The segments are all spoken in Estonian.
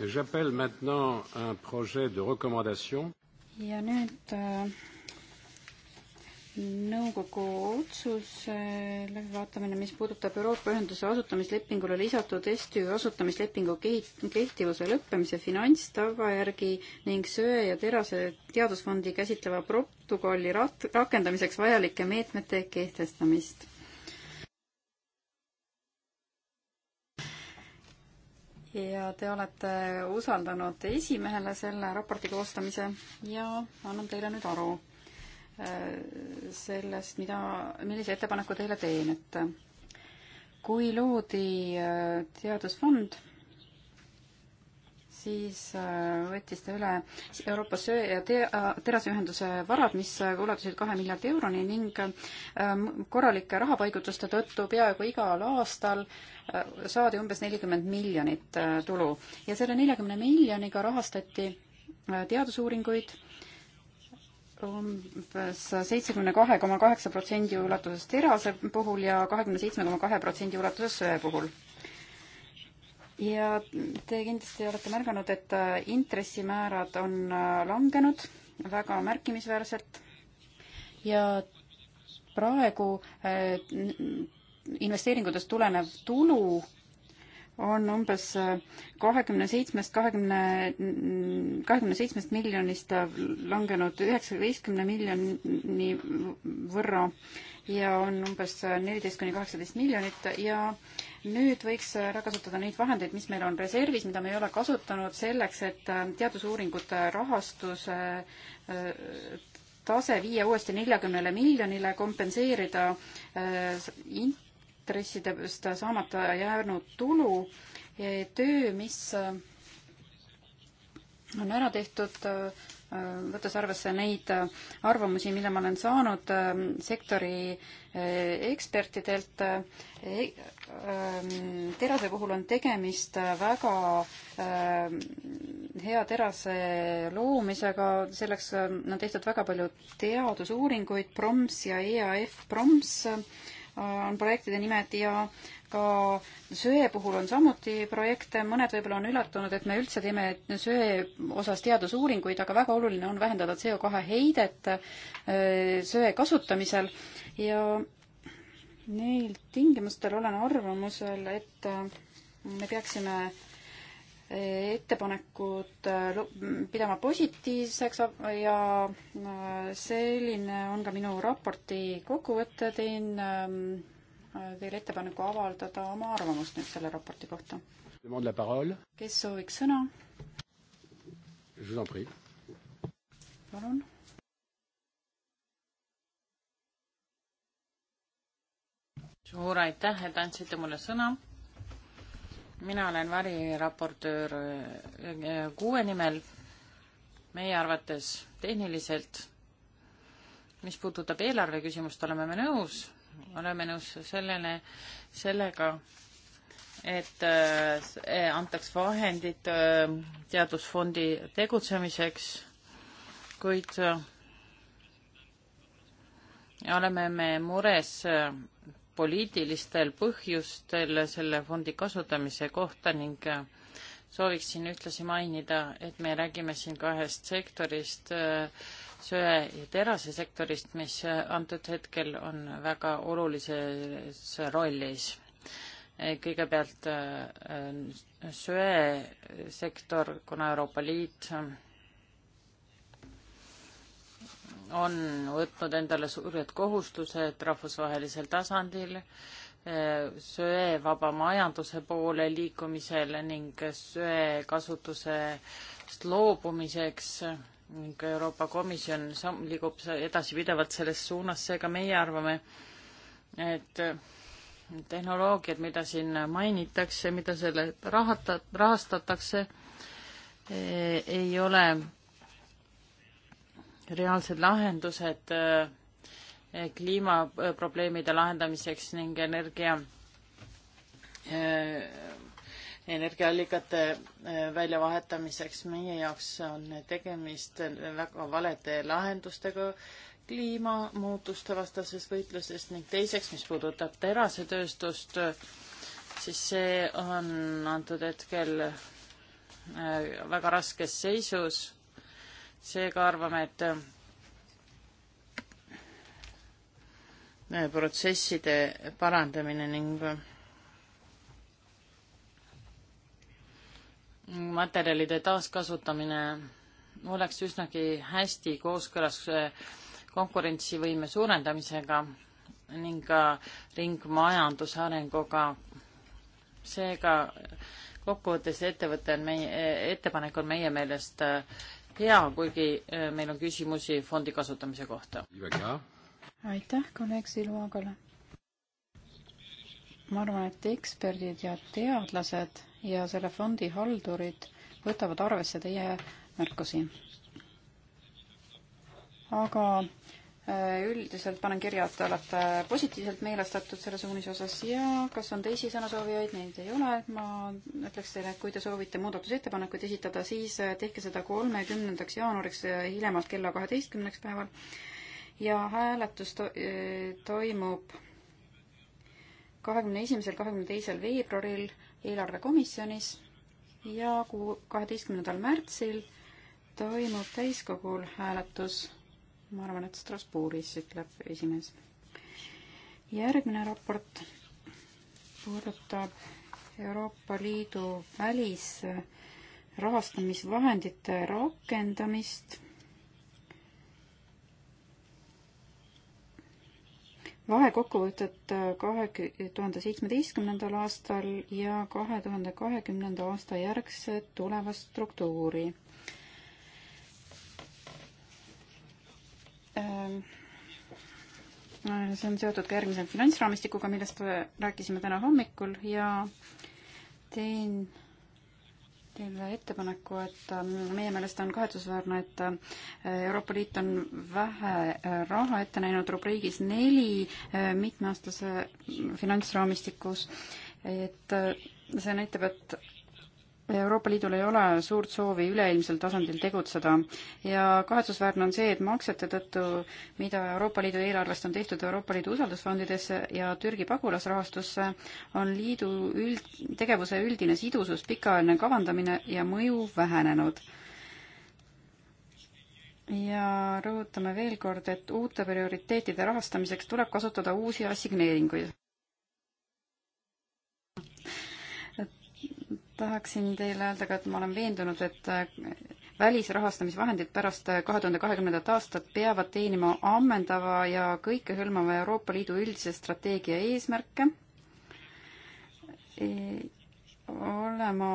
J'appelle maintenant un projet de recommandation. ja nüüd äh, nõukogu otsus äh, läbivaatamine, mis puudutab Euroopa Ühenduse asutamislepingule lisatud STÜ asutamislepingu kehtivuse lõppemise finantstagajärgi ning söe ja terase teadusfondi käsitleva protokolli rat-, rakendamiseks vajalike meetmete kehtestamist ja te olete usaldanud esimehele selle raporti koostamise ja annan teile nüüd aru äh, sellest, mida, millise ettepaneku teile teen, et kui loodi äh, teadusfond, siis äh, võttis ta üle Euroopa söe- ja te-, äh, teraseühenduse varad, mis äh, ulatusid kahe miljardi euroni ning ähm, korralike rahapaigutuste tõttu peaaegu igal aastal saadi umbes nelikümmend miljonit tulu. ja selle neljakümne miljoniga rahastati teadusuuringuid umbes seitsekümne kahe koma kaheksa protsendi ulatuses terase puhul ja kahekümne seitsme koma kahe protsendi ulatuses söe puhul ja te kindlasti olete märganud, et äh, intressimäärad on äh, langenud väga märkimisväärselt ja praegu äh, investeeringutest tulenev tulu on umbes kahekümne seitsmest, kahekümne, kahekümne seitsmest miljonist langenud üheksateistkümne miljoni võrra ja on umbes neliteist kuni kaheksateist miljonit ja äh, nüüd võiks ära kasutada neid vahendeid, mis meil on reservis, mida me ei ole kasutanud selleks, et äh, teadusuuringute rahastuse äh, äh, tase viia uuesti neljakümnele miljonile, kompenseerida intressidest saamata jäänud tulu. töö, mis on ära tehtud Äh, võttes arvesse neid äh, arvamusi, mida ma olen saanud äh, sektori ekspertidelt, e-, ähm, terase puhul on tegemist väga hea terase loomisega, selleks on tehtud väga palju teadusuuringuid, PROMS ja EAF PROMS on projektide nimed ja äh, ka söe puhul on samuti projekte, mõned võib-olla on üllatunud, et me üldse teeme söe osas teadusuuringuid, aga väga oluline on vähendada CO2 heidet äh, söe kasutamisel ja neil tingimustel olen arvamusel, et äh, me peaksime äh, ettepanekud pidama positiivseks ja selline on ka minu raporti kokkuvõte, teen ähm, teile ettepaneku avaldada oma arvamust nüüd selle raporti kohta. kes sooviks sõna? palun. suur aitäh, et andsite mulle sõna. mina olen variraportöör äh, kuue nimel. meie arvates tehniliselt, mis puudutab eelarve küsimust, oleme me nõus oleme nõus sellele, sellega, et äh, antaks vahendid äh, teadusfondi tegutsemiseks, kuid äh, oleme me mures poliitilistel põhjustel selle fondi kasutamise kohta ning sooviksin ühtlasi mainida, et me räägime siin kahest sektorist äh,, söe- ja terasesektorist, mis antud hetkel on väga olulises rollis. kõigepealt äh, söesektor, kuna Euroopa Liit on võtnud endale suured kohustused rahvusvahelisel tasandil äh, söe vaba majanduse poole liikumisel ning söe kasutusest loobumiseks ning Euroopa Komisjon samm liigub edasipidevalt selles suunas, seega meie arvame, et tehnoloogiad, mida siin mainitakse, mida selle rahata-, rahastatakse, eh, ei ole reaalsed lahendused eh, kliimaprobleemide lahendamiseks ning energia eh, energiaallikate äh, väljavahetamiseks. meie jaoks on tegemist väga valede lahendustega kliimamuutuste vastases võitluses ning teiseks, mis puudutab terasetööstust, siis see on antud hetkel äh, väga raskes seisus. seega arvame, et äh, protsesside parandamine ning materjalide taaskasutamine oleks üsnagi hästi kooskõlas äh, konkurentsivõime suurendamisega ning ka ringmajanduse arenguga. seega kokkuvõttes ettevõte on meie, ettepanek on meie meelest äh, hea, kuigi äh, meil on küsimusi fondi kasutamise kohta. aitäh kolleeg Silvagale. ma arvan, et eksperdid ja teadlased ja selle fondi haldurid võtavad arvesse teie märkusi. aga äh, üldiselt panen kirja, et te olete positiivselt meelestatud selle suunise osas ja kas on teisi sõnasoovijaid, neid ei ole, ma ütleks teile, et kui te soovite muudatusettepanekuid esitada, siis äh, tehke seda kolmekümnendaks jaanuariks äh, hiljemalt kella kaheteistkümneks päeval ja hääletus to toimub kahekümne esimesel, kahekümne teisel veebruaril eelarvekomisjonis ja kuu kaheteistkümnendal märtsil toimub täiskogul hääletus, ma arvan, et Strasbourgis, ütleb esimees. järgmine raport puudutab Euroopa Liidu välisrahastamisvahendite rakendamist vahekokkuvõtet äh, kahe tuhande seitsmeteistkümnendal aastal ja kahe tuhande kahekümnenda aasta järgset tulevast struktuuri. Äh, see on seotud ka järgmise finantsraamistikuga, millest rääkisime täna hommikul ja teen teile ettepaneku, et ähm, meie meelest on kahetsusväärne, et äh, Euroopa Liit on vähe äh, raha ette näinud rubriigis neli äh, mitmeaastase finantsraamistikus, et see näitab, et Euroopa Liidul ei ole suurt soovi üleilmsel tasandil tegutseda ja kahetsusväärne on see, et maksete tõttu, mida Euroopa Liidu eelarvest on tehtud Euroopa Liidu usaldusfondidesse ja Türgi pagulasrahastusse, on liidu üld, tegevuse üldine sidusus, pikaajaline kavandamine ja mõju vähenenud. ja rõhutame veel kord, et uute prioriteetide rahastamiseks tuleb kasutada uusi assigneeringuid tahaksin teile öelda ka, et ma olen veendunud, et äh, välisrahastamisvahendid pärast äh, kahe tuhande kahekümnendat aastat peavad teenima ammendava ja kõikehõlmava Euroopa Liidu üldise strateegia eesmärke e, olema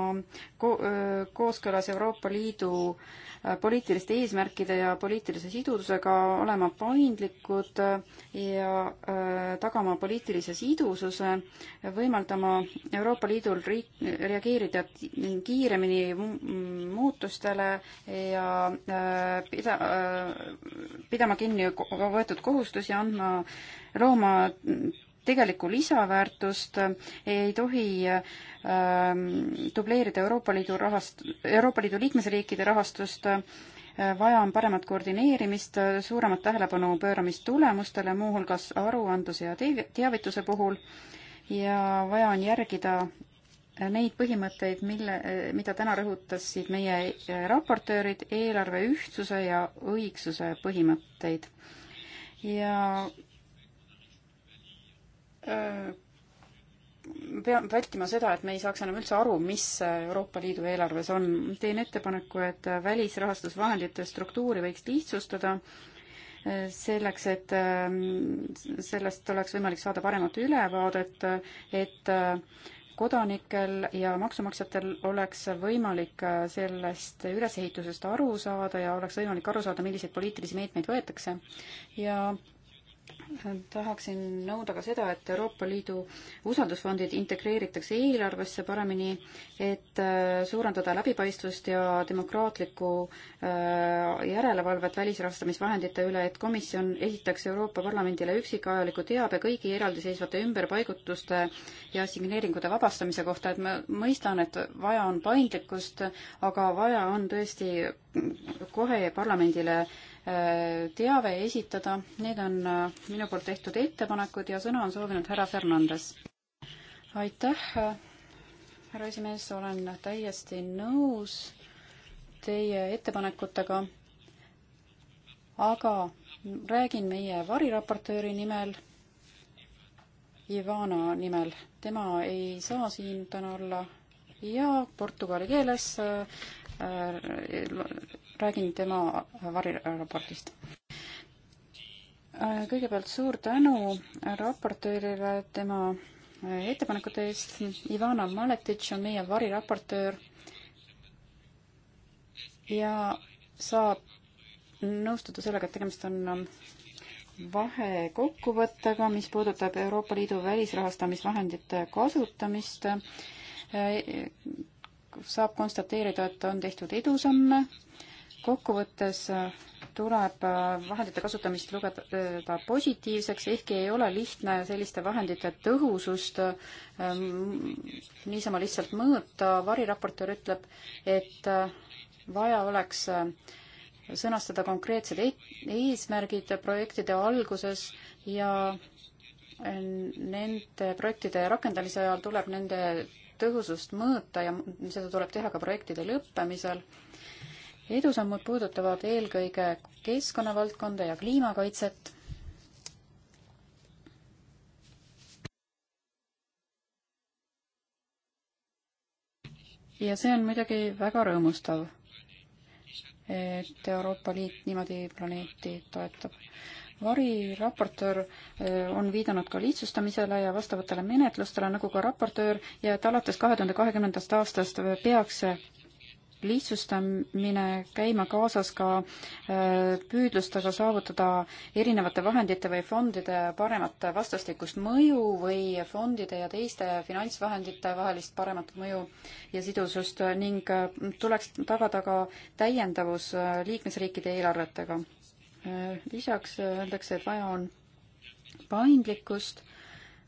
ko kooskõlas Euroopa Liidu poliitiliste eesmärkide ja poliitilise sidudusega, olema paindlikud ja tagama poliitilise sidususe, võimaldama Euroopa Liidul riik, reageerida kiiremini muutustele ja pida, pidama kinni võetud kohustusi, andma, looma tegelikku lisaväärtust, ei tohi ähm, dubleerida Euroopa Liidu rahast, Euroopa Liidu liikmesriikide rahastust, vaja on paremat koordineerimist, suuremat tähelepanu pööramist tulemustele, muuhulgas aruandluse ja teavituse puhul ja vaja on järgida neid põhimõtteid, mille, mida täna rõhutasid meie äh, raportöörid, eelarve ühtsuse ja õigsuse põhimõtteid. ja Äh, pean vältima seda, et me ei saaks enam üldse aru, mis Euroopa Liidu eelarves on. teen ettepaneku, et välisrahastusvahendite struktuuri võiks lihtsustada äh, selleks, et äh, sellest oleks võimalik saada paremat ülevaadet, et kodanikel ja maksumaksjatel oleks võimalik sellest ülesehitusest aru saada ja oleks võimalik aru saada, milliseid poliitilisi meetmeid võetakse ja tahaksin nõuda ka seda, et Euroopa Liidu usaldusfondid integreeritakse eelarvesse paremini, et äh, suurendada läbipaistvust ja demokraatlikku äh, järelevalvet välisrahastamisvahendite üle, et komisjon esitaks Euroopa Parlamendile üksikajaliku teabe kõigi eraldiseisvate ümberpaigutuste ja signeeringute vabastamise kohta, et ma mõistan, et vaja on paindlikkust, aga vaja on tõesti kohe parlamendile äh, Äh, teave esitada. Need on äh, minu poolt tehtud ettepanekud ja sõna on soovinud härra Fernandes. aitäh, äh, härra esimees, olen täiesti nõus teie ettepanekutega, aga räägin meie variraportööri nimel, Ivana nimel. tema ei saa siin täna olla ja portugali keeles äh, räägin tema variraportist. kõigepealt suur tänu raportöörile tema ettepanekute eest. Ivana Maletitš on meie variraportöör ja saab nõustuda sellega, et tegemist on vahekokkuvõttega, mis puudutab Euroopa Liidu välisrahastamisvahendite kasutamist. saab konstateerida, et on tehtud edusamme kokkuvõttes äh, tuleb äh, vahendite kasutamist lugeda äh, positiivseks, ehkki ei ole lihtne selliste vahendite tõhusust niisama lihtsalt mõõta. variraportöör ütleb, et vaja oleks sõnastada konkreetsed e-, eesmärgid projektide alguses ja nende projektide rakendamise ajal tuleb nende tõhusust mõõta ja seda tuleb teha ka projektide lõppemisel edusammud puudutavad eelkõige keskkonnavaldkonda ja kliimakaitset. ja see on muidugi väga rõõmustav, et Euroopa Liit niimoodi planeeti toetab variraportöör äh, on viidanud ka lihtsustamisele ja vastavatele menetlustele, nagu ka raportöör, ja et alates kahe tuhande kahekümnendast aastast peaks lihtsustamine käima kaasas ka äh, püüdlustega saavutada erinevate vahendite või fondide paremat vastastikust mõju või fondide ja teiste finantsvahendite vahelist paremat mõju ja sidusust ning äh, tuleks tagada ka täiendavus äh, liikmesriikide eelarvetega. lisaks öeldakse, et vaja on paindlikkust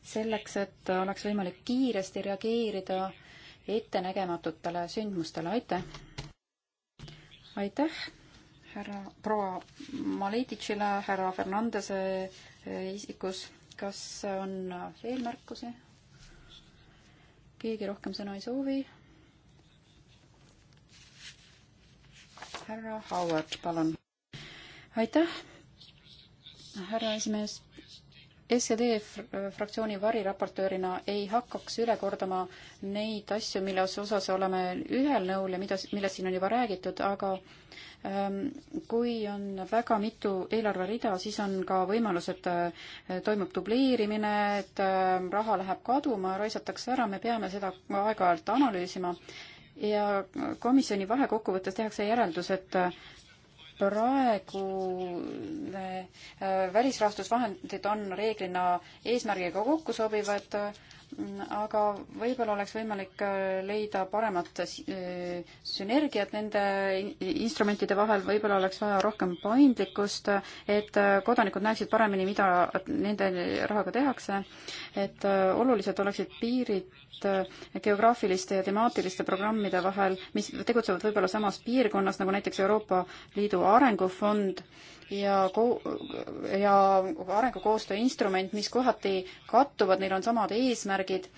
selleks, et oleks võimalik kiiresti reageerida ettenägematutele sündmustele, aitäh! aitäh härra, proua Maletitšile, härra Fernandese eh, isikus. kas on veel märkusi? keegi rohkem sõna ei soovi? härra Howard, palun. aitäh, härra esimees SED fraktsiooni variraportöörina ei hakkaks üle kordama neid asju, milles osas oleme ühel nõul ja mida, millest siin on juba räägitud, aga ähm, kui on väga mitu eelarverida, siis on ka võimalus, et äh, toimub dubleerimine, et äh, raha läheb kaduma, raisatakse ära, me peame seda aeg-ajalt analüüsima ja äh, komisjoni vahekokkuvõttes tehakse järeldus, et äh, praegune äh, välisrahastusvahendid on reeglina eesmärgiga kokku sobivad, aga võib-olla oleks võimalik äh, leida paremat äh, sünergiat nende instrumentide vahel, võib-olla oleks vaja rohkem paindlikkust, et äh, kodanikud näeksid paremini, mida nende rahaga tehakse, et olulised oleksid piirid geograafiliste ja temaatiliste programmide vahel, mis tegutsevad võib-olla samas piirkonnas, nagu näiteks Euroopa Liidu Arengufond, ja ko-, ja arengukoostöö instrument, mis kohati kattuvad, neil on samad eesmärgid,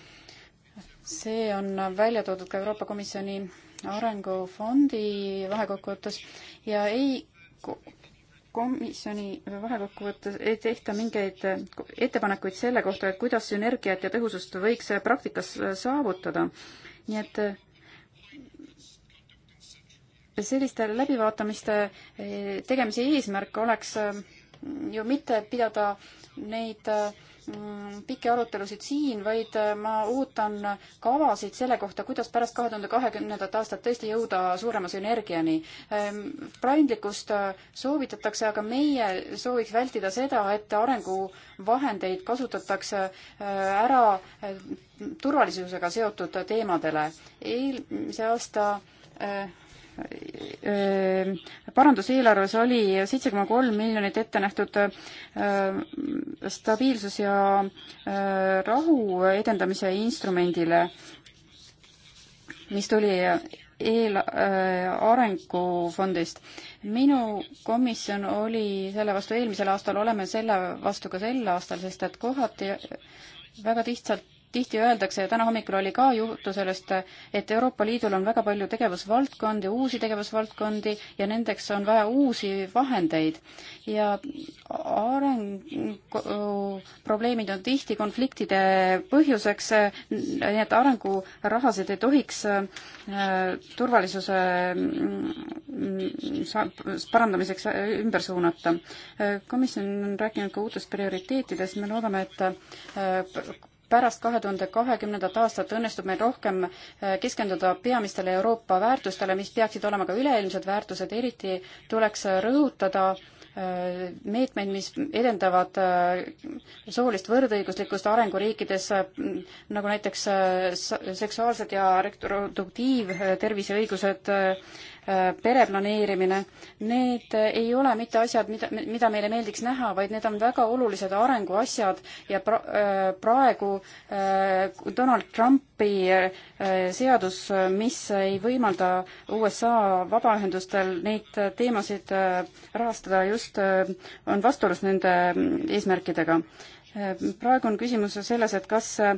see on välja toodud ka Euroopa Komisjoni arengufondi vahekokkuvõttes ja ei komisjoni vahekokkuvõttes ei tehta mingeid ettepanekuid selle kohta, et kuidas sünergiat ja tõhusust võiks praktikas saavutada. nii et selliste läbivaatamiste eh, tegemise eesmärk oleks eh, ju mitte pidada neid mm, pikki arutelusid siin, vaid eh, ma ootan kavasid selle kohta, kuidas pärast kahe tuhande kahekümnendat aastat tõesti jõuda suurema sünergiani. Ehm, paindlikkust soovitatakse, aga meie sooviks vältida seda, et arenguvahendeid kasutatakse ära turvalisusega seotud teemadele. eelmise aasta Äh, paranduseelarves oli seitse koma kolm miljonit ette nähtud äh, stabiilsus ja äh, rahu edendamise instrumendile, mis tuli eel- äh,, arengufondist. minu komisjon oli selle vastu eelmisel aastal, oleme selle vastu ka sel aastal, sest et kohati väga lihtsalt tihti öeldakse ja täna hommikul oli ka juttu sellest, et Euroopa Liidul on väga palju tegevusvaldkondi, uusi tegevusvaldkondi ja nendeks on vaja uusi vahendeid. ja arenguprobleemid on tihti konfliktide põhjuseks, nii et arengurahasid ei tohiks äh, turvalisuse mm, parandamiseks äh, ümber suunata. Äh, komisjon on rääkinud ka uutest prioriteetidest, me loodame, et pärast kahe tuhande kahekümnendat aastat õnnestub meil rohkem äh, keskenduda peamistele Euroopa väärtustele, mis peaksid olema ka üleilmsed väärtused, eriti tuleks äh, rõhutada äh, meetmeid, mis edendavad soolist võrdõiguslikkust arenguriikides, nagu näiteks seksuaalsed ja reproduktiivtervise õigused, Äh, pereplaneerimine, need ei ole mitte asjad, mida, mida meile meeldiks näha, vaid need on väga olulised arenguasjad ja pra, äh, praegu äh, Donald Trumpi seadus, mis ei võimalda USA vabaühendustel neid teemasid rahastada, just on vastuolus nende mm, eesmärkidega praegu on küsimus selles, et kas äh,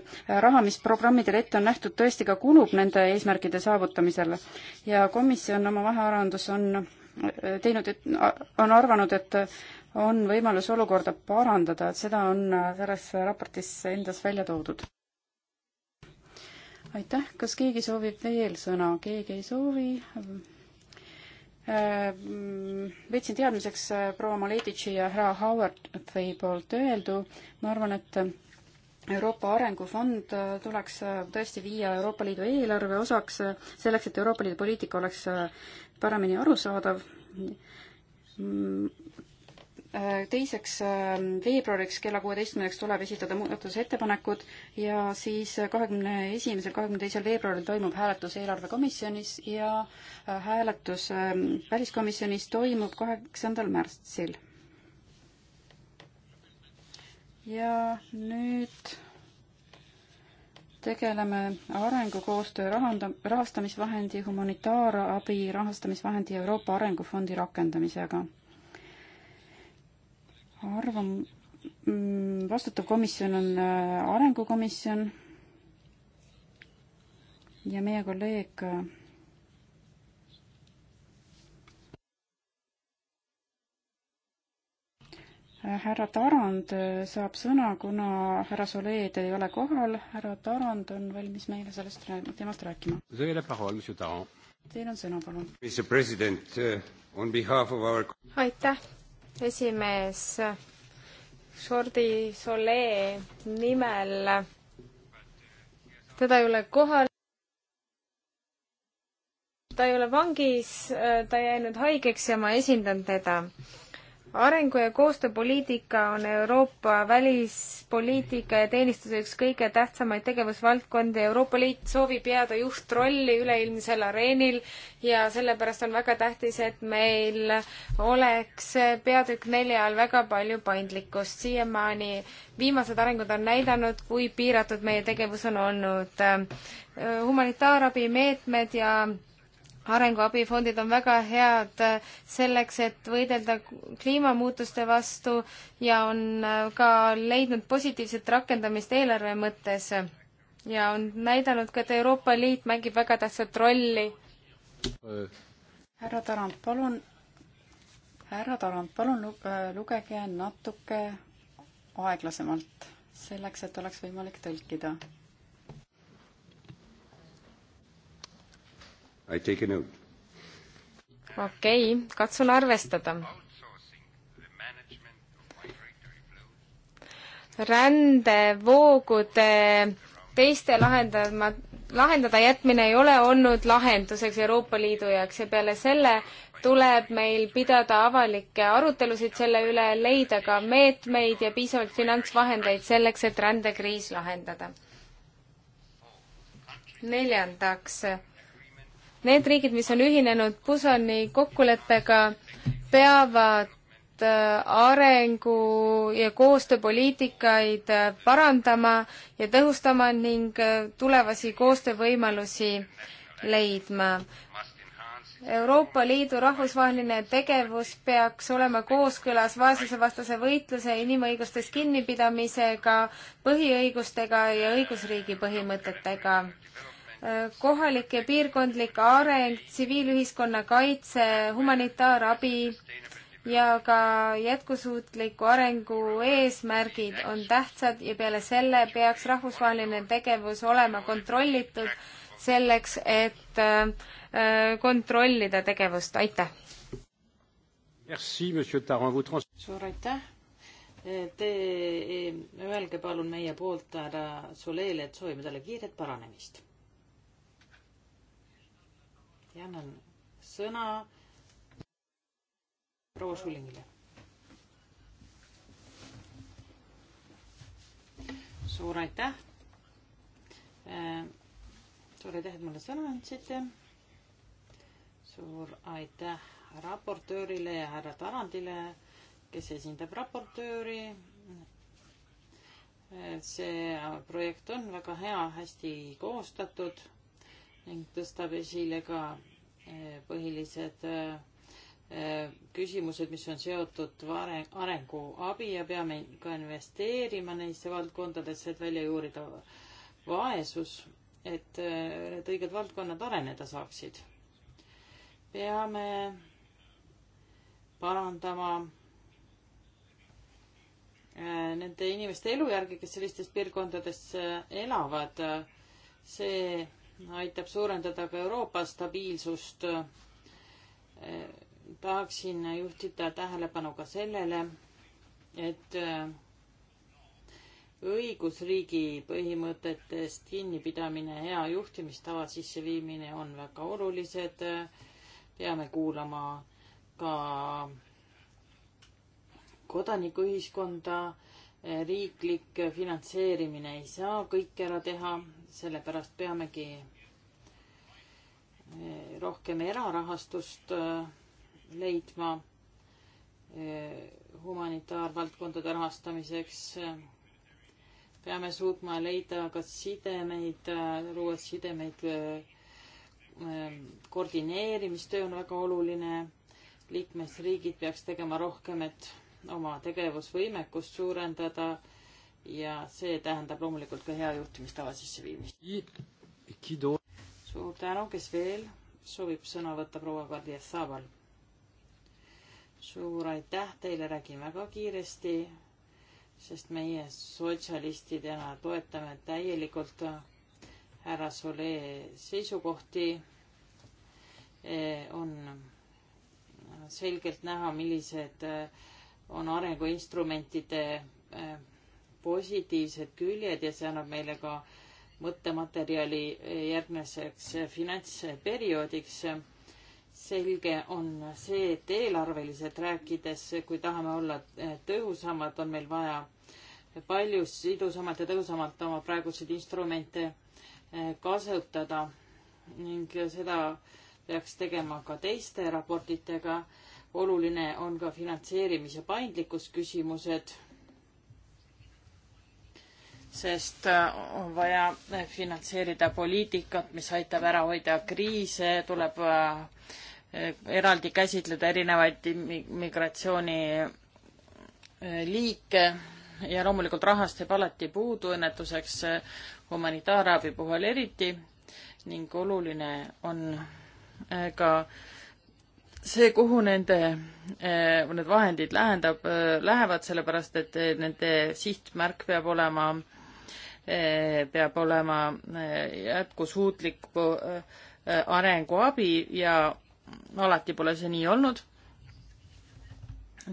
raha, mis programmidele ette on nähtud, tõesti ka kulub nende eesmärkide saavutamisel. ja komisjon oma vahearandus on äh, teinud, on arvanud, et äh, on võimalus olukorda parandada, et seda on selles raportis endas välja toodud. aitäh, kas keegi soovib veel sõna, keegi ei soovi? Äh, võtsin teadmiseks äh, proua Maletitši ja härra Howardi poolt öeldu. ma arvan, et Euroopa Arengufond äh, tuleks tõesti viia Euroopa Liidu eelarve osaks, selleks et Euroopa Liidu poliitika oleks paremini arusaadav mm, Äh, teiseks ähm, veebruariks kella kuueteistkümneks tuleb esitada muudatusettepanekud ja siis kahekümne esimesel, kahekümne teisel veebruaril toimub hääletus eelarvekomisjonis ja äh, hääletus ähm, väliskomisjonis toimub kaheksandal märtsil. ja nüüd tegeleme arengukoostöö rahanda-, rahastamisvahendi, humanitaarabi rahastamisvahendi ja Euroopa Arengufondi rakendamisega arvan, mm, vastutav komisjon on äh, arengukomisjon ja meie kolleeg äh, härra Tarand äh, saab sõna, kuna härra Soleed ei ole kohal. härra Tarand on valmis meile sellest teemast rääkima. Teil on sõna, palun. Uh, aitäh, esimees Jordi Solee nimel. teda ei ole kohal. ta ei ole vangis, äh, ta jäi nüüd haigeks ja ma esindan teda arengu- ja koostööpoliitika on Euroopa välispoliitika ja teenistuse üks kõige tähtsamaid tegevusvaldkondi. Euroopa Liit soovib jääda juhtrolli üleilmsel areenil ja sellepärast on väga tähtis, et meil oleks peatükk nelja all väga palju paindlikkust. siiamaani viimased arengud on näidanud, kui piiratud meie tegevus on olnud. humanitaarabimeetmed ja arenguabifondid on väga head äh, selleks, et võidelda kliimamuutuste vastu ja on äh, ka leidnud positiivset rakendamist eelarve mõttes. ja on näidanud ka, et Euroopa Liit mängib väga tähtsat rolli. härra Tarand, palun, härra Tarand, palun äh, lugege natuke aeglasemalt, selleks et oleks võimalik tõlkida I take a note. okei okay,, katsun arvestada. rändevoogude teiste lahendama, lahendada jätmine ei ole olnud lahenduseks Euroopa Liidu jaoks ja peale selle tuleb meil pidada avalikke arutelusid selle üle, leida ka meetmeid ja piisavalt finantsvahendeid selleks, et rändekriis lahendada. neljandaks, need riigid, mis on ühinenud Busoni kokkuleppega, peavad äh, arengu ja koostööpoliitikaid äh, parandama ja tõhustama ning äh, tulevasi koostöövõimalusi leidma. Euroopa Liidu rahvusvaheline tegevus peaks olema kooskõlas vaesusevastase võitluse, inimõigustest kinnipidamisega, põhiõigustega ja õigusriigi põhimõtetega kohalik ja piirkondlik areng, tsiviilühiskonna kaitse, humanitaarabi ja ka jätkusuutliku arengu eesmärgid on tähtsad ja peale selle peaks rahvusvaheline tegevus olema kontrollitud selleks, et äh, kontrollida tegevust, aitäh! suur aitäh! Te öelge palun meie poolt härra Soleile, et soovime talle kiiret paranemist ja annan sõna proua Šulingile. suur aitäh. Äh, suur aitäh, et mulle sõna andsite. suur aitäh raportöörile ja härra Tarandile, kes esindab raportööri. Äh, see projekt on väga hea, hästi koostatud ning tõstab esile ka Eh, põhilised eh, eh, küsimused, mis on seotud arenguabi ja peame ka investeerima neisse valdkondadesse, et välja juurida vaesus, et need õiged valdkonnad areneda saaksid. peame parandama nende inimeste elujärge, kes sellistes piirkondades elavad. see aitab suurendada ka Euroopa stabiilsust. tahaksin juhtida tähelepanu ka sellele, et õigusriigi põhimõtetest kinnipidamine, hea juhtimistava sisseviimine on väga olulised. peame kuulama ka kodanikuühiskonda, riiklik finantseerimine ei saa kõike ära teha, sellepärast peamegi eh, rohkem erarahastust eh, leidma eh, humanitaarvaldkondade rahastamiseks. peame suutma leida ka sidemeid, luua sidemeid, koordineerimistöö on väga oluline. liikmesriigid peaks tegema rohkem, et oma tegevusvõimekust suurendada ja see tähendab loomulikult ka hea juhtimistava sisseviimist. suur tänu, kes veel soovib sõna võtta, proua Kadri Saaval? suur aitäh teile, räägin väga kiiresti, sest meie sotsialistidena toetame täielikult härra Solee seisukohti. E, on selgelt näha, millised on arenguinstrumentide e, positiivsed küljed ja see annab meile ka mõttematerjali järgmiseks finantsperioodiks. selge on see, et eelarveliselt rääkides, kui tahame olla tõhusamad, on meil vaja palju sidusamalt ja tõhusamalt oma praeguseid instrumente eh, kasutada ning seda peaks tegema ka teiste raportitega. oluline on ka finantseerimise paindlikkus küsimused sest äh, on vaja finantseerida poliitikat, mis aitab ära hoida kriise, tuleb äh, eraldi käsitleda erinevaid migratsiooniliike äh, ja loomulikult rahast jääb alati puudu õnnetuseks humanitaarabi puhul eriti ning oluline on ka see, kuhu nende, need vahendid lähendab, lähevad, sellepärast et nende sihtmärk peab olema äh, Eh, peab olema eh, jätkusuutliku eh, arenguabi ja alati pole see nii olnud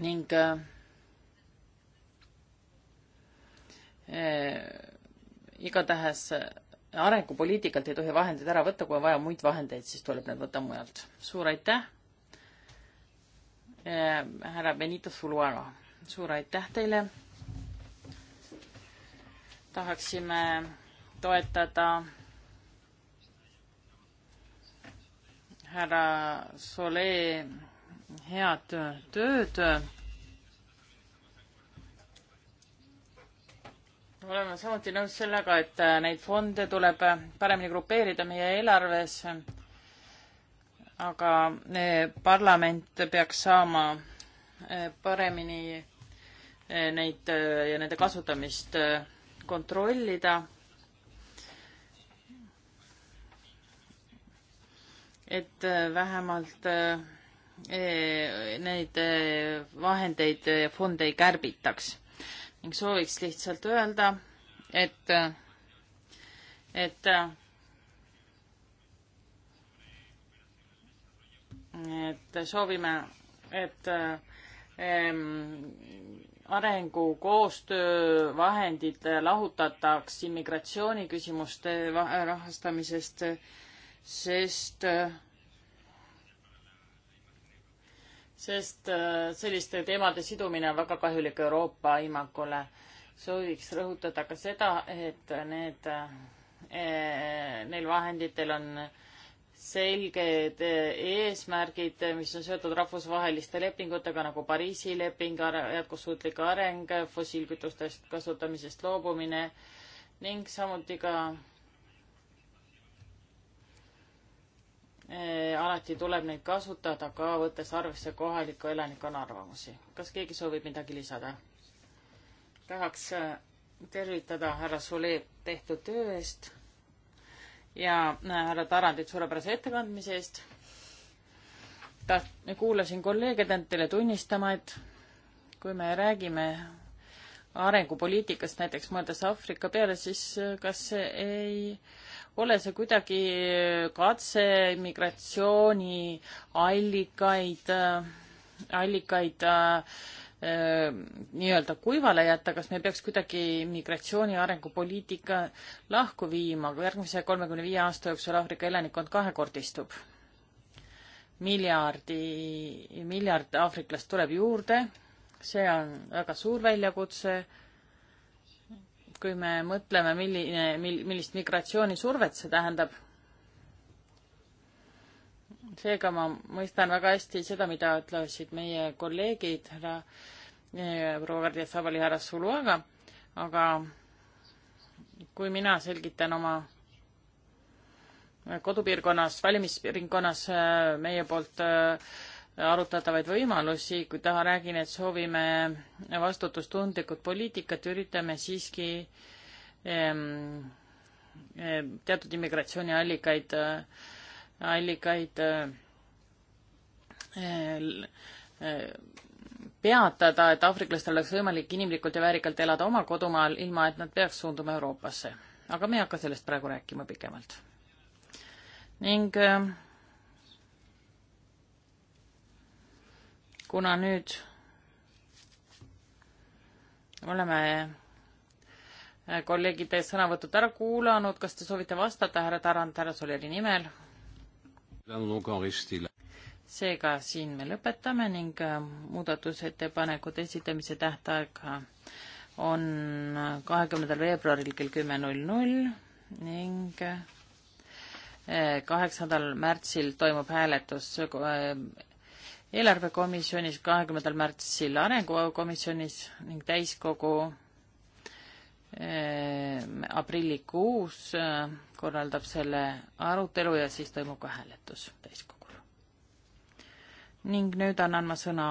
ning igatahes arengupoliitikalt ei tohi vahendeid ära võtta, kui on vaja muid vahendeid, siis tuleb need võtta mujalt. suur aitäh, härra Benito Zuluaga, suur aitäh teile tahaksime toetada härra Solee head tööd. oleme samuti nõus sellega, et neid fonde tuleb paremini grupeerida meie eelarves. aga eh, parlament peaks saama eh, paremini eh, neid ja nende kasutamist kontrollida, et äh, vähemalt äh, äh, neid vahendeid ja fonde ei kärbitaks ning sooviks lihtsalt öelda, et, et et soovime, et ähm, arengukoostöövahendid lahutataks immigratsiooniküsimuste rahastamisest, sest, sest selliste teemade sidumine on väga kahjulik Euroopa imagole. sooviks rõhutada ka seda, et need, eh, neil vahenditel on äh, selged eh, eesmärgid, mis on seotud rahvusvaheliste lepingutega nagu Pariisi leping, jätkusuutlik areng, fossiilkütustest kasutamisest loobumine ning samuti ka eh, alati tuleb neid kasutada ka võttes arvesse kohaliku elanikkonna arvamusi. kas keegi soovib midagi lisada? tahaks eh, tervitada härra Sule tehtud töö eest ja äh, härra Tarandit suurepärase ettekandmise eest. ta, kuulasin kolleege, pean teile tunnistama, et kui me räägime arengupoliitikast, näiteks mõeldes Aafrika peale, siis äh, kas see ei ole see kuidagi äh, katse migratsiooniallikaid, allikaid, allikaid äh, Äh, nii-öelda kuivale jätta, kas me peaks kuidagi migratsiooni arengupoliitika lahku viima, kui järgmise kolmekümne viie aasta jooksul Aafrika elanikkond kahekordistub? miljardi, miljard aafriklast tuleb juurde, see on väga suur väljakutse. kui me mõtleme, milline, mil-, millist migratsioonisurvet see tähendab seega ma mõistan väga hästi seda, mida ütlesid meie kolleegid härra eh, proua Kardias Sabali härra Suluaga, aga kui mina selgitan oma kodupiirkonnas, valimisringkonnas eh, meie poolt eh, arutatavaid võimalusi, kui taha räägin, et soovime vastutustundlikud poliitikat, üritame siiski ehm, teatud immigratsiooniallikaid äh, allikaid äh, äh, peatada, et aafriklastel oleks võimalik inimlikult ja väärikalt elada oma kodumaal, ilma et nad peaks suunduma Euroopasse. aga me ei hakka sellest praegu rääkima pikemalt. ning äh, kuna nüüd oleme kolleegide sõnavõtud ära kuulanud, kas te soovite vastata härra Tarand härra Soleri nimel? seega siin me lõpetame ning äh, muudatusettepanekute esitamise tähtaeg äh, on äh, kahekümnendal veebruaril kell kümme null null ning kaheksandal märtsil toimub hääletus eelarvekomisjonis, kahekümnendal märtsil arengukomisjonis ning täiskogu Ehm, aprillikuus äh, korraldab selle arutelu ja siis toimub ka hääletus täiskogul. ning nüüd annan ma sõna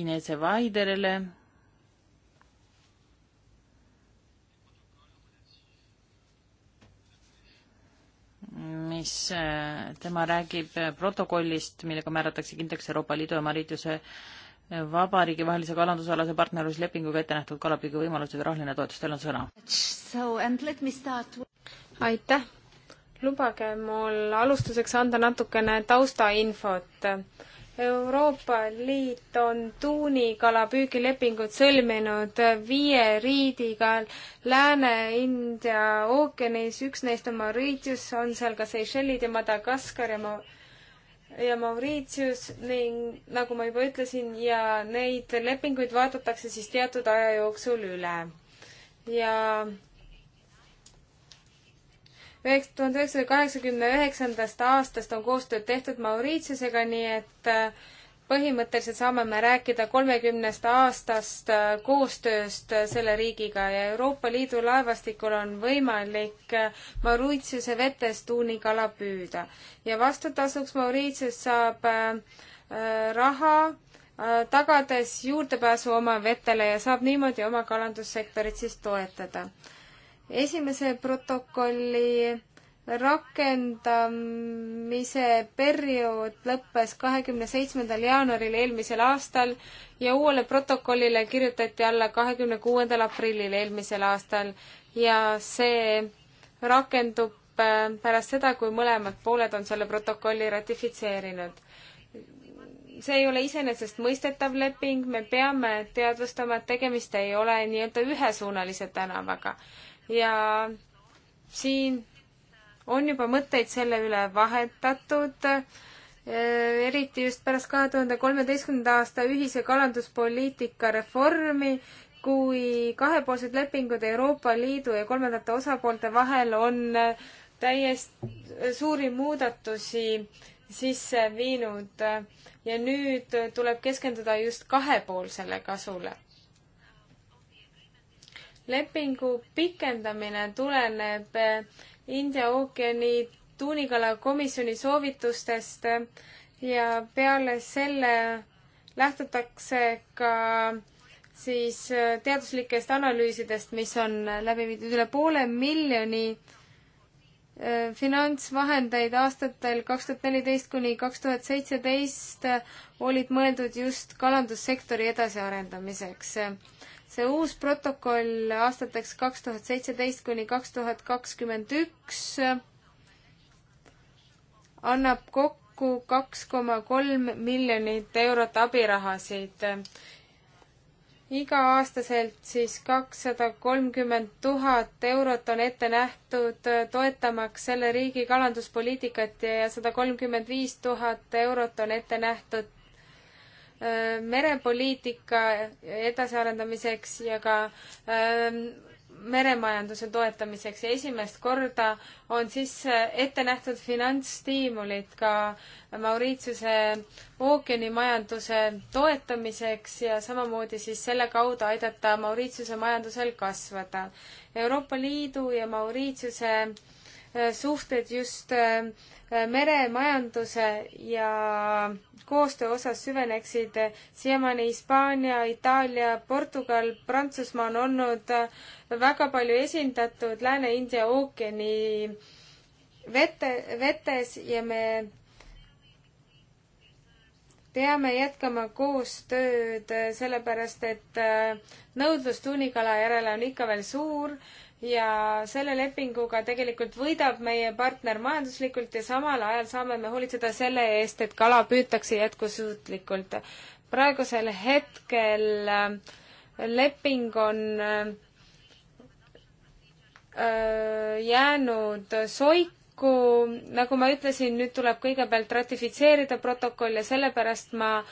Inese Vaiderele. mis, äh, tema räägib protokollist, millega määratakse kindlaks Euroopa Liidu ja Mariduse vabariigi vahelise kalandusalase partnerluslepinguga ette nähtud kalapüügi võimalused ja rahaline toetus, teil on sõna. aitäh! lubage mul alustuseks anda natukene taustainfot. Euroopa Liit on tuunikalapüügilepingud sõlminud viie riidiga Lääne-India ookeanis, üks neist on Mauritius, on seal ka Seychellid ja Madagaskar ja Ma-, ja Mauritius ning nagu ma juba ütlesin, ja neid lepinguid vaadatakse siis teatud aja jooksul üle. ja üheks, tuhande üheksasaja kaheksakümne üheksandast aastast on koostööd tehtud Mauritiusega, nii et äh, põhimõtteliselt saame me rääkida kolmekümnest aastast äh, koostööst äh, selle riigiga ja Euroopa Liidu laevastikul on võimalik äh, Mauritiuse vetes tuunikala püüda. ja vastutasuks Mauritius saab raha, tagades juurdepääsu oma vetele ja saab niimoodi oma kalandussektorit siis toetada. esimese protokolli rakendamise periood lõppes kahekümne seitsmendal jaanuaril eelmisel aastal ja uuele protokollile kirjutati alla kahekümne kuuendal aprillil eelmisel aastal ja see rakendub äh, pärast seda, kui mõlemad pooled on selle protokolli ratifitseerinud. see ei ole iseenesestmõistetav leping, me peame teadvustama, et tegemist ei ole nii-öelda ühesuunalise tänavaga ja siin on juba mõtteid selle üle vahetatud, eh, eriti just pärast kahe tuhande kolmeteistkümnenda aasta ühise kalanduspoliitika reformi, kui kahepoolsed lepingud Euroopa Liidu ja kolmandate osapoolte vahel on eh, täiesti suuri muudatusi sisse viinud ja nüüd tuleb keskenduda just kahepoolsele kasule. lepingu pikendamine tuleneb eh, India ookeani tuunikala komisjoni soovitustest ja peale selle lähtutakse ka siis äh, teaduslikest analüüsidest, mis on läbi viidud üle poole miljoni äh, finantsvahendeid aastatel kaks tuhat neliteist kuni kaks tuhat seitseteist äh, olid mõeldud just kalandussektori edasiarendamiseks see uus protokoll aastateks kaks tuhat seitseteist kuni kaks tuhat kakskümmend üks annab kokku kaks koma kolm miljonit eurot abirahasid. iga-aastaselt siis kakssada kolmkümmend tuhat eurot on ette nähtud toetamaks selle riigi kalanduspoliitikat ja sada kolmkümmend viis tuhat eurot on ette nähtud Äh, merepoliitika edasiarendamiseks ja ka ähm, meremajanduse toetamiseks ja esimest korda on siis ette nähtud finantsstiimulid ka Mauritsuse ookeanimajanduse toetamiseks ja samamoodi siis selle kaudu aidata Mauritsuse majandusel kasvada. Euroopa Liidu ja Mauritsuse Äh, suhted just äh, meremajanduse ja koostöö osas süveneksid. siiamaani Hispaania, Itaalia, Portugal, Prantsusmaa on olnud äh, väga palju esindatud Lääne-India ookeani vete, vetes ja me peame jätkama koostööd, sellepärast et nõudlus tuunikala järele on ikka veel suur ja selle lepinguga tegelikult võidab meie partner majanduslikult ja samal ajal saame me hoolitseda selle eest, et kala püütakse jätkusuutlikult. praegusel hetkel äh, leping on äh, jäänud soiku, nagu ma ütlesin, nüüd tuleb kõigepealt ratifitseerida protokoll ja sellepärast ma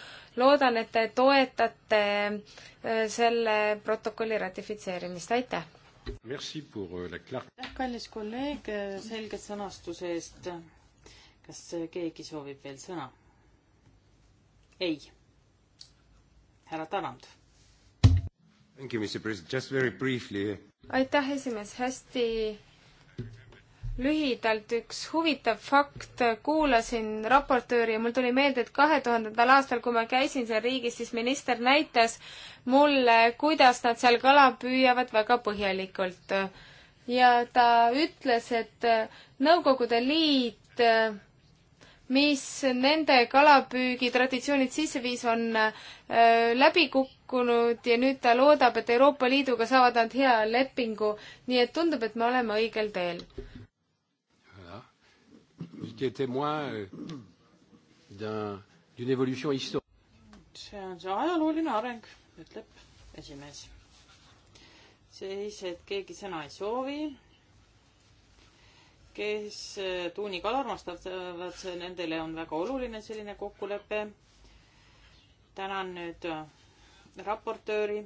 loodan, et te toetate äh, selle protokolli ratifitseerimist, aitäh! Euh, aitäh, kallis kolleeg, selge sõnastuse eest. kas keegi soovib veel sõna? ei. härra Tarand. aitäh, esimees, hästi lühidalt üks huvitav fakt, kuulasin raportööri ja mul tuli meelde, et kahe tuhandendal aastal, kui ma käisin seal riigis, siis minister näitas mulle, kuidas nad seal kala püüavad väga põhjalikult. ja ta ütles, et Nõukogude Liit, mis nende kalapüügi traditsioonid sisse viis, on äh, läbi kukkunud ja nüüd ta loodab, et Euroopa Liiduga saavad nad hea lepingu, nii et tundub, et me oleme õigel teel qui est témoin euh, d'un, d'une évolution historique. see on see ajalooline areng, ütleb esimees. siis, et keegi sõna ei soovi. kes äh, tuunikala armastavad, see nendele on väga oluline selline kokkulepe. tänan nüüd äh, raportööri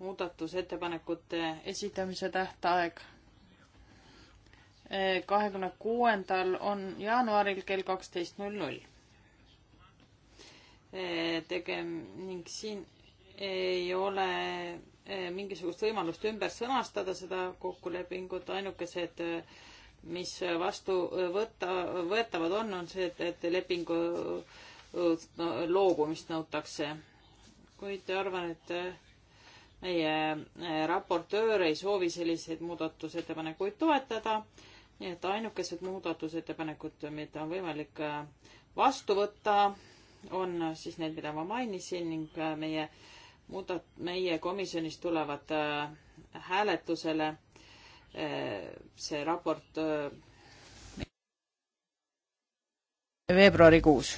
muudatusettepanekute esitamise tähtaeg kahekümne kuuendal on jaanuaril kell kaksteist null null. Eh, tegem- ning siin ei ole eh, mingisugust võimalust ümber sõnastada seda kokkulepingut, ainukesed, eh, mis vastu võtta, võetavad on, on see, et, et lepingu loobumist nõutakse. kuid arvan, et meie raportöör ei soovi selliseid muudatusettepanekuid toetada nii et ainukesed muudatusettepanekud, mida on võimalik äh, vastu võtta, on äh, siis need, mida ma mainisin ning äh, meie muudat-, meie komisjonis tulevad hääletusele see raport veebruarikuus.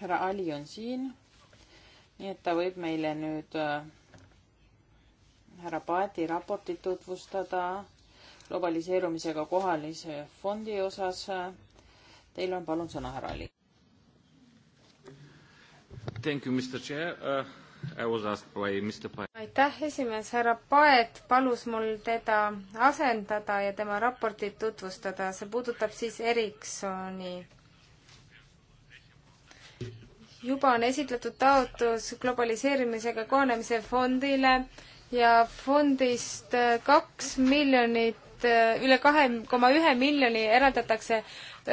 härra Ali on siin, nii et ta võib meile nüüd härra Paeti raportit tutvustada globaliseerumisega kohalise fondi osas. Teil on palun sõna, härra Ali. Thank you, Mr Chair uh,. I was asked by Mr Paet. aitäh, esimees, härra Paet palus mul teda asendada ja tema raportit tutvustada, see puudutab siis Ericssoni juba on esitletud taotlus globaliseerimisega kohanemise fondile ja fondist äh, kaks miljonit, äh, üle kahe koma ühe miljoni eraldatakse,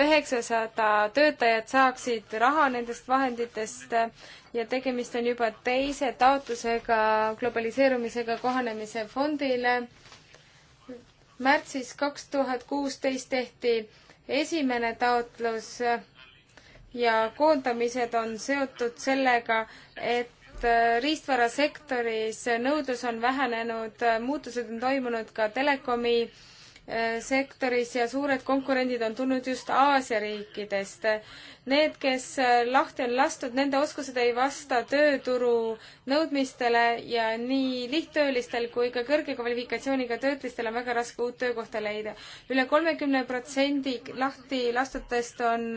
üheksasada töötajat saaksid raha nendest vahenditest äh, ja tegemist on juba teise taotlusega globaliseerumisega kohanemise fondile. märtsis kaks tuhat kuusteist tehti esimene taotlus ja koondamised on seotud sellega, et et äh, riistvarasektoris nõudlus on vähenenud, äh, muutused on toimunud ka telekomi äh, sektoris ja suured konkurendid on tulnud just Aasia riikidest. Need, kes lahti on lastud, nende oskused ei vasta tööturu nõudmistele ja nii lihttöölistel kui ka kõrge kvalifikatsiooniga töötlistel on väga raske uut töökohta leida üle. üle kolmekümne protsendi lahti lastutest on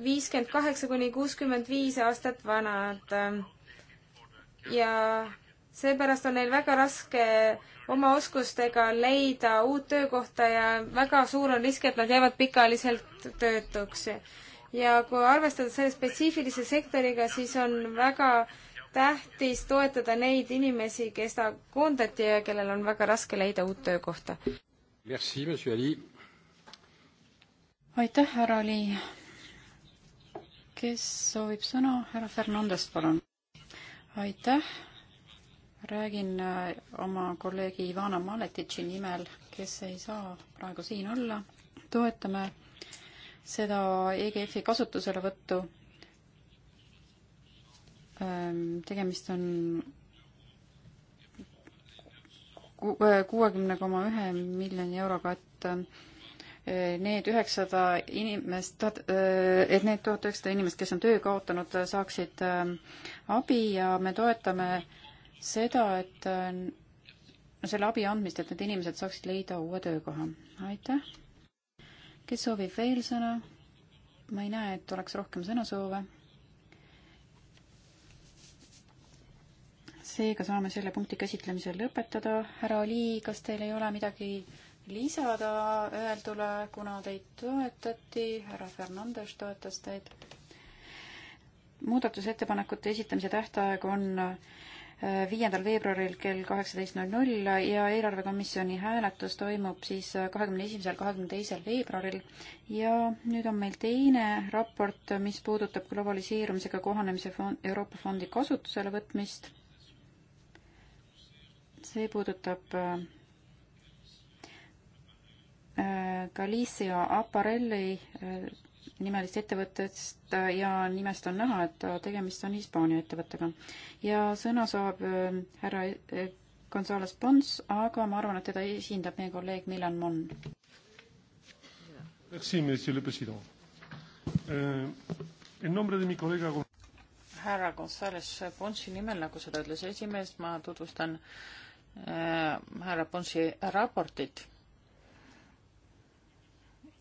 viiskümmend kaheksa kuni kuuskümmend viis aastat vanad ja seepärast on neil väga raske oma oskustega leida uut töökohta ja väga suur on risk, et nad jäävad pikaajaliselt töötuks. ja kui arvestada selle spetsiifilise sektoriga, siis on väga tähtis toetada neid inimesi, kes ta koondati ja kellel on väga raske leida uut töökohta. aitäh, härra Ali. kes soovib sõna? härra Fernandes, palun aitäh, räägin äh, oma kolleegi Ivana Maletitši nimel, kes ei saa praegu siin olla, toetame seda EGF-i kasutuselevõttu. Ähm, tegemist on äh, kuuekümne koma ühe miljoni euroga, et äh, need üheksasada inimest, äh, et need tuhat üheksasada inimest, kes on töö kaotanud, saaksid äh, abi ja me toetame seda, et äh, selle abi andmist, et need inimesed saaksid leida uue töökoha. aitäh! kes soovib veel sõna? ma ei näe, et oleks rohkem sõnasoove. seega saame selle punkti käsitlemise lõpetada. härra Ali, kas teil ei ole midagi lisada öeldule, kuna teid toetati, härra Fernandes toetas teid. muudatusettepanekute esitamise tähtaeg on äh, viiendal veebruaril kell kaheksateist null null ja eelarvekomisjoni hääletus toimub siis äh, kahekümne esimesel, kahekümne teisel veebruaril. ja nüüd on meil teine raport, mis puudutab globaliseerumisega kohanemise fond, Euroopa Fondi kasutusele võtmist. see puudutab äh, Äh, Galicia Aparelli äh, nimelist ettevõttest äh, ja nimest on näha, et tegemist on Hispaania ettevõttega. ja sõna saab härra Gonzales Pons, aga ma arvan, et teda esindab meie kolleeg Milan Mon. Euh, härra Gonzales Ponsi nimel, nagu seda ütles esimees, ma tutvustan härra Ponsi raportit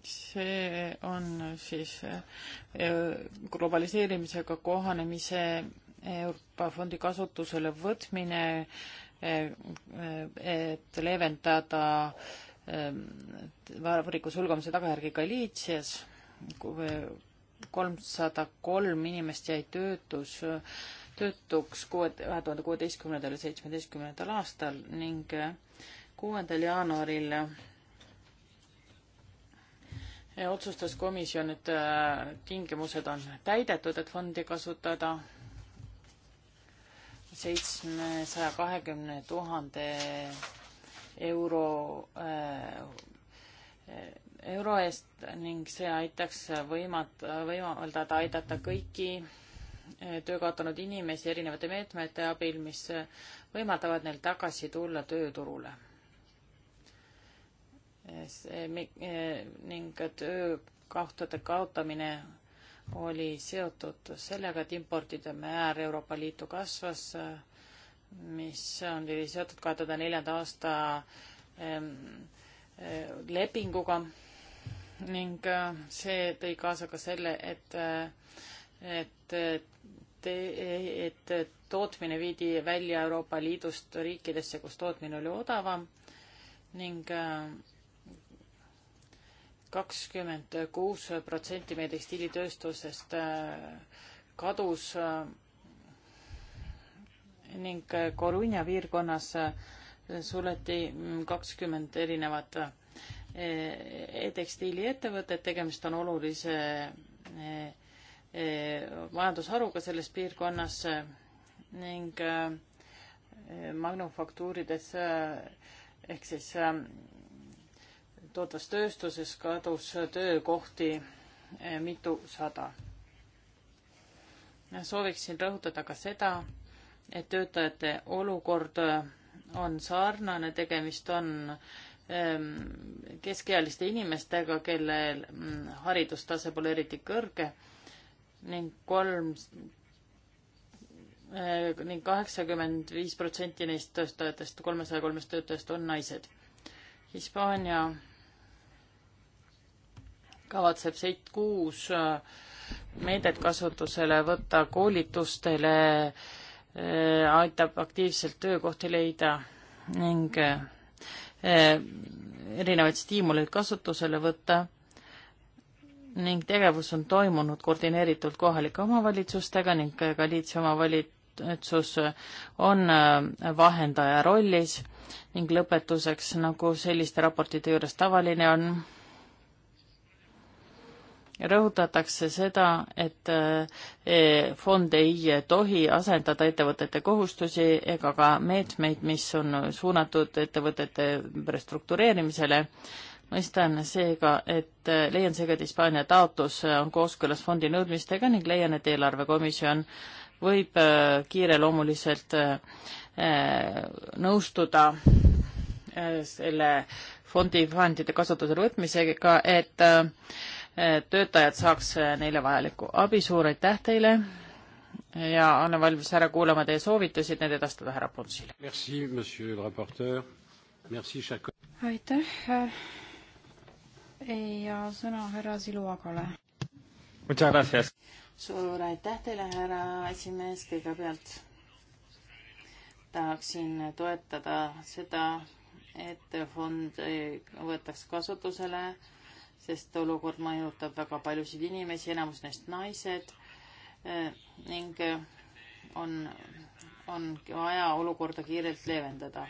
see on siis äh, globaliseerimisega kohanemise Euroopa Fondi kasutusele võtmine, äh, äh, et leevendada vabriku sulgemise tagajärgi Galiitsias. kolmsada kolm inimest jäi töötus, töötuks kuue, kahe tuhande kuueteistkümnendal ja seitsmeteistkümnendal aastal ning kuuendal jaanuaril otsustas komisjon, et äh, tingimused on täidetud, et fondi kasutada. seitsmesaja kahekümne tuhande euro, äh, äh, euro eest ning see aitaks võimat-, võimaldada aidata kõiki töö kaotanud inimesi erinevate meetmete abil, mis võimaldavad neil tagasi tulla tööturule Eh, ning töökohtade kaotamine oli seotud sellega, et importide määr Euroopa Liitu kasvas, mis oli seotud kahe tuhande neljanda aasta ehm, eh, lepinguga ning eh, see tõi kaasa ka selle, et, et, et, et tootmine viidi välja Euroopa Liidust riikidesse, kus tootmine oli odavam ning äh, kakskümmend kuus protsenti meie tekstiilitööstusest äh, kadus äh, ning äh, Coruña piirkonnas suleti mm, kakskümmend erinevat e-tekstiiliettevõtet, tegemist on olulise majandusharuga selles piirkonnas ning manufaktuurides ehk siis toodavas tööstuses kadus töökohti eh, mitusada. sooviksin rõhutada ka seda, et töötajate olukord eh, on sarnane, tegemist on ehm, keskealiste inimestega, kellel mm, haridustase pole eriti kõrge ning kolm eh, ning kaheksakümmend viis protsenti neist töötajatest, kolmesaja kolmest töötajast on naised. Hispaania kavatseb seit kuus äh, meedet kasutusele võtta koolitustele, äh, aitab aktiivselt töökohti leida ning äh, erinevaid stiimuleid kasutusele võtta ning tegevus on toimunud koordineeritult kohalike omavalitsustega ning ka liitse omavalitsus on vahendaja rollis ning lõpetuseks, nagu selliste raportite juures tavaline on, rõhutatakse seda, et eh, fond ei tohi asendada ettevõtete kohustusi ega ka meetmeid, mis on suunatud ettevõtete restruktureerimisele. mõistan seega, et eh, leian seega, et Hispaania taotlus on kooskõlas fondi nõudmistega ning leian, et eelarvekomisjon võib eh, kiireloomuliselt nõustuda selle fondi vahendite kasutusele võtmisega, et töötajad saaks äh, neile vajalikku abi, suur aitäh teile ja olen valmis ära kuulama teie soovitusi, et need edastada härra Punsile. aitäh äh, ja sõna härra Siluagale. suur aitäh teile, härra esimees, kõigepealt tahaksin toetada seda, et fond võetaks kasutusele äh, sest olukord mõjutab väga paljusid inimesi, enamus neist naised eh, ning eh, on, on vaja olukorda kiirelt leevendada.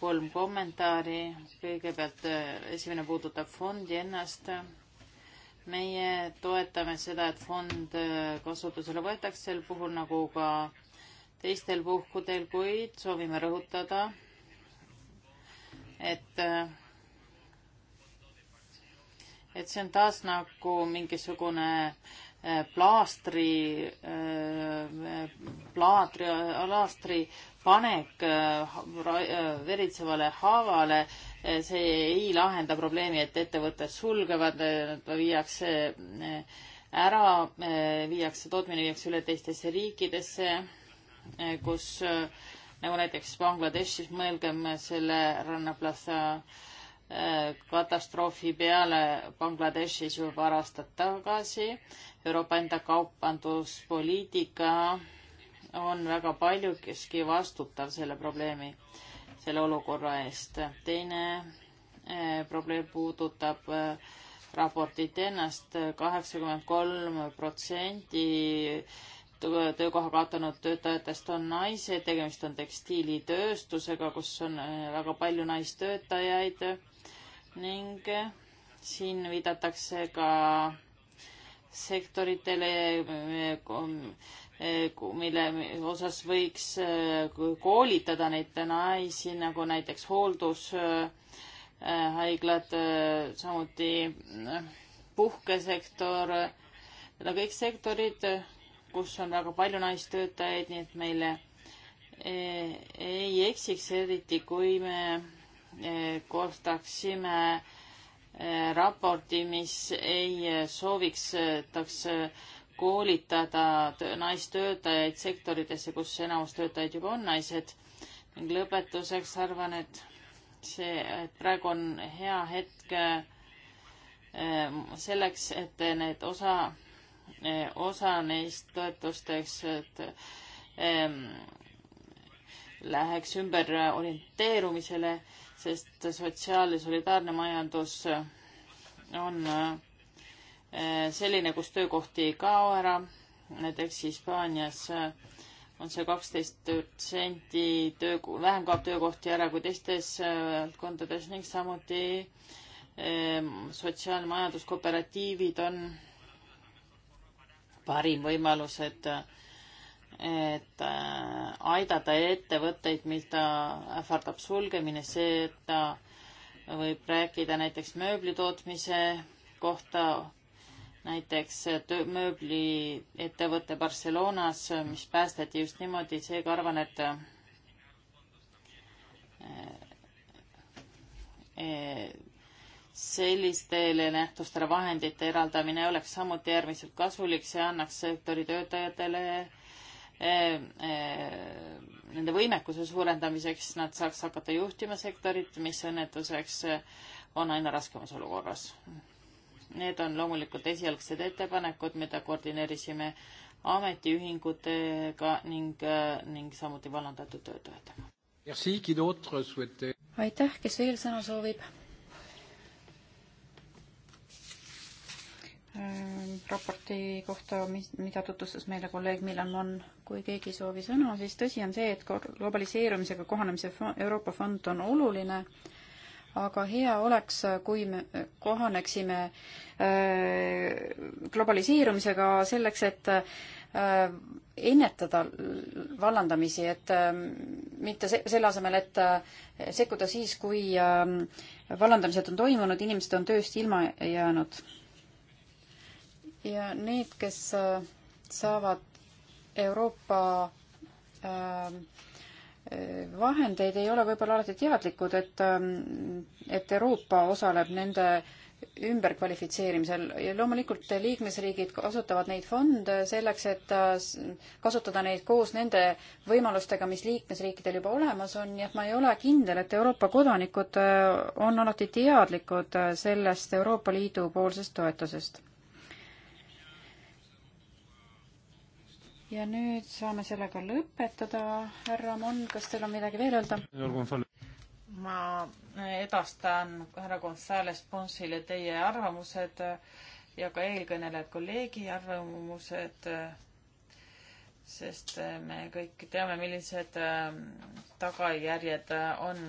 kolm kommentaari, kõigepealt eh, esimene puudutab fondi ennast. meie toetame seda, et fond kasutusele võetakse sel puhul nagu ka teistel puhkudel, kuid soovime rõhutada, et et see on taas nagu mingisugune äh, plaastri, äh, plaatri, plaastri panek äh, veritsevale haavale, see ei lahenda probleemi, et ettevõtted sulgevad, viiakse ära, viiakse, tootmine viiakse üle teistesse riikidesse, kus nagu näiteks Bangladeshis, mõelgem selle rannaplaza äh, Eh, katastroofi peale Bangladeshis juba aastad tagasi. Euroopa enda kaubanduspoliitika on väga paljuski vastutav selle probleemi, selle olukorra eest. teine eh, probleem puudutab eh, raportit ennast. kaheksakümmend kolm protsenti töökoha kaotanud töötajatest on naised, tegemist on tekstiilitööstusega, kus on väga palju naistöötajaid ning eh, siin viidatakse ka sektoritele, eh, eh, mille osas võiks koolitada neid naisi, nagu näiteks hooldushaiglad, samuti puhkesektor, need on kõik sektorid, kus on väga palju naistöötajaid, nii et meile ei eksiks eriti, kui me Eh, koostaksime eh, raporti, mis ei eh, sooviks, tahaks koolitada naistöötajaid sektoritesse, kus enamus töötajaid juba on naised. ning lõpetuseks arvan, et see, et praegu on hea hetk selleks, et need osa, osa neist toetusteks, et läheks ümber orienteerumisele sest sotsiaal- ja solidaarne majandus on eh, selline, kus töökohti ei kao ära. näiteks Hispaanias eh, on see kaksteist protsenti töö, vähem kaob töökohti ära kui teistes eh, valdkondades ning samuti sotsiaalmajanduskooperatiivid on parim võimalus, et et äh, aidata ettevõtteid, mida ähvardab sulgemine, seda võib rääkida näiteks mööblitootmise kohta, näiteks mööbliettevõte Barcelonas, mis päästeti just niimoodi, seega arvan, et äh, äh, sellistele nähtustele vahendite eraldamine oleks samuti äärmiselt kasulik, see annaks sektori töötajatele Äh, äh, nende võimekuse suurendamiseks, nad saaks hakata juhtima sektorit, mis õnnetuseks äh, on aina raskemas olukorras. Need on loomulikult esialgsed ettepanekud, mida koordineerisime ametiühingutega ning, ning samuti vallandatud töötajatega. aitäh, kes veel sõna soovib? Ähm, raporti kohta, mis, mida tutvustas meile kolleeg Milan Mon. kui keegi ei soovi sõna, siis tõsi on see, et globaliseerumisega kohanemise Euroopa fond on oluline, aga hea oleks, kui me kohaneksime äh, globaliseerumisega selleks, et äh, ennetada vallandamisi, et äh, mitte se-, selle asemel, et sekkuda siis, kui vallandamised on toimunud, inimesed on tööst ilma jäänud ja need, kes äh, saavad Euroopa äh, vahendeid, ei ole võib-olla alati teadlikud, et, ähm, et Euroopa osaleb nende ümberkvalifitseerimisel ja loomulikult liikmesriigid kasutavad neid fonde selleks, et äh, kasutada neid koos nende võimalustega, mis liikmesriikidel juba olemas on, nii et ma ei ole kindel, et Euroopa kodanikud on alati teadlikud sellest Euroopa Liidu poolsest toetusest ja nüüd saame sellega lõpetada. härra Mann, kas teil on midagi veel öelda? ma edastan härra Gonzales Ponsile teie arvamused ja ka eelkõnelejad kolleegi arvamused, sest me kõik teame, millised ähm, tagajärjed on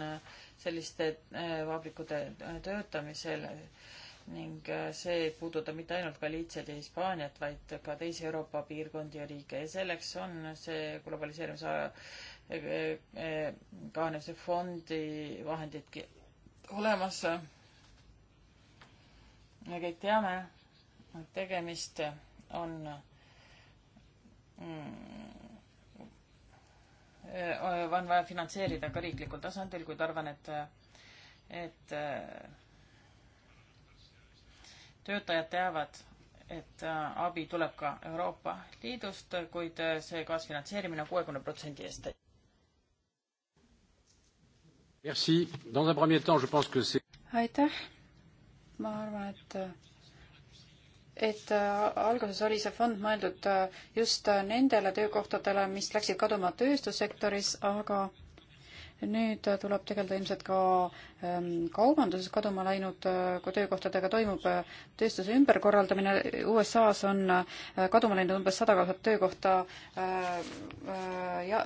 selliste äh, vabrikute töötamisel ning äh, see ei puuduta mitte ainult Galiitsiat ja Hispaaniat, vaid ka teisi Euroopa piirkondi ja riike ja selleks on see globaliseerimise äh, äh, kahanemise fondi vahendidki olemas. me kõik teame, et tegemist on mm, on vaja finantseerida ka riiklikul tasandil, kuid arvan, et, et töötajad teavad, et äh, abi tuleb ka Euroopa Liidust, kuid äh, see kaasfinantseerimine on kuuekümne protsendi eest. aitäh, ma arvan, et äh, et alguses oli see fond mõeldud just nendele töökohtadele, mis läksid kaduma tööstussektoris, aga nüüd äh, tuleb tegeleda ilmselt ka ähm, kaubanduses kaduma läinud äh, töökohtadega, toimub äh, tööstuse ümberkorraldamine, USA-s on kaduma läinud umbes sada tuhat töökohta ja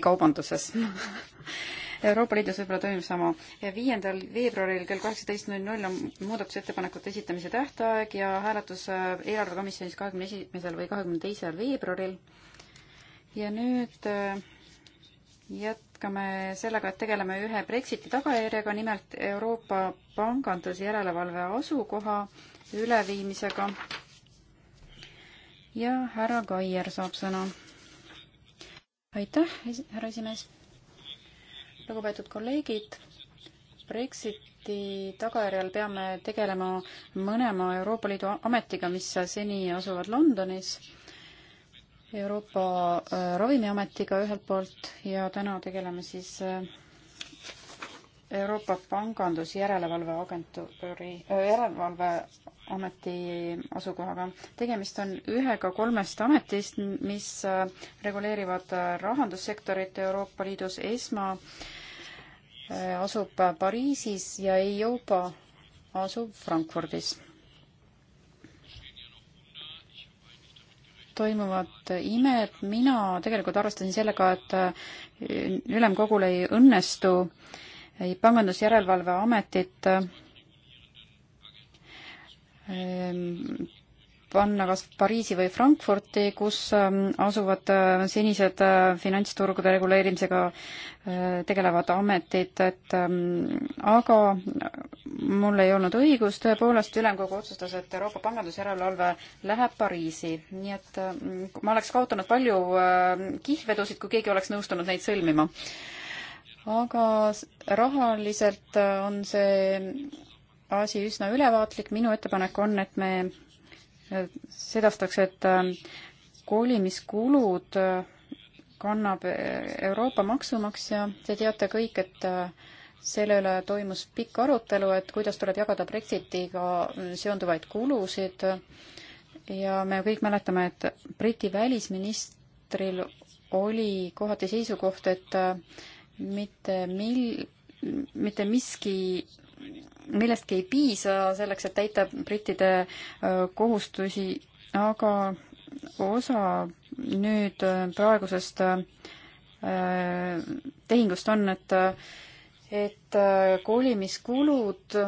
kaubanduses Euroopa Liidus võib-olla toimub sama. Viiendal veebruaril kell kaheksateist null null on muudatusettepanekute esitamise tähtaeg ja hääletus äh, eelarvekomisjonis kahekümne esimesel või kahekümne teisel veebruaril. ja nüüd äh, jätkame sellega, et tegeleme ühe Brexiti tagajärjega, nimelt Euroopa pangandusjärelevalve asukoha üleviimisega. ja härra Kaier saab sõna aitäh, härra esimees. lugupeetud kolleegid, Brexiti tagajärjel peame tegelema mõlema Euroopa Liidu ametiga, mis seni asuvad Londonis Euroopa äh, Ravimiametiga ühelt poolt ja täna tegeleme siis äh, Euroopa Pangandusjärelevalve agentuuri, äh, järelevalveameti asukohaga. tegemist on ühega kolmest ametist, mis äh, reguleerivad äh, rahandussektorit Euroopa Liidus. ESMA asub Pariisis ja EIOPA asub Frankfurdis toimuvad imed, mina tegelikult arvestasin sellega, et ülemkogul ei õnnestu äh, pangandusjärelevalve ametit ehm, panna kas Pariisi või Frankfurti, kus ehm, asuvad ehm, senised finantsturgude reguleerimisega tegelevad ametid, et aga mul ei olnud õigus, tõepoolest ülemkogu otsustas, et Euroopa pangandusjärelevalve läheb Pariisi. nii et ma oleks kaotanud palju kihlvedusid, kui keegi oleks nõustunud neid sõlmima aga rahaliselt äh, on see asi üsna ülevaatlik, minu ettepanek on, et me äh, sedastaks, et äh, kolimiskulud kannab Euroopa maksumaksja, te teate kõik, et selle üle toimus pikk arutelu, et kuidas tuleb jagada Brexitiga seonduvaid kulusid ja me kõik mäletame, et Briti välisministril oli kohati seisukoht, et mitte mil-, mitte miski, millestki ei piisa selleks, et täita brittide kohustusi, aga osa nüüd praegusest tehingust on, et, et kolimiskulud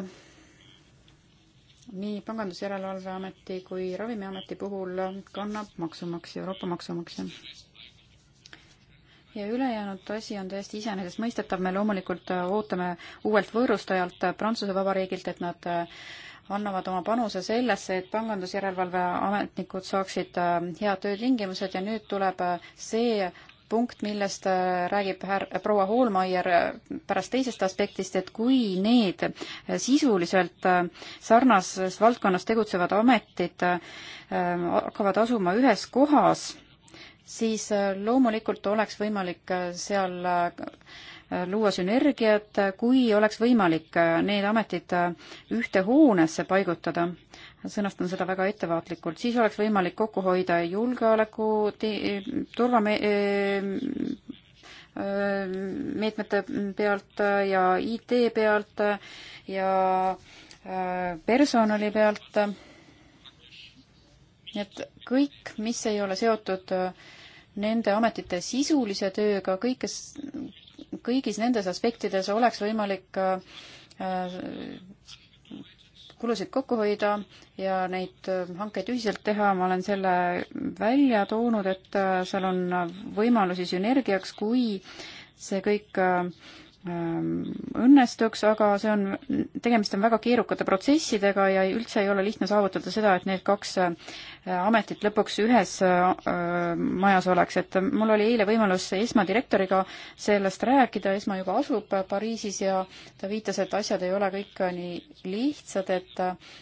nii Pangandusjärelevalveameti kui Ravimiameti puhul kannab maksumaksja, Euroopa maksumaksja ja ülejäänud asi on täiesti iseenesestmõistetav, me loomulikult äh, ootame uuelt võõrustajalt, äh, Prantsuse Vabariigilt, et nad äh, annavad oma panuse sellesse, et pangandusjärelevalve ametnikud saaksid head töötingimused ja nüüd tuleb see punkt, millest räägib härra, proua Hoolmeier pärast teisest aspektist, et kui need sisuliselt sarnases valdkonnas tegutsevad ametid hakkavad asuma ühes kohas, siis äh, loomulikult oleks võimalik äh, seal äh, luua sünergiat, kui oleks võimalik need ametid ühte hoonesse paigutada, sõnastan seda väga ettevaatlikult, siis oleks võimalik kokku hoida julgeoleku turvame-, meetmete pealt ja IT pealt ja personali pealt, nii et kõik, mis ei ole seotud äh, nende ametite sisulise tööga, kõikes, kõigis nendes aspektides oleks võimalik äh, kulusid kokku hoida ja neid äh, hankeid ühiselt teha, ma olen selle välja toonud, et äh, seal on võimalusi sünergiaks, kui see kõik äh, Ähm, õnnestuks, aga see on, tegemist on väga keerukate protsessidega ja üldse ei ole lihtne saavutada seda, et need kaks äh, ametit lõpuks ühes äh, majas oleks, et mul oli eile võimalus esmadirektoriga sellest rääkida, esma juba asub Pariisis ja ta viitas, et asjad ei ole kõik nii lihtsad, et äh,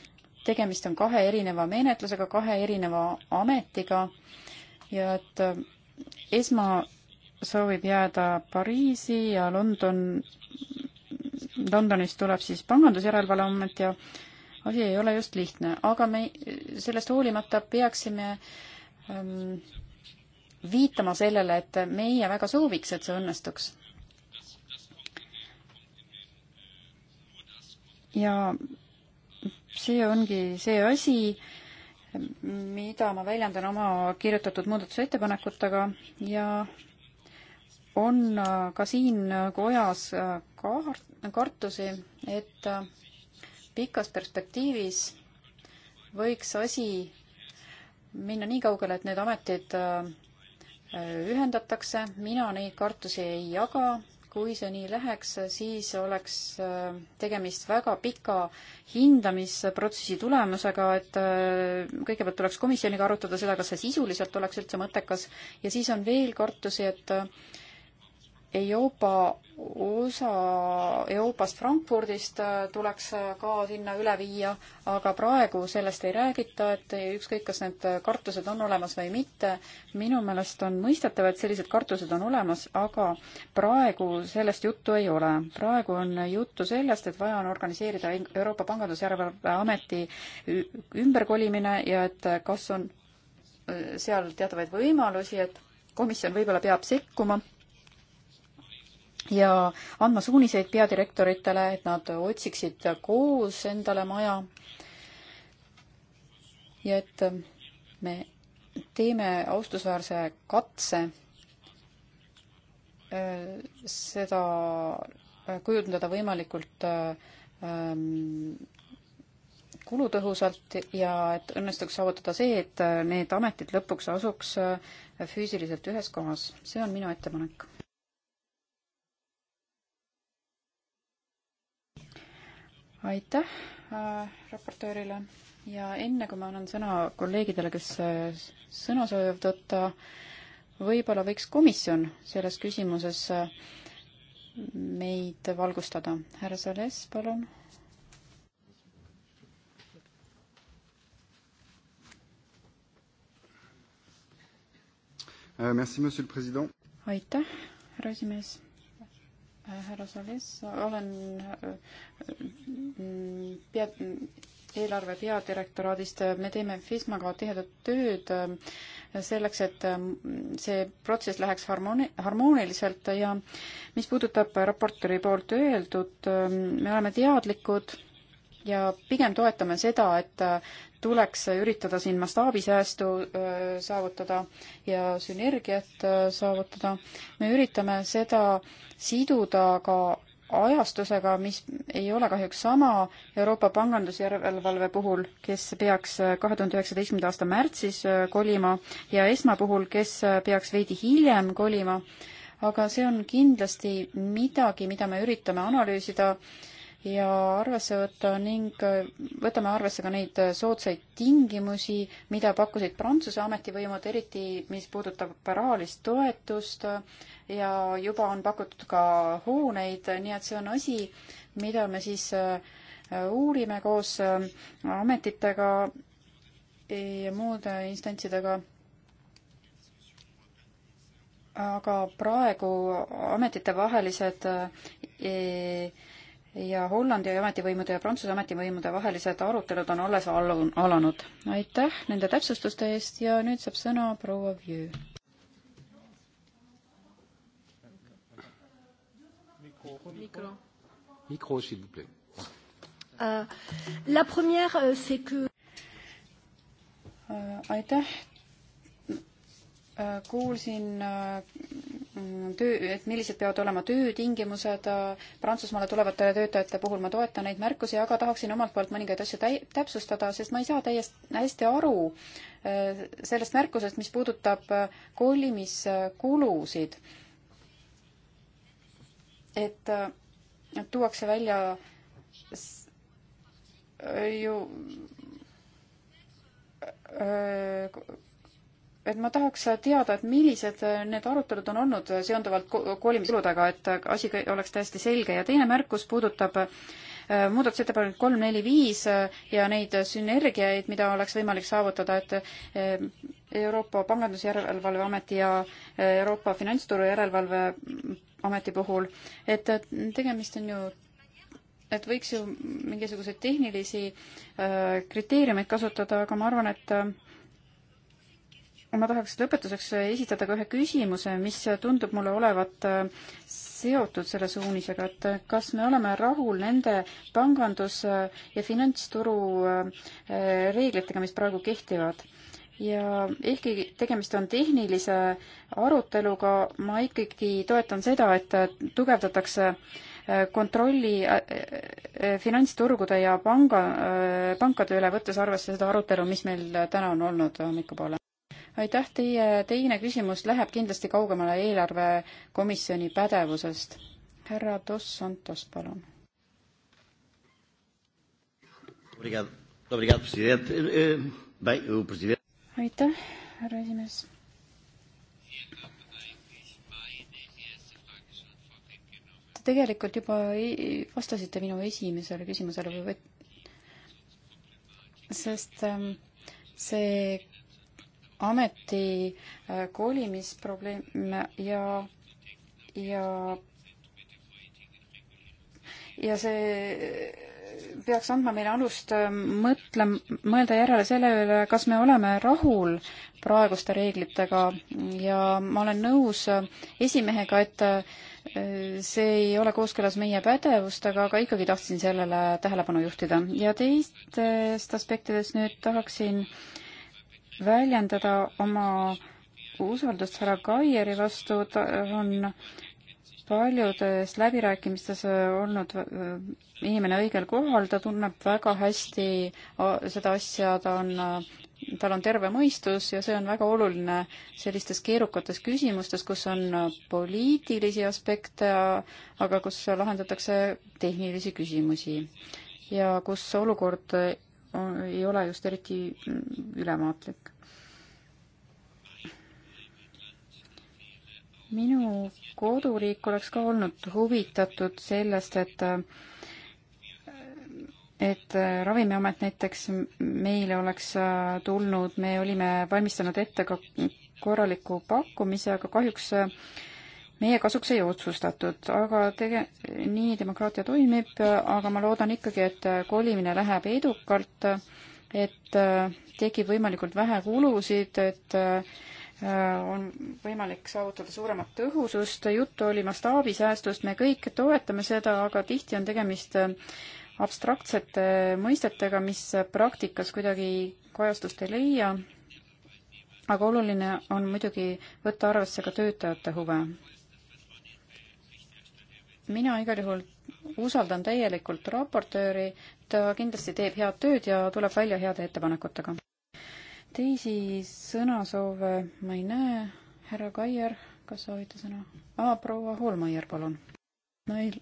tegemist on kahe erineva menetlusega, kahe erineva ametiga ja et esma soovib jääda Pariisi ja London, Londonist tuleb siis pangandusjärelevalveamet ja asi ei ole just lihtne, aga me sellest hoolimata peaksime ähm, viitama sellele, et meie väga sooviks, et see õnnestuks. ja see ongi see asi, mida ma väljendan oma kirjutatud muudatusettepanekutega ja on äh, ka siin äh, kojas äh, kart-, kartusi, et pikas perspektiivis võiks asi minna nii kaugele, et need ametid ühendatakse, mina neid kartusi ei jaga, kui see nii läheks, siis oleks tegemist väga pika hindamisprotsessi tulemusega, et kõigepealt tuleks komisjoniga arutada seda, kas see sisuliselt oleks üldse mõttekas ja siis on veel kartusi, et Euroopa osa Euroopast Frankfurdist äh, tuleks äh, ka sinna üle viia, aga praegu sellest ei räägita, et ükskõik, kas need kartused on olemas või mitte, minu meelest on mõistetav, et sellised kartused on olemas, aga praegu sellest juttu ei ole. praegu on juttu sellest, et vaja on organiseerida Euroopa Pangandusjärelevalve Ameti ümberkolimine ja et kas on äh, seal teatavaid võimalusi, et komisjon võib-olla peab sekkuma ja andma suuniseid peadirektoritele, et nad otsiksid koos endale maja. ja et me teeme austusväärse katse äh, seda äh, kujundada võimalikult äh, ähm, kulutõhusalt ja et õnnestuks saavutada see, et need ametid lõpuks asuks füüsiliselt ühes kohas. see on minu ettepanek aitäh äh, raportöörile ja enne, kui ma annan sõna kolleegidele, kes äh, sõna soovivad võtta, võib-olla võiks komisjon selles küsimuses äh, meid valgustada. härra Sales, palun. Äh, aitäh, härra esimees härra Solis, olen äh, äh, mm, pea, eelarve peadirektoraadist, me teeme FISMaga tihedat tööd äh, selleks, et see protsess läheks harmooni-, harmooniliselt ja mis puudutab raportööri poolt öeldud, me oleme teadlikud ja pigem toetame seda, et äh, tuleks üritada siin mastaabisäästu äh, saavutada ja sünergiat äh, saavutada. me üritame seda siduda ka ajastusega, mis ei ole kahjuks sama Euroopa pangandusjärelevalve puhul, kes peaks kahe tuhande üheksateistkümnenda aasta märtsis kolima ja ESMA puhul, kes peaks veidi hiljem kolima. aga see on kindlasti midagi, mida me üritame analüüsida äh, ja arvesse võtta ning äh, võtame arvesse ka neid äh, soodsaid tingimusi, mida pakkusid Prantsuse ametivõimud, eriti mis puudutab rahalist toetust äh, ja juba on pakutud ka hooneid, nii et see on asi, mida me siis uurime koos ametitega ja muude instantsidega aga praegu ametitevahelised ja Hollandi ametivõimude ja Prantsuse ametivõimude vahelised arutelud on alles alanud. aitäh nende täpsustuste eest ja nüüd saab sõna proua Vjö. mikro. mikro, s'il vous plaît. Euh, la première, euh, c'est que euh, aitäh kuulsin Mm, töö, et millised peavad olema töötingimused äh, Prantsusmaale tulevate töötajate puhul, ma toetan neid märkusi, aga tahaksin omalt poolt mõningaid asju täi-, täpsustada, sest ma ei saa täiesti hästi aru äh, sellest märkusest, mis puudutab äh, kolimiskulusid. et tuuakse välja ju et ma tahaks teada, et millised need arutelud on olnud seonduvalt koolimiskuludega, et asi oleks täiesti selge ja teine märkus puudutab äh, muudatusettepanekuid kolm, neli, viis äh, ja neid sünergiaid, mida oleks võimalik saavutada, et äh, Euroopa Pangandusjärelevalve Ameti ja Euroopa Finantsturu Järelevalve Ameti puhul, et tegemist on ju et võiks ju mingisuguseid tehnilisi kriteeriumeid kasutada, aga ma arvan, et ma tahaks lõpetuseks esitada ka ühe küsimuse, mis tundub mulle olevat äh, seotud selle suunisega, et äh, kas me oleme rahul nende pangandus- ja finantsturu äh, reeglitega, mis praegu kehtivad? ja ehkki tegemist on tehnilise aruteluga, ma ikkagi toetan seda, et tugevdatakse kontrolli finantsturgude ja panga, pankade üle, võttes arvesse seda arutelu, mis meil täna on olnud hommikupoole aitäh, teie teine küsimus läheb kindlasti kaugemale eelarvekomisjoni pädevusest. härra Dos Santos, palun. Eh, eh, aitäh, härra esimees. Te tegelikult juba vastasite minu esimesele küsimusele või sest ähm, see ameti äh, kolimisprobleem ja, ja ja see peaks andma meile alust äh, mõtle, mõelda järele selle üle, kas me oleme rahul praeguste reeglitega ja ma olen nõus äh, esimehega, et see ei ole kooskõlas meie pädevustega, aga ikkagi tahtsin sellele tähelepanu juhtida. ja teistest aspektidest nüüd tahaksin äh, väljendada oma usaldust härra Kaieri vastu, ta on paljudes läbirääkimistes olnud äh, inimene õigel kohal, ta tunneb väga hästi äh, seda asja, ta on, äh, tal on terve mõistus ja see on väga oluline sellistes keerukates küsimustes, kus on poliitilisi aspekte, aga kus lahendatakse tehnilisi küsimusi ja kus olukord ei ole just eriti ülemaatlik. minu koduriik oleks ka olnud huvitatud sellest, et et Ravimiamet näiteks meile oleks tulnud, me olime valmistanud ette ka korraliku pakkumise, aga kahjuks äh, meie kasuks ei otsustatud, aga tege-, nii demokraatia toimib, aga ma loodan ikkagi, et kolimine läheb edukalt, et äh, tekib võimalikult vähe kulusid, et äh, on võimalik saavutada suuremat tõhusust, juttu oli mastaabisäästust, me kõik toetame seda, aga tihti on tegemist äh, abstraktsete mõistetega, mis praktikas kuidagi kajastust ei leia. aga oluline on muidugi võtta arvesse ka töötajate huve mina igal juhul usaldan täielikult raportööri, ta kindlasti teeb head tööd ja tuleb välja heade ettepanekutega. teisi sõnasoove ma ei näe. härra Kaier, kas soovite sõna? aa, proua Hoolmeier, palun. no ei,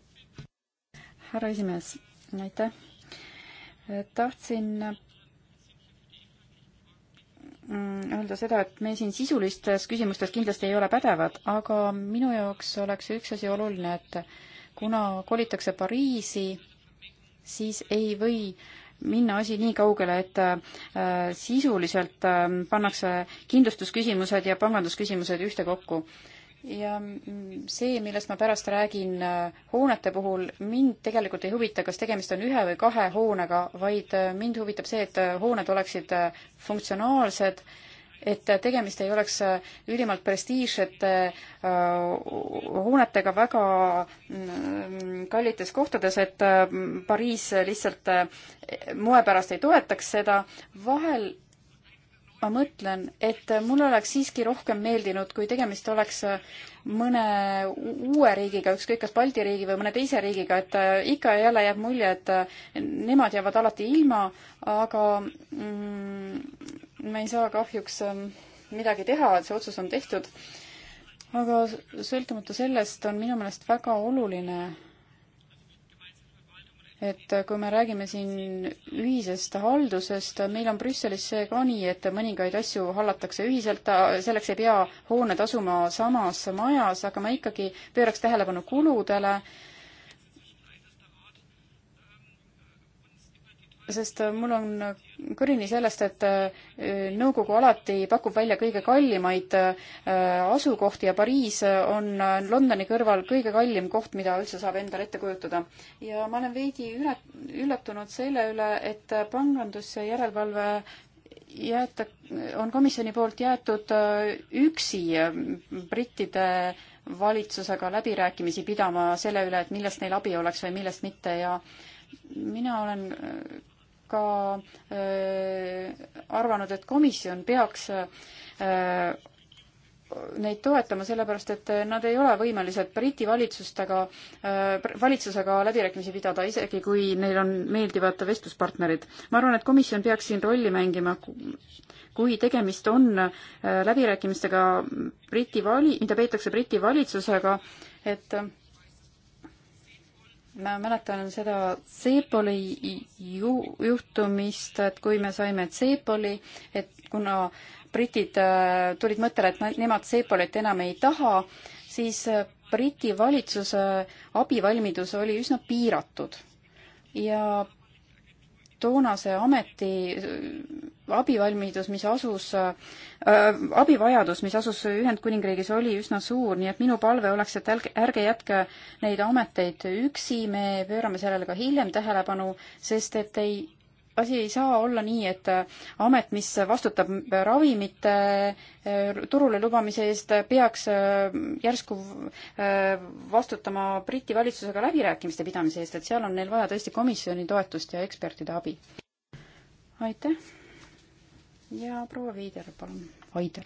härra esimees, aitäh. tahtsin mm, öelda seda, et me siin sisulistes küsimustes kindlasti ei ole pädevad, aga minu jaoks oleks üks asi oluline, et kuna kolitakse Pariisi, siis ei või minna asi nii kaugele, et äh, sisuliselt äh, pannakse kindlustusküsimused ja pangandusküsimused ühtekokku. ja mm, see, millest ma pärast räägin äh, hoonete puhul, mind tegelikult ei huvita, kas tegemist on ühe või kahe hoonega, vaid äh, mind huvitab see, et äh, hooned oleksid äh, funktsionaalsed äh, et tegemist ei oleks äh, ülimalt prestiižsete äh, hoonetega väga mm, kallites kohtades, et äh, Pariis lihtsalt moe pärast ei toetaks seda. vahel ma mõtlen, et mul oleks siiski rohkem meeldinud, kui tegemist oleks mõne uue riigiga, ükskõik kas Balti riigi või mõne teise riigiga, et äh, ikka ja jälle jääb mulje, et äh, nemad jäävad alati ilma, aga mm, me ei saa kahjuks ähm, midagi teha, et see otsus on tehtud. aga sõltumata sellest on minu meelest väga oluline et kui me räägime siin ühisest haldusest, meil on Brüsselis see ka nii, et mõningaid asju hallatakse ühiselt, selleks ei pea hooned asuma samas majas, aga ma ikkagi pööraks tähelepanu kuludele sest äh, mul on äh, kõrini sellest, et äh, nõukogu alati pakub välja kõige kallimaid asukohti ja Pariis on Londoni kõrval kõige kallim koht, mida üldse saab endale ette kujutada. ja ma olen veidi üle, üllatunud selle üle, et pangandus- ja järelevalve jäeta, on komisjoni poolt jäetud üksi brittide valitsusega läbirääkimisi pidama selle üle, et millest neil abi oleks või millest mitte ja mina olen ka äh, arvanud, et komisjon peaks äh, neid toetama, sellepärast et äh, nad ei ole võimelised Briti valitsustega, valitsusega läbirääkimisi pidada, isegi kui neil on meeldivad vestluspartnerid. ma arvan, et komisjon peaks siin rolli mängima, kui tegemist on läbirääkimistega Briti vali-, mida peetakse Briti valitsusega, et ma mäletan seda Seepoli ju-, juhtumist, et kui me saime Seepoli, et kuna britid äh, tulid mõttele, et nemad Seepolit enam ei taha, siis äh, Briti valitsuse abivalmidus oli üsna piiratud ja toonase ameti abivalmidus, mis asus äh,, abivajadus, mis asus Ühendkuningriigis, oli üsna suur, nii et minu palve oleks, et ärge, ärge jätke neid ameteid üksi, me pöörame sellele ka hiljem tähelepanu, sest et ei, asi ei saa olla nii, et amet, mis vastutab ravimite äh, turule lubamise eest, peaks äh, järsku äh, vastutama Briti valitsusega läbirääkimiste pidamise eest, et seal on neil vaja tõesti komisjoni toetust ja ekspertide abi. aitäh! ja proua Veider, palun, Vaider.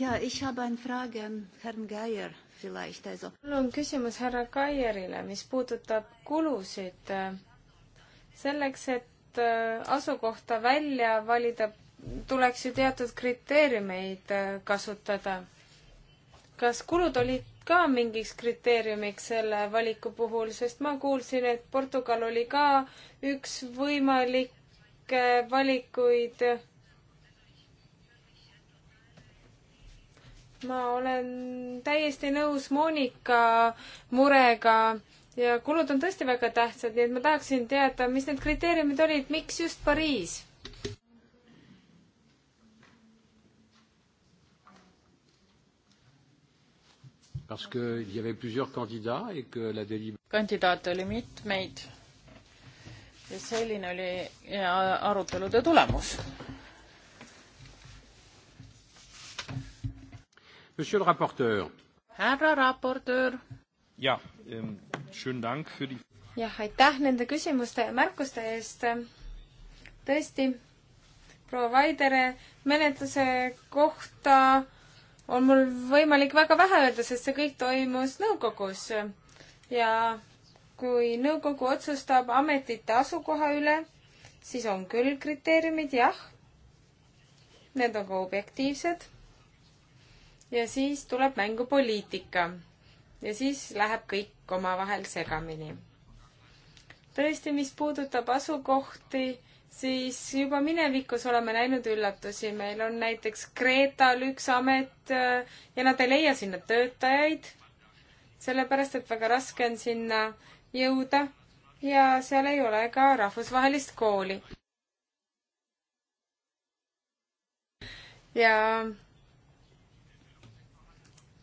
ja, ich habe ein Frage, Herrn Geier vielleicht also. mul on küsimus härra Kaierile, mis puudutab kulusid. selleks, et äh, asukohta välja valida, tuleks ju teatud kriteeriumeid äh, kasutada. kas kulud olid ka mingiks kriteeriumiks selle valiku puhul, sest ma kuulsin, et Portugal oli ka üks võimalik võimalikke äh, valikuid. ma olen täiesti nõus Monika murega ja kulud on tõesti väga tähtsad, nii et ma tahaksin teada, mis need kriteeriumid olid, miks just Pariis? parce qu'il y avait plusieurs candidats et que la délibération. Kandidaate oli mitmeid ja selline oli arutelude tulemus. härra raportöör. jah, ähm, aitäh nende küsimuste ja märkuste eest. tõesti, proua Vaidere menetluse kohta on mul võimalik väga vähe öelda, sest see kõik toimus nõukogus ja kui nõukogu otsustab ametite asukoha üle, siis on küll kriteeriumid, jah. Need on ka objektiivsed. ja siis tuleb mängu poliitika. ja siis läheb kõik omavahel segamini. tõesti, mis puudutab asukohti, siis juba minevikus oleme näinud üllatusi, meil on näiteks Kreetal üks amet äh, ja nad ei leia sinna töötajaid, sellepärast et väga raske on sinna jõuda ja seal ei ole ka rahvusvahelist kooli. ja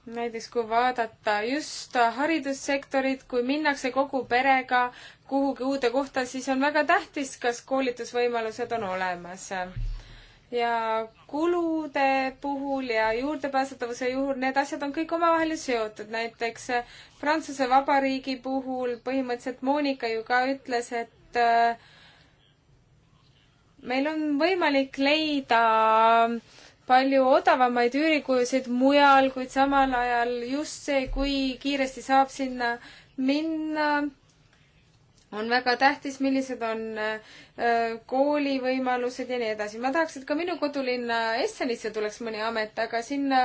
näiteks kui vaadata just haridussektorit, kui minnakse kogu perega kuhugi uude kohta, siis on väga tähtis, kas koolitusvõimalused on olemas ja kulude puhul ja juurdepääsetavuse juhul, need asjad on kõik omavahel seotud, näiteks äh, Prantsuse Vabariigi puhul põhimõtteliselt Monika ju ka ütles, et äh, meil on võimalik leida palju odavamaid üürikujusid mujal, kuid samal ajal just see, kui kiiresti saab sinna minna on väga tähtis, millised on äh, kooli võimalused ja nii edasi. ma tahaks, et ka minu kodulinna Essenisse tuleks mõni amet, aga sinna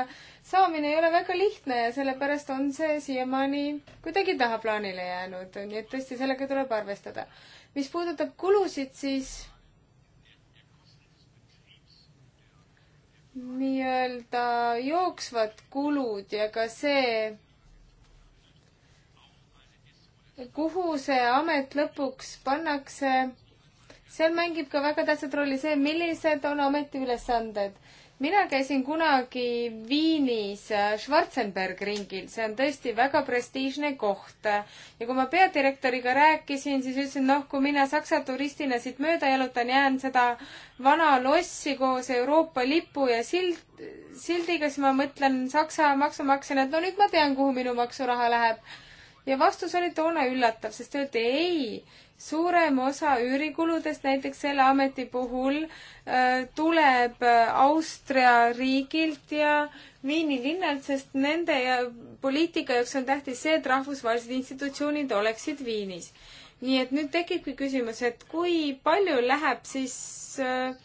saamine ei ole väga lihtne ja sellepärast on see siiamaani kuidagi tahaplaanile jäänud, nii et tõesti, sellega tuleb arvestada. mis puudutab kulusid, siis nii-öelda jooksvad kulud ja ka see, kuhu see amet lõpuks pannakse, seal mängib ka väga tähtsat rolli see, millised on ameti ülesanded. mina käisin kunagi Viinis äh, Schwarzenberg ringil, see on tõesti väga prestiižne koht. ja kui ma peadirektoriga rääkisin, siis ütlesin, noh, kui mina saksa turistina siit mööda jalutan, jään seda vana lossi koos Euroopa lipu ja sild, sildiga, siis ma mõtlen Saksa maksumaksjana, et no nüüd ma tean, kuhu minu maksuraha läheb ja vastus oli toona üllatav, sest öeldi ei, suurem osa üürikuludest näiteks selle ameti puhul äh, tuleb äh, Austria riigilt ja Viini linnalt, sest nende ja poliitika jaoks on tähtis see, et rahvusvahelised institutsioonid oleksid Viinis. nii et nüüd tekibki küsimus, et kui palju läheb siis äh,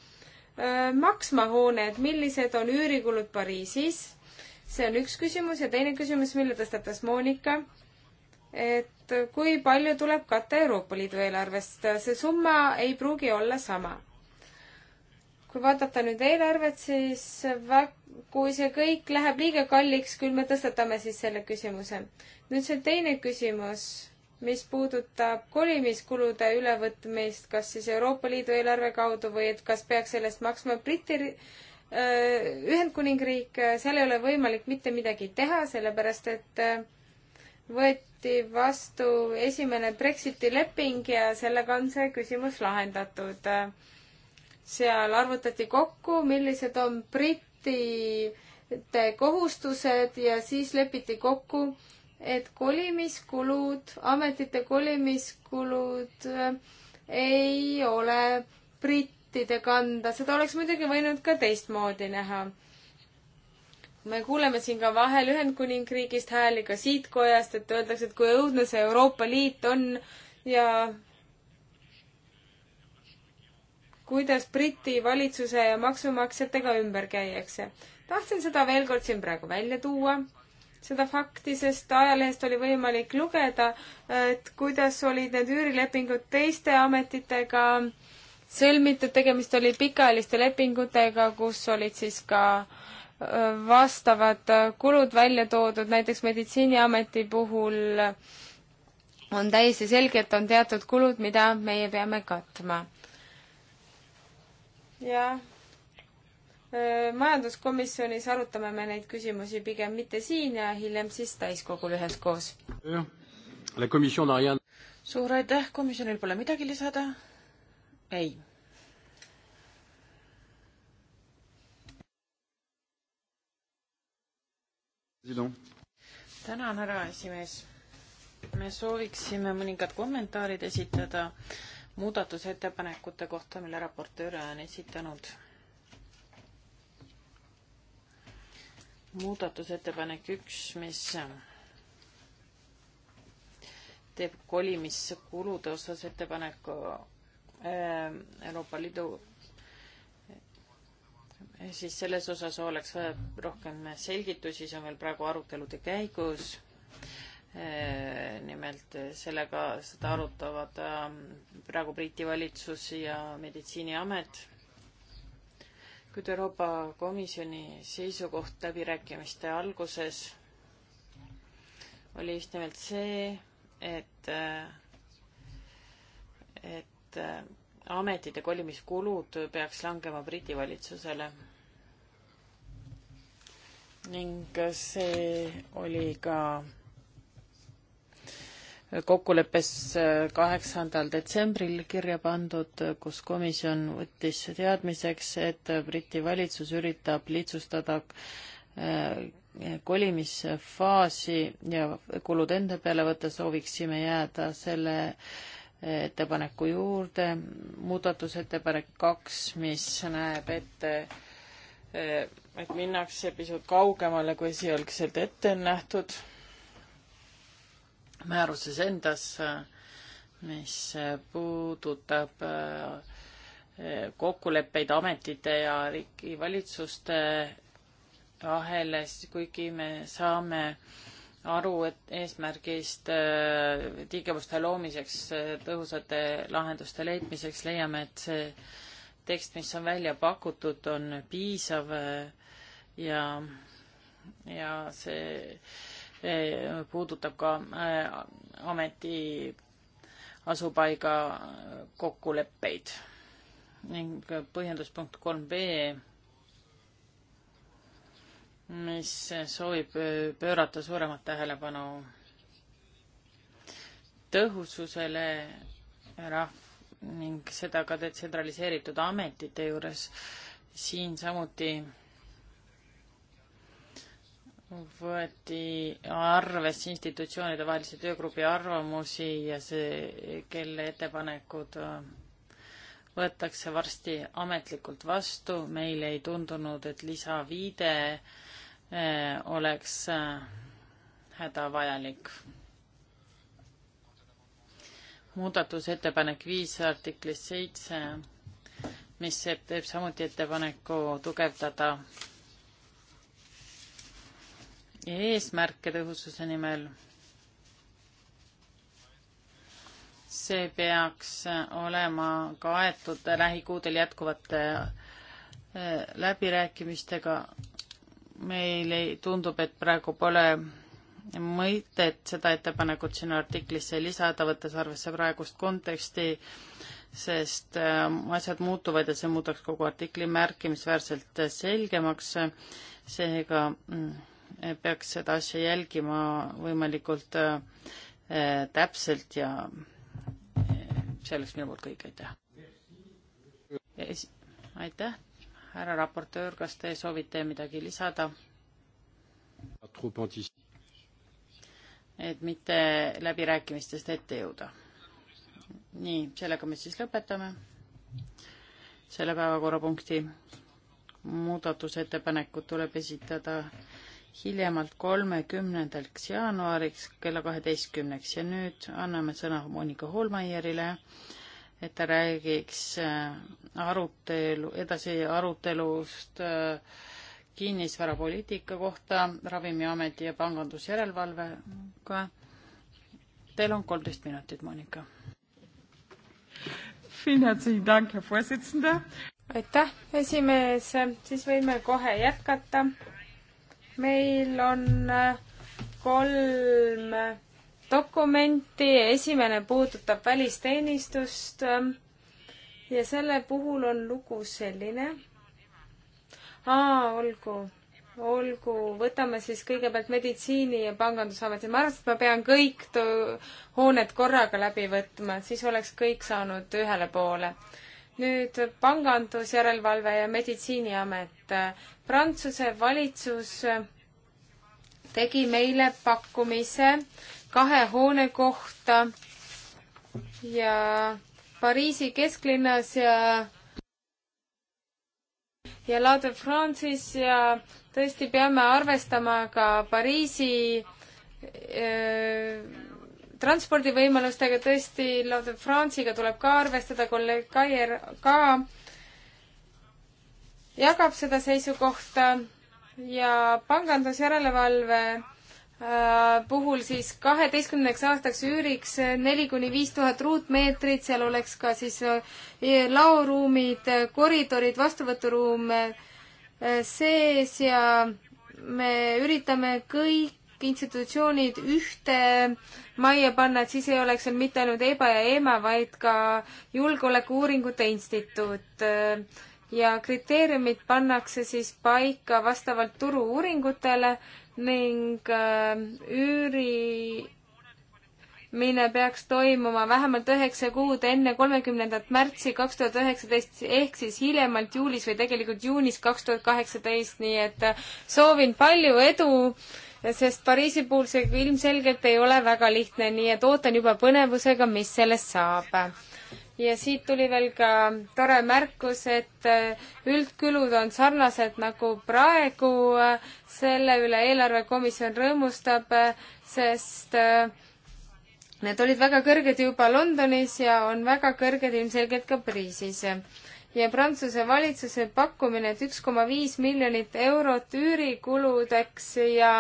äh, maksma hoone, et millised on üürikulud Pariisis? see on üks küsimus ja teine küsimus, mille tõstatas Monika et kui palju tuleb katta Euroopa Liidu eelarvest, see summa ei pruugi olla sama. kui vaadata nüüd eelarvet, siis vä-, kui see kõik läheb liiga kalliks, küll me tõstatame siis selle küsimuse. nüüd see teine küsimus, mis puudutab kolimiskulude ülevõtmist, kas siis Euroopa Liidu eelarve kaudu või et kas peaks sellest maksma Briti äh, Ühendkuningriik, seal ei ole võimalik mitte midagi teha, sellepärast et äh, võet-, võeti vastu esimene Brexiti leping ja sellega on see küsimus lahendatud. seal arvutati kokku, millised on brittide kohustused ja siis lepiti kokku, et kolimiskulud, ametite kolimiskulud ei ole brittide kanda, seda oleks muidugi võinud ka teistmoodi näha me kuuleme siin ka vahel Ühendkuningriigist hääli, ka siit kojast, et öeldakse, et kui õudne see Euroopa Liit on ja kuidas Briti valitsuse ja maksumaksjatega ümber käiakse. tahtsin seda veel kord siin praegu välja tuua, seda fakti, sest ajalehest oli võimalik lugeda, et kuidas olid need üürilepingud teiste ametitega sõlmitud, tegemist oli pikaajaliste lepingutega, kus olid siis ka äh, vastavad kulud välja toodud, näiteks Meditsiiniameti puhul on täiesti selge, et on teatud kulud, mida meie peame katma. jah, majanduskomisjonis arutame me neid küsimusi pigem mitte siin ja hiljem siis täiskogul üheskoos. suur aitäh, komisjonil pole midagi lisada? ei tänan, härra esimees. me sooviksime mõningad kommentaarid esitada muudatusettepanekute kohta, mille raportöör on esitanud. muudatusettepanek üks, mis teeb kolimiskulude osas ettepaneku äh, Euroopa Liidu siis selles osas oleks vaja rohkem selgitusi, see on veel praegu arutelude käigus. nimelt sellega, seda arutavad ähm, praegu Briti valitsus ja meditsiiniamet. kuid Euroopa Komisjoni seisukoht läbirääkimiste alguses oli just nimelt see, et, äh, et äh, ametite kolimiskulud peaks langema Briti valitsusele ning see oli ka kokkuleppes äh, kaheksandal detsembril kirja pandud, kus komisjon võttis teadmiseks, et Briti valitsus üritab lihtsustada äh, kolimisfaasi ja kulud enda peale võtta, sooviksime jääda selle äh, ettepaneku juurde. muudatusettepanek kaks, mis näeb ette et minnakse pisut kaugemale, kui esialgselt ette on nähtud määruses endas, mis puudutab eh, kokkuleppeid ametite ja riigivalitsuste aheles, kuigi me saame aru, et eesmärgist eh, tingimuste loomiseks, eh, tõhusate lahenduste leidmiseks leiame, et see tekst, mis on välja pakutud, on piisav äh, ja, ja see e, puudutab ka e, ameti asupaiga kokkuleppeid ning põhjendus punkt kolm B, mis soovib pöörata suuremat tähelepanu tõhususele rahv- ning seda ka detsentraliseeritud ametite juures. siin samuti võeti arvesse institutsioonide vahelise töögrupi arvamusi ja see, kelle ettepanekud äh, võetakse varsti ametlikult vastu. meile ei tundunud, et lisaviide äh, oleks äh, hädavajalik. muudatusettepanek viis artiklist seitse, mis teeb samuti ettepaneku tugevdada eesmärke tõhususe nimel. see peaks olema kaetud lähikuudel jätkuvate äh, läbirääkimistega. meil ei, tundub, et praegu pole mõtet seda ettepanekut sinna artiklisse lisada, võttes arvesse praegust konteksti, sest äh, asjad muutuvad ja see muudaks kogu artikli märkimisväärselt selgemaks. seega mm, Eh, peaks seda asja jälgima võimalikult eh, eh, täpselt ja see oleks minu poolt kõik, aitäh. aitäh, härra raportöör, kas te soovite midagi lisada? et mitte läbirääkimistest ette jõuda. nii, sellega me siis lõpetame selle päevakorrapunkti muudatusettepanekud tuleb esitada hiljemalt kolmekümnendaks jaanuariks kella kaheteistkümneks ja nüüd anname sõna Monika Holmeierile, et ta räägiks äh, arutelu, edasi arutelust äh, kinnisvarapoliitika kohta Ravimiameti ja pangandusjärelevalvega. Teil on kolmteist minutit, Monika. aitäh, esimees, siis võime kohe jätkata meil on äh, kolm äh, dokumenti, esimene puudutab välisteenistust ähm, ja selle puhul on lugu selline. aa, olgu, olgu, võtame siis kõigepealt meditsiini ja pangandusameti, ma arvan, et ma pean kõik hooned korraga läbi võtma, siis oleks kõik saanud ühele poole nüüd pangandusjärelevalve ja meditsiiniamet. Prantsuse valitsus tegi meile pakkumise kahe hoone kohta ja Pariisi kesklinnas ja ja La de France'is ja tõesti peame arvestama ka Pariisi öö, transpordivõimalustega tõesti, La de France'iga tuleb ka arvestada, kolleeg Kaier ka jagab seda seisukohta ja pangandusjärelevalve äh, puhul siis kaheteistkümneks aastaks üüriks neli kuni viis tuhat ruutmeetrit, seal oleks ka siis äh, laoruumid, koridorid, vastuvõturuum äh, sees ja me üritame kõik institutsioonid ühte majja panna, et siis ei oleks seal mitte ainult EBA ja EMA, vaid ka Julgeolekuuuringute Instituut. ja kriteeriumid pannakse siis paika vastavalt turu-uuringutele ning äh, üüri mille peaks toimuma vähemalt üheksa kuud enne kolmekümnendat märtsi kaks tuhat üheksateist ehk siis hiljemalt juulis või tegelikult juunis kaks tuhat kaheksateist, nii et äh, soovin palju edu sest Pariisi puhul see ilmselgelt ei ole väga lihtne, nii et ootan juba põnevusega, mis sellest saab. ja siit tuli veel ka tore märkus, et äh, üldkülud on sarnased nagu praegu, äh, selle üle eelarvekomisjon rõõmustab, äh, sest need olid väga kõrged juba Londonis ja on väga kõrged ilmselgelt ka Pariisis ja Prantsuse valitsuse pakkumine, et üks koma viis miljonit eurot üürikuludeks ja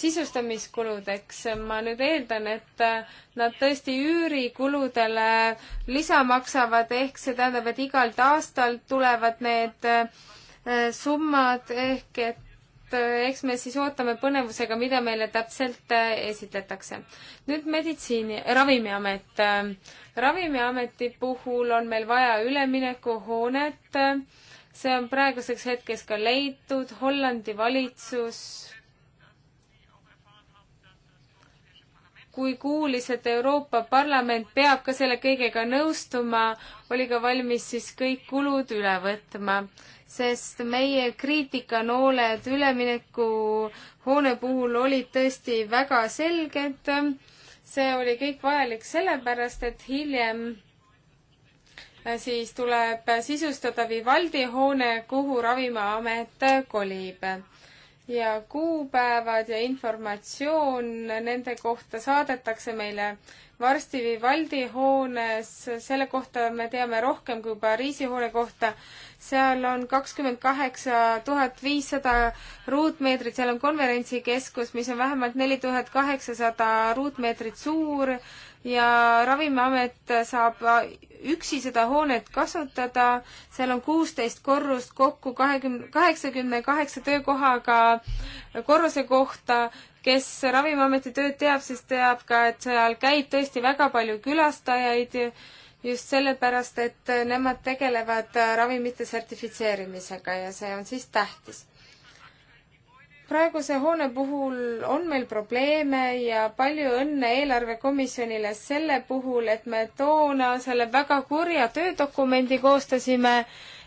sisustamiskuludeks. ma nüüd eeldan, et nad tõesti üürikuludele lisa maksavad, ehk see tähendab, et igalt aastalt tulevad need äh, summad ehk et Eh, eks me siis ootame põnevusega, mida meile täpselt eh, esitletakse. nüüd meditsiini, Ravimiamet. Eh, ravimiameti puhul on meil vaja üleminekuhoonet. see on praeguseks hetkeks ka leitud, Hollandi valitsus kui kuulis, et Euroopa Parlament peab ka selle kõigega nõustuma, oli ka valmis siis kõik kulud üle võtma sest meie kriitikanooled üleminekuhoone puhul olid tõesti väga selged. see oli kõik vajalik sellepärast, et hiljem äh, siis tuleb sisustada Vivaldi hoone, kuhu Ravimiamet kolib ja kuupäevad ja informatsioon nende kohta saadetakse meile Varstivi valdihoones, selle kohta me teame rohkem kui Pariisi hoone kohta. seal on kakskümmend kaheksa tuhat viissada ruutmeetrit, seal on konverentsikeskus, mis on vähemalt neli tuhat kaheksasada ruutmeetrit suur ja Ravimiamet saab üksi seda hoonet kasutada, seal on kuusteist korrust kokku kahekümne, kaheksakümne kaheksa töökohaga korruse kohta, kes Ravimiameti tööd teab, siis teab ka, et seal käib tõesti väga palju külastajaid just sellepärast, et nemad tegelevad ravimite sertifitseerimisega ja see on siis tähtis praeguse hoone puhul on meil probleeme ja palju õnne eelarvekomisjonile selle puhul, et me toona selle väga kurja töödokumendi koostasime.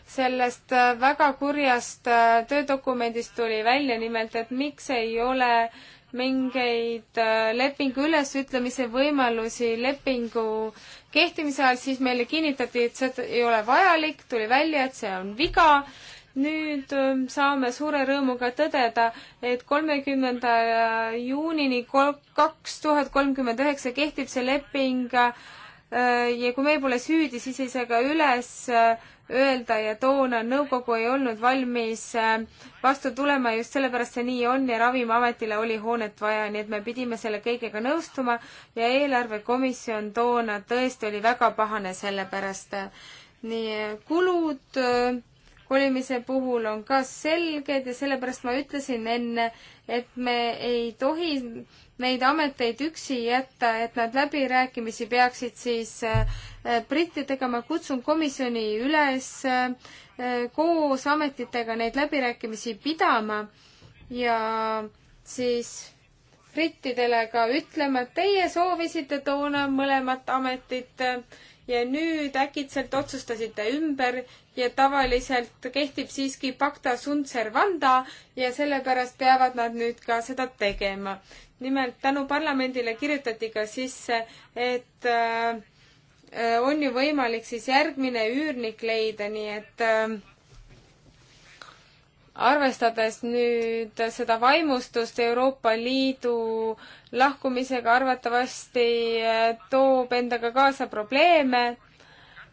sellest äh, väga kurjast äh, töödokumendist tuli välja nimelt, et miks ei ole mingeid äh, lepingu ülesütlemise võimalusi lepingu kehtimise ajal, siis meile kinnitati, et see ei ole vajalik, tuli välja, et see on viga nüüd ähm, saame suure rõõmuga tõdeda, et kolmekümnenda äh, juunini kaks tuhat kolmkümmend üheksa kehtib see leping äh, ja kui meie pole süüdi, siis ei saa ka üles äh, öelda ja toona nõukogu ei olnud valmis vastu tulema, just sellepärast see nii on ja Ravimiametile oli hoonet vaja, nii et me pidime selle kõigega nõustuma ja eelarvekomisjon toona tõesti oli väga pahane selle pärast. nii kulud kolimise puhul on ka selged ja sellepärast ma ütlesin enne, et me ei tohi neid ameteid üksi jätta, et nad läbirääkimisi peaksid siis äh, brittidega, ma kutsun komisjoni üles äh, koos ametitega neid läbirääkimisi pidama ja siis brittidele ka ütlema, et teie soovisite toona mõlemat ametit ja nüüd äkitselt otsustasite ümber ja tavaliselt kehtib siiski pacta sunt servanda ja sellepärast peavad nad nüüd ka seda tegema. nimelt tänu parlamendile kirjutati ka sisse, et äh, äh on ju võimalik siis järgmine üürnik leida, nii et äh, arvestades nüüd seda vaimustust Euroopa Liidu lahkumisega, arvatavasti eh, toob endaga kaasa probleeme,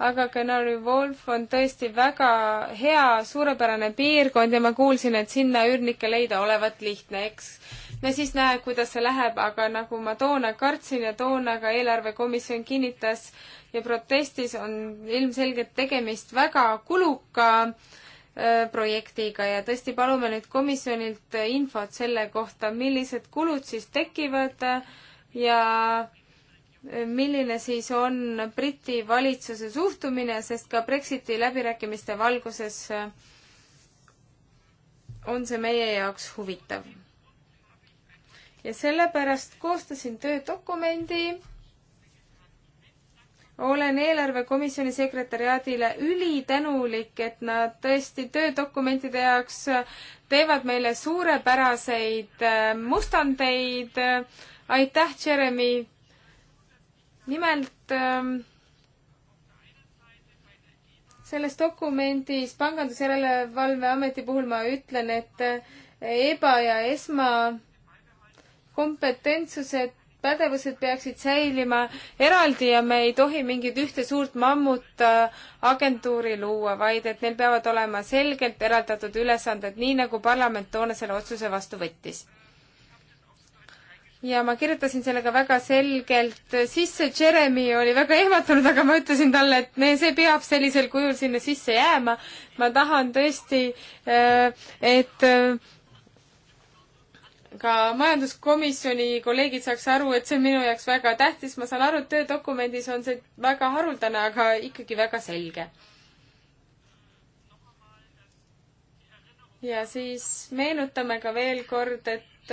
aga Canary Wolf on tõesti väga hea, suurepärane piirkond ja ma kuulsin, et sinna üürnikke leida olevat lihtne, eks no siis näe, kuidas see läheb, aga nagu ma toona kartsin ja toona ka eelarvekomisjon kinnitas ja protestis, on ilmselgelt tegemist väga kuluka äh, Äh, projektiga ja tõesti palume nüüd komisjonilt äh, infot selle kohta, millised kulud siis tekivad äh, ja milline siis on Briti valitsuse suhtumine, sest ka Brexiti läbirääkimiste valguses on see meie jaoks huvitav. ja sellepärast koostasin töödokumendi olen eelarvekomisjoni sekretäriaadile ülitänulik, et nad tõesti töödokumentide jaoks teevad meile suurepäraseid äh, mustandeid. aitäh, Jeremy! nimelt ähm, selles dokumendis Pangandusjärelevalve Ameti puhul ma ütlen, et äh, EBA ja ESMA kompetentsused pädevused peaksid säilima eraldi ja me ei tohi mingit ühte suurt mammut äh, agentuuri luua, vaid et neil peavad olema selgelt eraldatud ülesanded, nii nagu parlament toona selle otsuse vastu võttis. ja ma kirjutasin sellega väga selgelt sisse, Jeremy oli väga ehmatunud, aga ma ütlesin talle, et nee, see peab sellisel kujul sinna sisse jääma. ma tahan tõesti, äh, et äh, ka majanduskomisjoni kolleegid saaks aru, et see on minu jaoks väga tähtis, ma saan aru, et töödokumendis on see väga haruldane, aga ikkagi väga selge. ja siis meenutame ka veel kord, et,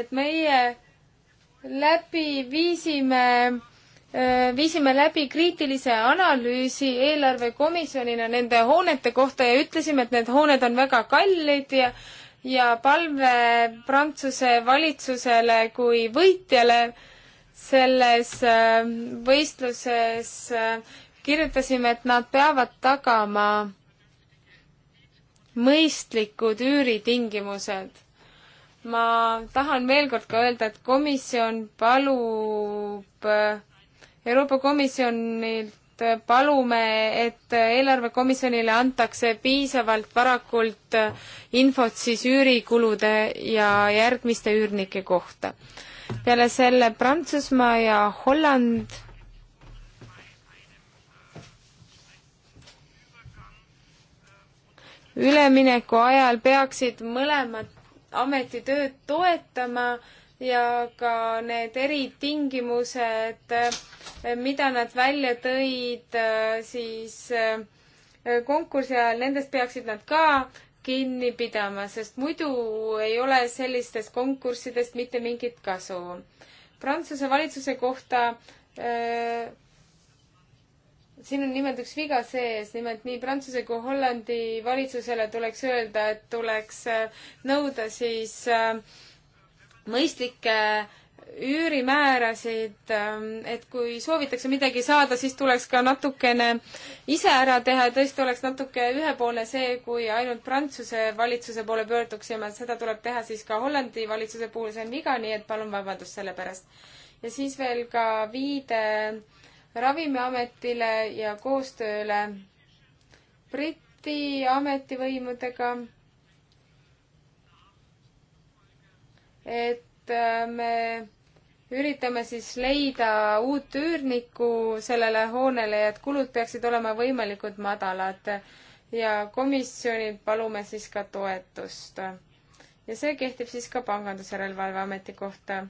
et meie läbi viisime Äh, viisime läbi kriitilise analüüsi eelarvekomisjonina nende hoonete kohta ja ütlesime, et need hooned on väga kallid ja ja palve Prantsuse valitsusele kui võitjale selles äh, võistluses äh, kirjutasime, et nad peavad tagama mõistlikud üüritingimused. ma tahan veel kord ka öelda, et komisjon palub äh, Euroopa Komisjonilt palume, et eelarvekomisjonile antakse piisavalt varakult infot siis üürikulude ja järgmiste üürnike kohta. peale selle Prantsusmaa ja Holland ülemineku ajal peaksid mõlemad ametitööd toetama äh, ja ka need eritingimused, mida nad välja tõid äh, siis äh, konkursi ajal, nendest peaksid nad ka kinni pidama, sest muidu ei ole sellistest konkurssidest mitte mingit kasu. Prantsuse valitsuse kohta äh, siin on nimelt üks viga sees, nimelt nii Prantsuse kui Hollandi valitsusele tuleks öelda, et tuleks äh, nõuda siis äh, mõistlikke üürimäärasid, ähm, et kui soovitakse midagi saada, siis tuleks ka natukene ise ära teha ja tõesti oleks natuke ühepoolne see, kui ainult Prantsuse valitsuse poole pöörduksime, seda tuleb teha siis ka Hollandi valitsuse puhul, see on viga, nii et palun vabandust selle pärast. ja siis veel ka viide Ravimiametile ja koostööle Briti ametivõimudega et äh, me üritame siis leida uut üürnikku sellele hoonele ja et kulud peaksid olema võimalikult madalad ja komisjonilt palume siis ka toetust. ja see kehtib siis ka Pangandusjärelevalve Ameti kohta.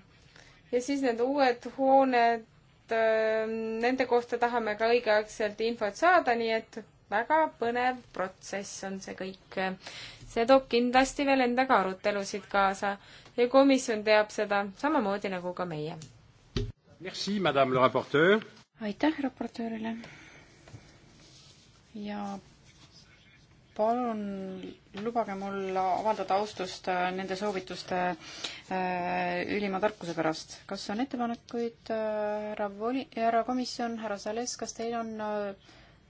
ja siis need uued hooned, äh, nende kohta tahame ka õigeaegselt infot saada, nii et väga põnev protsess on see kõik. see toob kindlasti veel endaga arutelusid kaasa ja komisjon teab seda samamoodi nagu ka meie. aitäh raportöörile. ja palun lubage mul avaldada austust äh, nende soovituste äh, ülima tarkuse pärast. kas on ettepanekuid, äh, härra voli-, härra komisjon, härra Sales, kas teil on öö,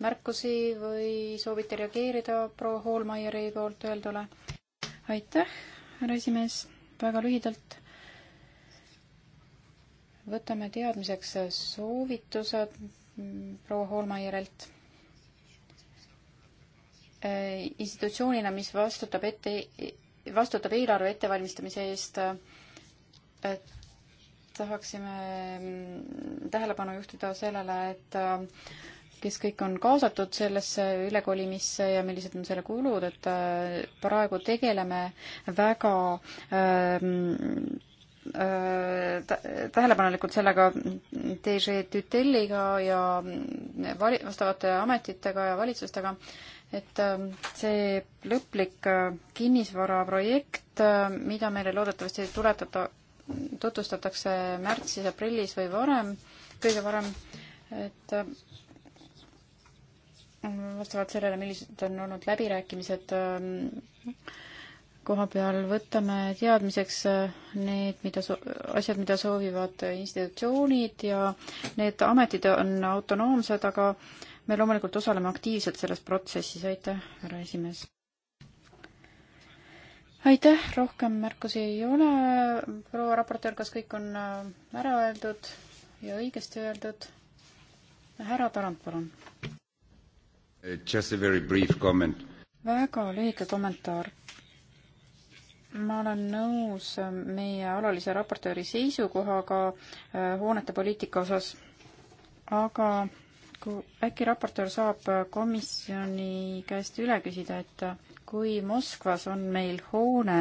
märkusi või soovite reageerida proua Hoolmeieri poolt öeldule? aitäh, härra esimees, väga lühidalt. võtame teadmiseks soovitused proua Hoolmeierilt äh, institutsioonina, mis vastutab ette, vastutab eelarve ettevalmistamise eest, äh, tahaksime mm, tähelepanu juhtida sellele, et äh, kes kõik on kaasatud sellesse ülekolimisse ja millised on selle kulud, et äh, praegu tegeleme väga ähm, äh, tähelepanelikult sellega DG Tütelliga ja mm, vali-, vastavate ametitega ja valitsustega, et ähm, see lõplik äh, kinnisvaraprojekt, mida meile loodetavasti tuletata, tutvustatakse märtsis, aprillis või varem, kõige varem, et vastavalt sellele, millised on olnud läbirääkimised ähm, koha peal, võtame teadmiseks äh, need, mida so-, asjad, mida soovivad institutsioonid ja need ametid on autonoomsed, aga me loomulikult osaleme aktiivselt selles protsessis, aitäh, härra esimees! aitäh, rohkem märkusi ei ole, proua raportöör, kas kõik on äh, ära öeldud ja õigesti öeldud? härra Tarand, palun! Uh, väga lühike kommentaar. ma olen nõus äh, meie alalise raportööri seisukohaga äh, hoonete poliitika osas, aga kui äkki raportöör saab äh, komisjoni käest üle küsida, et kui Moskvas on meil hoone,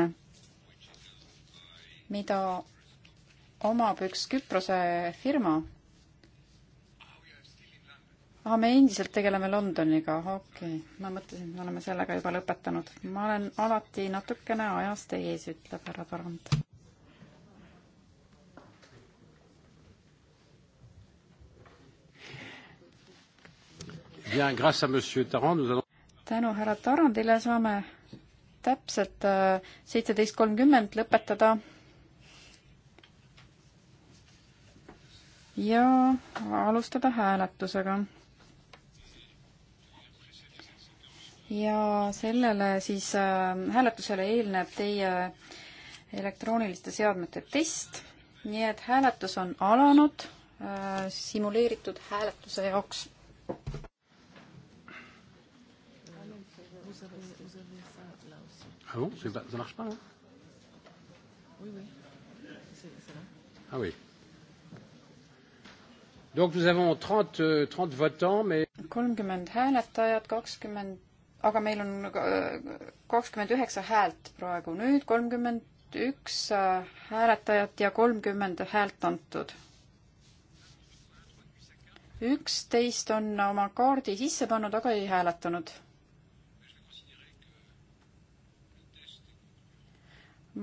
mida omab üks Küprose firma aa, me endiselt tegeleme Londoniga, okei okay.. ma mõtlesin, et me oleme sellega juba lõpetanud. ma olen alati natukene ajast ees, ütleb härra Tarand. tänu härra Tarandile saame täpselt äh, seitseteist kolmkümmend lõpetada ja alustada hääletusega ja sellele siis äh, hääletusele eelneb teie elektrooniliste seadmete test, nii et hääletus on alanud äh, simuleeritud hääletuse jaoks. Ah bon, c'est pas, ça marche pas là Oui, oui. C'est, c'est là. Ah oui. Donc nous avons 30, 30 euh, votants, mais... 30 hääletajat, 20 aga meil on äh, kakskümmend üheksa häält praegu, nüüd kolmkümmend üks äh, hääletajat ja kolmkümmend häält antud. üksteist on oma kaardi sisse pannud, aga ei hääletanud.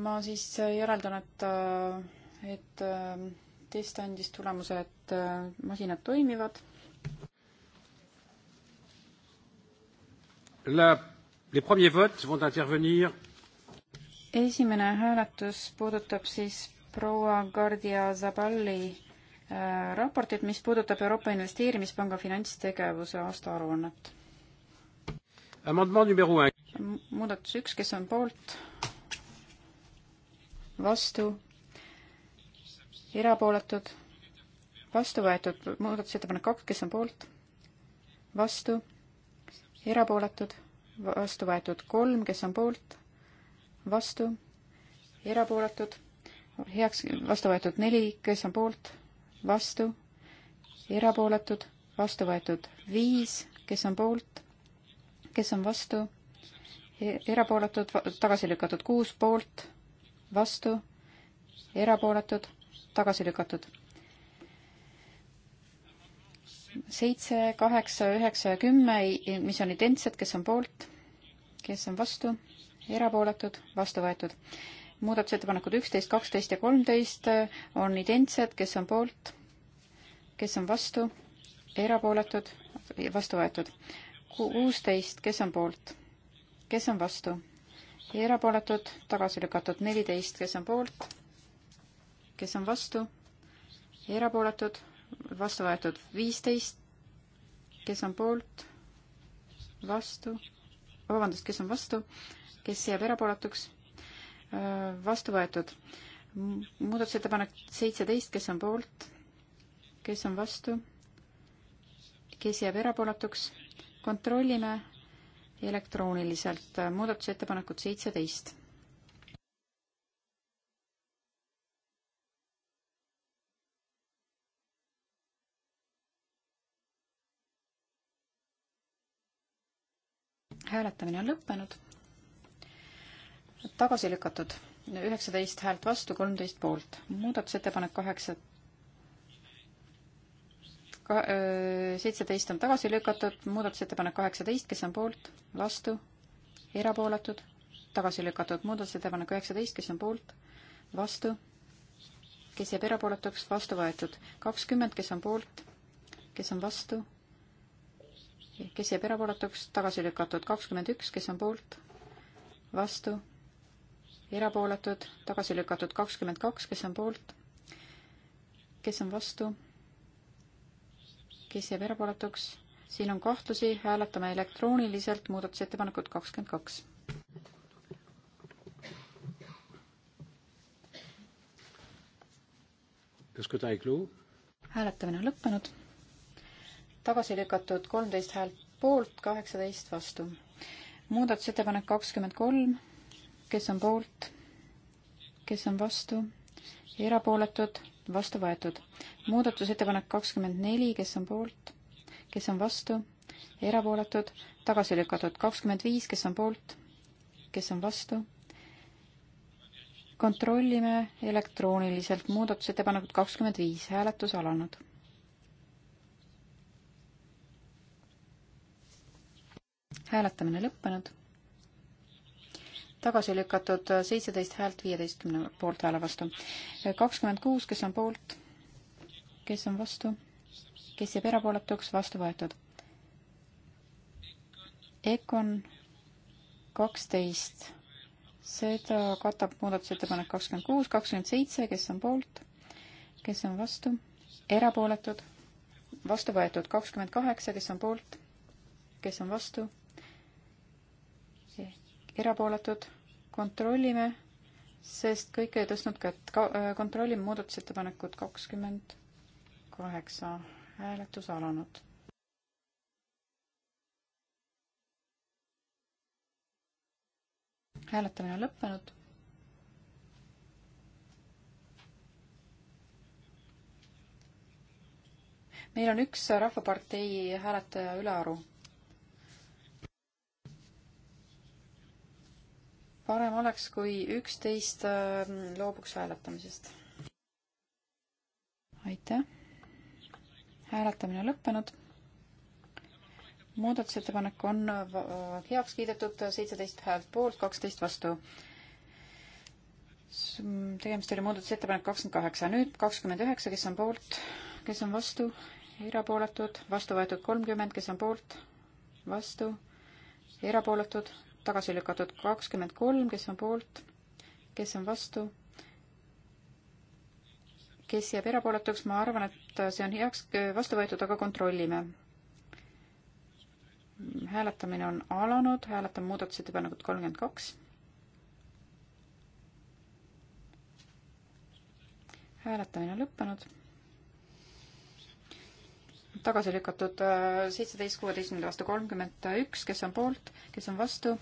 ma siis järeldan, et, äh, et test andis tulemuse, et masinad toimivad La, les premiers votes vont intervenir. esimene hääletus puudutab siis proua Gardia Zaballi äh, raportit, mis puudutab Euroopa Investeerimispanga finantstegevuse aastaaruannet. muudatus üks, kes on poolt, vastu, erapooletud, vastu võetud, muudatusettepanek kaks, kes on poolt, vastu erapooletud, vastu võetud kolm, kes on poolt, vastu, erapooletud, heaks, vastu võetud neli, kes on poolt, vastu, erapooletud, vastu võetud viis, kes on poolt, kes on vastu, e-, erapooletud, tagasi lükatud kuus poolt, vastu, erapooletud, tagasi lükatud seitse, kaheksa, üheksa ja kümme, mis on identsed, kes on poolt, kes on vastu, erapooletud, vastu võetud. muudatusettepanekud üksteist, kaksteist ja kolmteist on identsed, kes on poolt, kes on vastu, erapooletud, vastu võetud. kuusteist, kes on poolt, kes on vastu, erapooletud, tagasi lükatud. neliteist, kes on poolt, kes on vastu, erapooletud, vastu võetud viisteist, kes on poolt, vastu, vabandust, kes on vastu, kes jääb erapooletuks, vastu võetud. muudatusettepanek seitseteist, kes on poolt, kes on vastu, kes jääb erapooletuks, kontrollime elektrooniliselt muudatusettepanekut seitseteist hääletamine on lõppenud. tagasi lükatud üheksateist häält vastu, kolmteist poolt. muudatusettepanek kaheksa, seitseteist on tagasi lükatud, muudatusettepanek kaheksateist, kes on poolt, vastu, erapooletud, tagasi lükatud, muudatusettepanek üheksateist, kes on poolt, vastu, kes jääb erapooletuks, vastu võetud, kakskümmend, kes on poolt, kes on vastu kes jääb erapooletuks, tagasi lükatud kakskümmend üks, kes on poolt, vastu, erapooletud, tagasi lükatud kakskümmend kaks, kes on poolt, kes on vastu, kes jääb erapooletuks, siin on kahtlusi, hääletame elektrooniliselt muudatusettepanekut kakskümmend kaks. hääletamine on lõppenud tagasi lükatud, kolmteist häält poolt, kaheksateist vastu. muudatusettepanek kakskümmend kolm, kes on poolt, kes on vastu, erapooletud, vastu võetud. muudatusettepanek kakskümmend neli, kes on poolt, kes on vastu, erapooletud, tagasi lükatud. kakskümmend viis, kes on poolt, kes on vastu, kontrollime elektrooniliselt muudatusettepanekut kakskümmend viis, hääletus alanud hääletamine lõppenud. tagasi lükatud seitseteist häält viieteistkümne poolthääle vastu. kakskümmend kuus, kes on poolt, kes on vastu, kes jääb erapooletuks, vastu võetud. Econ kaksteist, seda katab muudatusettepanek kakskümmend kuus, kakskümmend seitse, kes on poolt, kes on vastu, erapooletud, vastu võetud kakskümmend kaheksa, kes on poolt, kes on vastu erapooletud, kontrollime, sest kõik ei tõstnud kätt. Äh, kontrollime muudatusettepanekut kakskümmend kaheksa, hääletus alanud. hääletamine on lõppenud. meil on üks Rahvapartei hääletaja ülearu parem oleks, kui üksteist ähm, loobuks hääletamisest. aitäh. hääletamine lõppenud. muudatusettepanek on äh, heaks kiidetud, seitseteist häält poolt, kaksteist vastu. tegemist oli muudatusettepanek kakskümmend kaheksa, nüüd kakskümmend üheksa, kes on poolt, kes on vastu, erapooletud, vastu võetud kolmkümmend, kes on poolt, vastu, erapooletud, tagasi lükatud kakskümmend kolm, kes on poolt, kes on vastu, kes jääb erapooletuks, ma arvan, et see on heaks vastu võetud, aga kontrollime. hääletamine on alanud, hääletame muudatusettepanekut kolmkümmend kaks. hääletamine on lõppenud tagasi lükatud äh, seitseteist kuueteistkümnenda vastu kolmkümmend üks, kes on poolt, kes on vastu,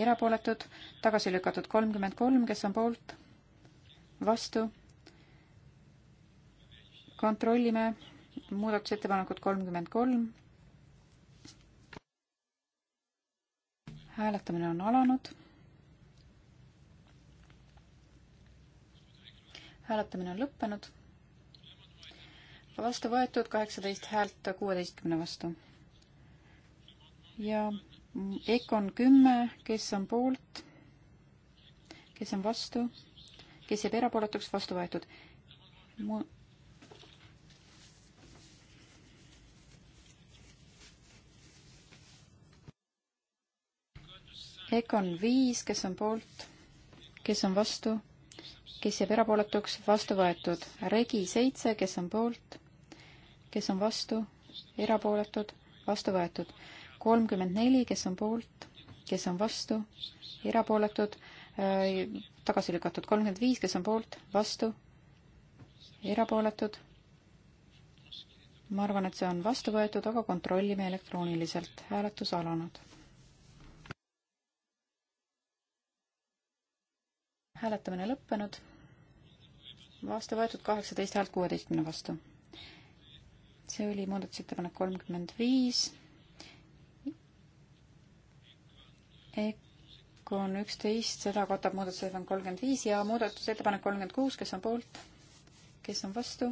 erapooletud, tagasi lükatud kolmkümmend kolm, kes on poolt, vastu. kontrollime muudatusettepanekut kolmkümmend kolm. hääletamine on alanud. hääletamine on lõppenud vastu võetud, kaheksateist häält kuueteistkümne vastu. ja Econ kümme, kes on poolt, kes on vastu, kes jääb erapooletuks, vastu võetud. mu Econ viis, kes on poolt, kes on vastu, kes jääb erapooletuks, vastu võetud. Regi seitse, kes on poolt, kes on vastu, erapooletud, vastu võetud. kolmkümmend neli, kes on poolt, kes on vastu, erapooletud, äh, tagasi lükatud. kolmkümmend viis, kes on poolt, vastu, erapooletud. ma arvan, et see on vastu võetud, aga kontrollime elektrooniliselt. hääletus alanud. hääletamine lõppenud. vastu võetud kaheksateist häält kuueteistkümne vastu see oli muudatusettepanek kolmkümmend viis. Econ üksteist, seda katab muudatusettepanek kolmkümmend viis ja muudatusettepanek kolmkümmend kuus, kes on poolt, kes on vastu,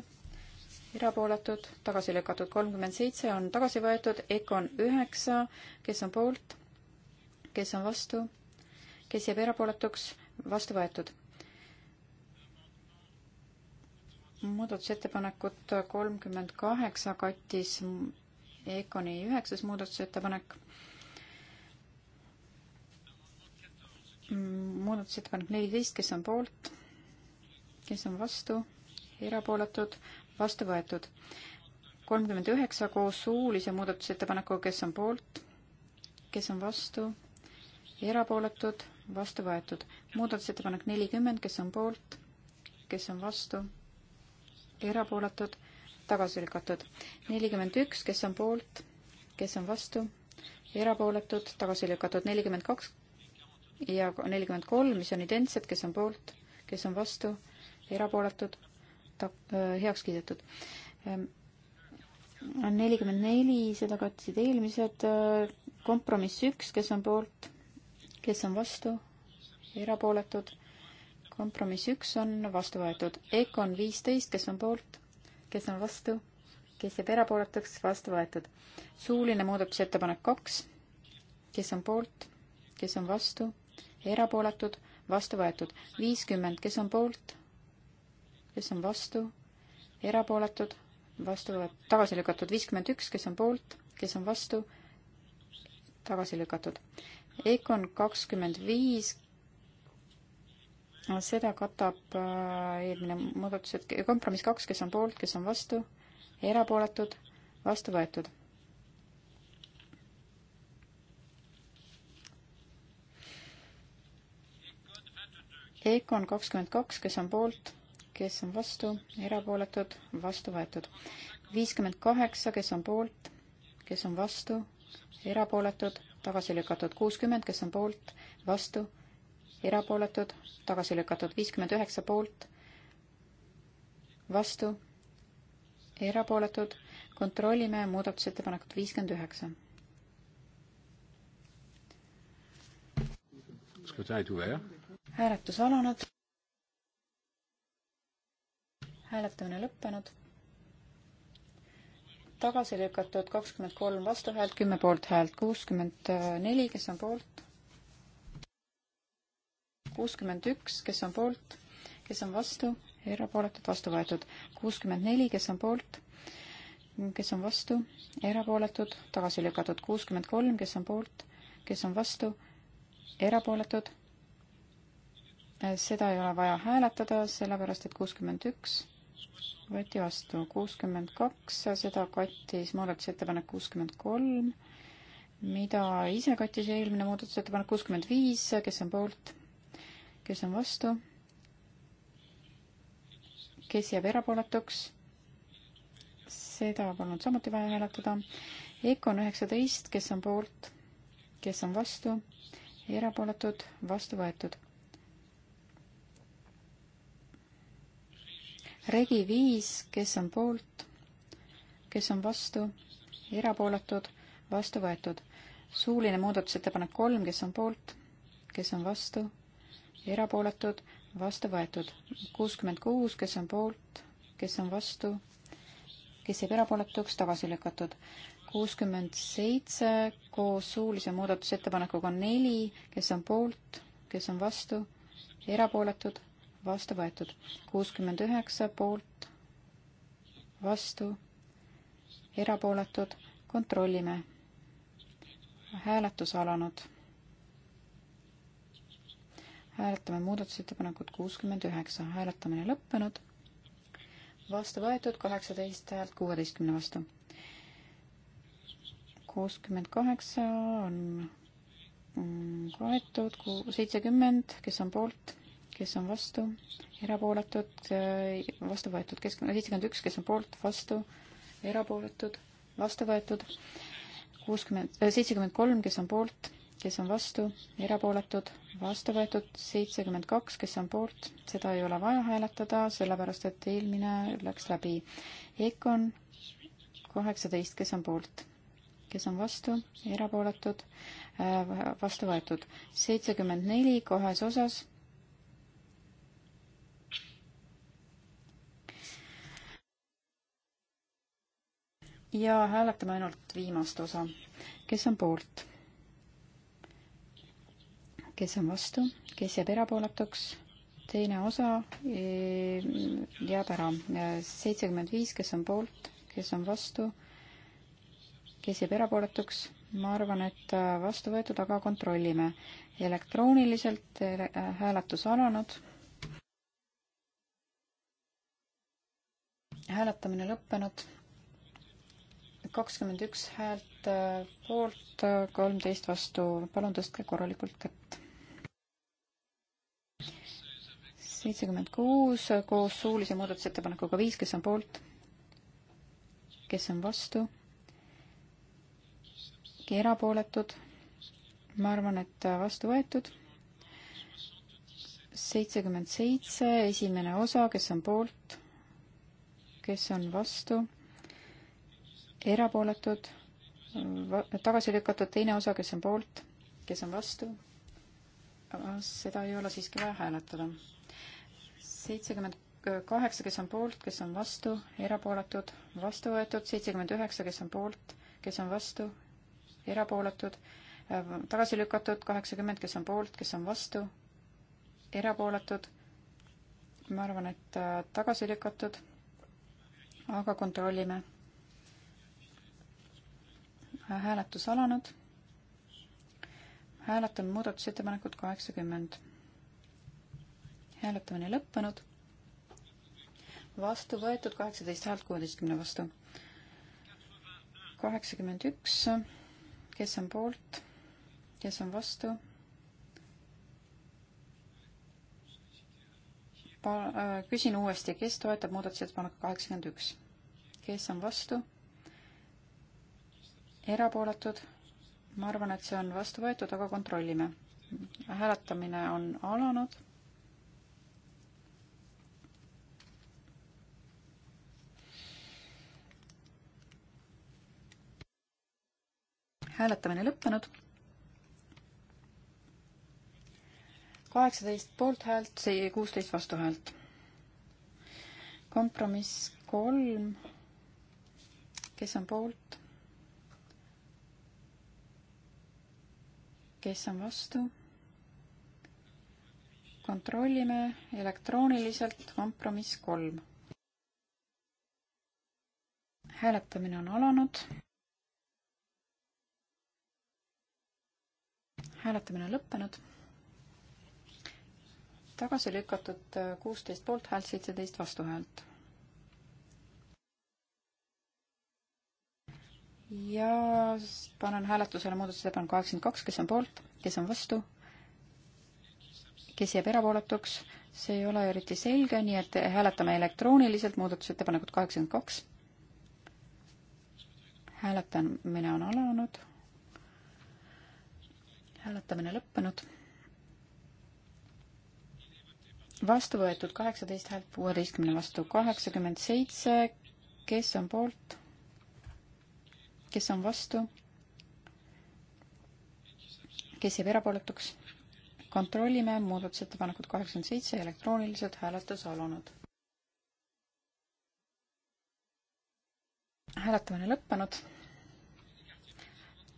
erapooletud, tagasi lükatud. kolmkümmend seitse on tagasi võetud, Econ üheksa, kes on poolt, kes on vastu, kes jääb erapooletuks, vastu võetud muudatusettepanekut kolmkümmend kaheksa kattis EKONi üheksas muudatusettepanek. muudatusettepanek neliteist, kes on poolt, kes on vastu, erapooletud, vastu võetud. kolmkümmend üheksa koos suulise muudatusettepanekuga, kes on poolt, kes on vastu, erapooletud, vastu võetud. muudatusettepanek nelikümmend, kes on poolt, kes on vastu erapooletud, tagasi lükatud. nelikümmend üks, kes on poolt, kes on vastu, erapooletud, tagasi lükatud. nelikümmend kaks ja nelikümmend kolm, mis on identsed, kes on poolt, kes on vastu, erapooletud, ta-, äh, heaks kiidetud ähm, nelikümmend neli, seda katsid eelmised, äh, kompromiss üks, kes on poolt, kes on vastu, erapooletud, kompromiss üks on vastu võetud. Econ viisteist, kes on poolt, kes on vastu, kes jääb erapooletuks, vastu võetud. suuline muudatusettepanek kaks, kes on poolt, kes on vastu, erapooletud, vastu võetud. viiskümmend, kes on poolt, kes on vastu, erapooletud, vastu võetud, tagasi lükatud. viiskümmend üks, kes on poolt, kes on vastu, tagasi lükatud. Econ kakskümmend viis, seda katab äh, eelmine muudatus, et kompromiss kaks, kes on poolt, kes on vastu, erapooletud, vastu võetud. EKOn kakskümmend kaks, kes on poolt, kes on vastu, erapooletud, vastu võetud. viiskümmend kaheksa, kes on poolt, kes on vastu, erapooletud, tagasi lükatud. kuuskümmend, kes on poolt, vastu erapooletud, tagasi lükatud viiskümmend üheksa poolt, vastu, erapooletud, kontrollime muudatusettepanekut viiskümmend üheksa. hääletus alanud. hääletamine lõppenud. tagasi lükatud kakskümmend kolm vastuhäält, kümme poolthäält, kuuskümmend neli, kes on poolt kuuskümmend üks, kes on poolt, kes on vastu, erapooletud, vastu võetud. kuuskümmend neli, kes on poolt, kes on vastu, erapooletud, tagasi lükatud. kuuskümmend kolm, kes on poolt, kes on vastu, erapooletud. seda ei ole vaja hääletada, sellepärast et kuuskümmend üks võeti vastu. kuuskümmend kaks, seda kattis muudatusettepanek kuuskümmend kolm mida ise kattis eelmine muudatusettepanek kuuskümmend viis, kes on poolt, kes on vastu, kes jääb erapooletuks, seda polnud samuti vaja hääletada. Econ üheksateist, kes on poolt, kes on vastu, erapooletud, vastu võetud. Regi viis, kes on poolt, kes on vastu, erapooletud, vastu võetud. suuline muudatusettepanek kolm, kes on poolt, kes on vastu, erapooletud, vastu võetud. kuuskümmend kuus, kes on poolt, kes on vastu, kes jääb erapooletuks, tagasi lükatud. kuuskümmend seitse koos suulise muudatusettepanekuga neli, kes on poolt, kes on vastu, erapooletud, vastu võetud. kuuskümmend üheksa poolt, vastu, erapooletud, kontrollime. hääletus alanud hääletame muudatusettepanekut kuuskümmend üheksa, hääletamine lõppenud, vastu võetud kaheksateist häält kuueteistkümne vastu. kuuskümmend kaheksa on mm, kaetud, seitsekümmend, kes on poolt, kes on vastu, erapooletud, äh, vastu võetud, keskkonna seitsekümmend üks, kes on poolt, vastu, erapooletud, vastu võetud, kuuskümmend, äh, seitsekümmend kolm, kes on poolt kes on vastu, erapooletud, vastu võetud seitsekümmend kaks, kes on poolt, seda ei ole vaja hääletada, sellepärast et eelmine läks läbi. Econ kaheksateist, kes on poolt, kes on vastu, erapooletud, äh, vastu võetud. seitsekümmend neli kahes osas ja hääletame ainult viimast osa. kes on poolt? kes on vastu, kes jääb erapooletuks, teine osa e, jääb ära. seitsekümmend viis, kes on poolt, kes on vastu, kes jääb erapooletuks, ma arvan, et äh, vastu võetud, aga kontrollime. elektrooniliselt e, äh, hääletus alanud. hääletamine lõppenud kakskümmend üks häält äh, poolt, kolmteist vastu. palun tõstke korralikult kätt. seitsekümmend kuus koos suulise muudatusettepanekuga viis, kes on poolt, kes on vastu, erapooletud, ma arvan, et vastu võetud, seitsekümmend seitse, esimene osa, kes on poolt, kes on vastu, erapooletud, tagasi lükatud teine osa, kes on poolt, kes on vastu ah, seda ei ole siiski vaja hääletada seitsekümmend kaheksa, kes on poolt, kes on vastu, erapooletud, vastu võetud, seitsekümmend üheksa, kes on poolt, kes on vastu, erapooletud, tagasi lükatud, kaheksakümmend, kes on poolt, kes on vastu, erapooletud, ma arvan, et äh, tagasi lükatud, aga kontrollime. hääletus alanud. hääletan muudatusettepanekut kaheksakümmend hääletamine lõppenud. vastu võetud kaheksateist häält kuueteistkümne vastu. kaheksakümmend üks, kes on poolt, kes on vastu? Pa-, äh, küsin uuesti, kes toetab muudatusettepanekut kaheksakümmend üks? kes on vastu? erapooletud? ma arvan, et see on vastu võetud, aga kontrollime. hääletamine on alanud hääletamine lõppenud. kaheksateist poolthäält, kuusteist vastuhäält. kompromiss kolm. kes on poolt? kes on vastu? kontrollime elektrooniliselt kompromiss kolm. hääletamine on alanud. hääletamine on lõppenud. tagasi lükatud äh, kuusteist poolthäält, seitseteist vastuhäält. ja panen hääletusele muudatusettepaneku kaheksakümmend kaks, kes on poolt, kes on vastu, kes jääb erapooletuks, see ei ole eriti selge, nii et hääletame elektrooniliselt muudatusettepanekut kaheksakümmend kaks. hääletamine on alanud hääletamine lõppenud. vastu võetud kaheksateist häält kuueteistkümne vastu, kaheksakümmend seitse, kes on poolt, kes on vastu, kes jääb erapooletuks, kontrollime muudatusettepanekud kaheksakümmend seitse, elektrooniliselt hääletus alanud. hääletamine lõppenud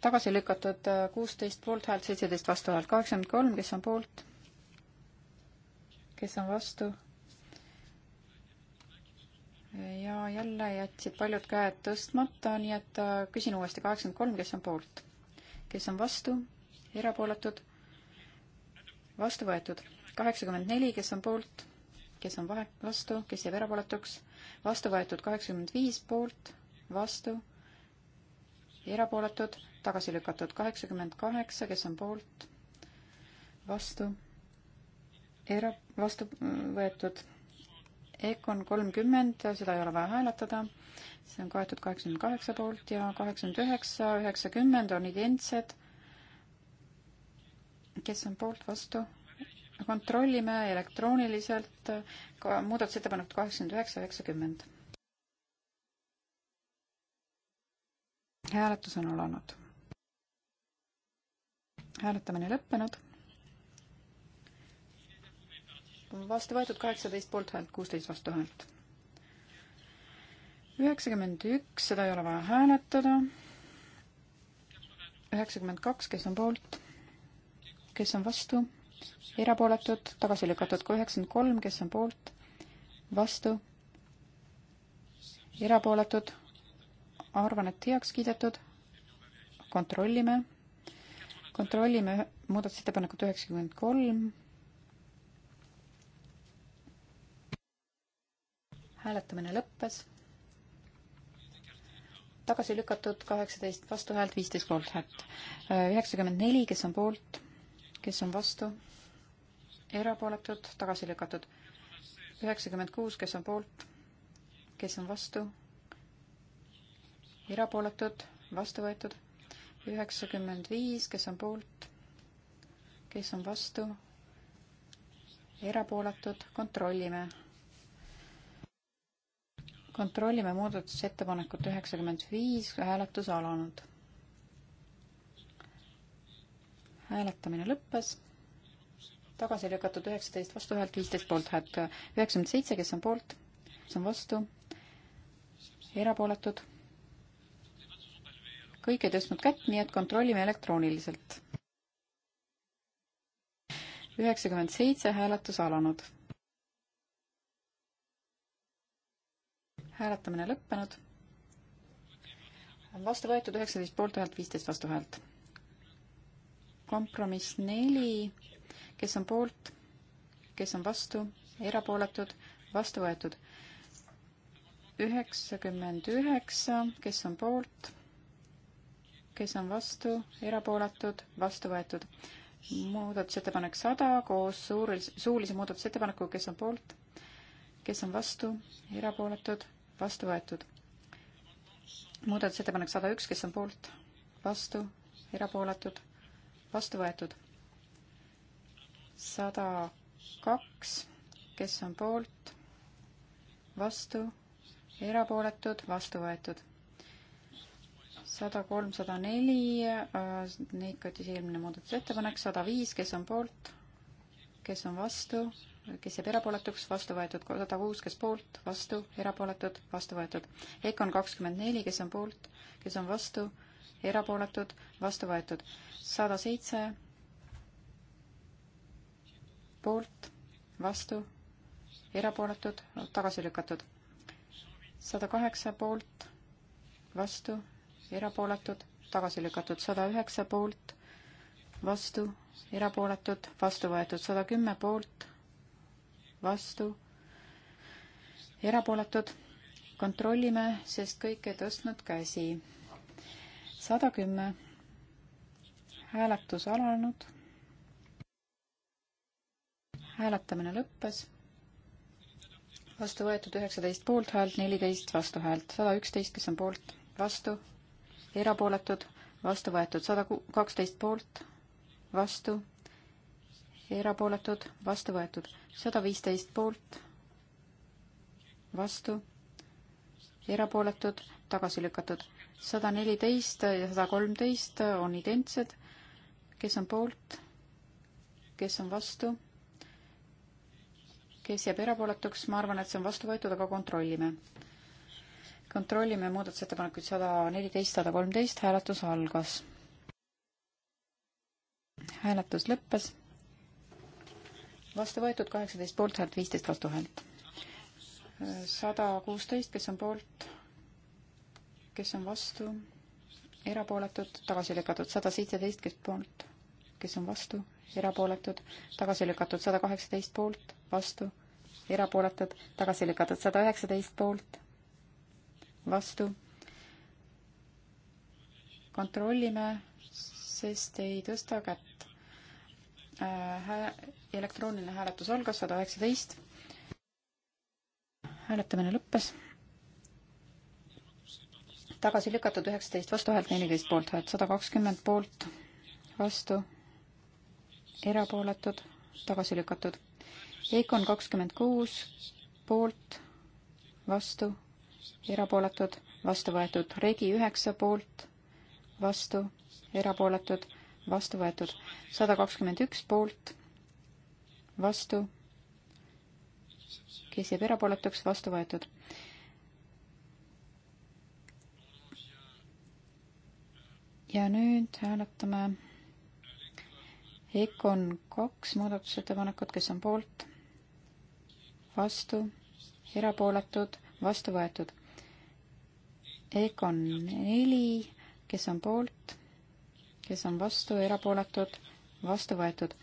tagasi lükatud kuusteist poolthäält, seitseteist vastuhäält, kaheksakümmend kolm, kes on poolt, kes on vastu. ja jälle jätsid paljud käed tõstmata, nii et äh, küsin uuesti, kaheksakümmend kolm, kes on poolt, kes on vastu, erapooletud, vastu võetud, kaheksakümmend neli, kes on poolt, kes on vahe, vastu, kes jääb erapooletuks, vastu võetud kaheksakümmend viis poolt, vastu, erapooletud tagasi lükatud kaheksakümmend kaheksa, kes on poolt, vastu, era-, vastu mm, võetud EKOn kolmkümmend, seda ei ole vaja hääletada, see on kaetud kaheksakümmend kaheksa poolt ja kaheksakümmend üheksa, üheksakümmend on identsed, kes on poolt, vastu, kontrollime elektrooniliselt ka muudatusettepanekut kaheksakümmend üheksa, üheksakümmend. hääletus on alanud hääletamine lõppenud. vastu võetud kaheksateist poolthäält, kuusteist vastuhäält. üheksakümmend üks, seda ei ole vaja hääletada. üheksakümmend kaks, kes on poolt, kes on vastu, erapooletud, tagasi lükatud, kui üheksakümmend kolm, kes on poolt, vastu, erapooletud, arvan, et heaks kiidetud. kontrollime kontrollime muudatusettepanekut üheksakümmend kolm. hääletamine lõppes. tagasi lükatud kaheksateist vastuhäält, viisteist poolthäält. üheksakümmend neli, kes on poolt, kes on vastu, erapooletud, tagasi lükatud. üheksakümmend kuus, kes on poolt, kes on vastu, erapooletud, vastu võetud üheksakümmend viis, kes on poolt, kes on vastu, erapooletud, kontrollime. kontrollime muudatusettepanekut üheksakümmend viis, hääletus alanud. hääletamine lõppes, tagasi lükatud üheksateist vastu häält, viisteist poolt häält, üheksakümmend seitse, kes on poolt, kes on vastu, erapooletud kõik ei tõstnud kätt, nii et kontrollime elektrooniliselt. üheksakümmend seitse hääletus alanud. hääletamine lõppenud. vastu võetud üheksateist poolthäält, viisteist vastuhäält. kompromiss neli, kes on poolt, kes on vastu, erapooletud, vastu võetud üheksakümmend üheksa, kes on poolt kes on vastu, erapooletud, vastu võetud. muudatusettepanek sada koos suurel, suulise muudatusettepanekuga, kes on poolt, kes on vastu, erapooletud, vastu võetud. muudatusettepanek sada üks, kes on poolt, vastu, erapooletud, vastu võetud. sada kaks, kes on poolt, vastu, erapooletud, vastu võetud sada kolm, sada neli, äh, neid küttis eelmine muudatusettepanek, sada viis, kes on poolt, kes on vastu, kes jääb erapooletuks, vastu võetud, sada kuus, kes poolt, vastu, erapooletud, vastu võetud. Econ kakskümmend neli, kes on poolt, kes on vastu, erapooletud, vastu võetud. sada seitse, poolt, vastu, erapooletud, tagasi lükatud. sada kaheksa poolt, vastu, erapooletud, tagasi lükatud sada üheksa poolt, vastu, erapooletud, vastu võetud sada kümme poolt, vastu, erapooletud. kontrollime, sest kõik ei tõstnud käsi. sada kümme, hääletus alanud. hääletamine lõppes vastu võetud üheksateist poolthäält, neliteist vastuhäält, sada üksteist, kes on poolt, vastu, erapooletud, vastu võetud sada kaksteist poolt, vastu, erapooletud, vastu võetud sada viisteist poolt, vastu, erapooletud, tagasi lükatud sada neliteist ja sada kolmteist on identsed, kes on poolt, kes on vastu, kes jääb erapooletuks, ma arvan, et see on vastu võetud, aga kontrollime kontrollime muudatusettepanekuid sada neliteist, sada kolmteist, hääletus algas. hääletus lõppes. vastu võetud kaheksateist poolthäält, viisteist vastuhäält. sada kuusteist, kes on poolt, kes on vastu, erapooletud, tagasi lükatud, sada seitseteist, kes poolt, kes on vastu, erapooletud, tagasi lükatud, sada kaheksateist poolt, vastu, erapooletud, tagasi lükatud, sada üheksateist poolt vastu. kontrollime, sest ei tõsta kätt. Äh, elektrooniline hääletus algas sada üheksateist. hääletamine lõppes tagasi lükatud üheksateist vastuhäält, neliteist poolthäält, sada kakskümmend poolt, vastu, erapooletud, tagasi lükatud. Eikon kakskümmend kuus poolt, vastu, erapooletud, vastu võetud. Regi üheksa poolt, vastu, erapooletud, vastu võetud. sada kakskümmend üks poolt, vastu, kes jääb erapooletuks, vastu võetud. ja nüüd hääletame EKOn kaks muudatusettepanekut, kes on poolt, vastu, erapooletud vastu võetud. Econ neli, kes on poolt, kes on vastu, erapooletud, vastu võetud.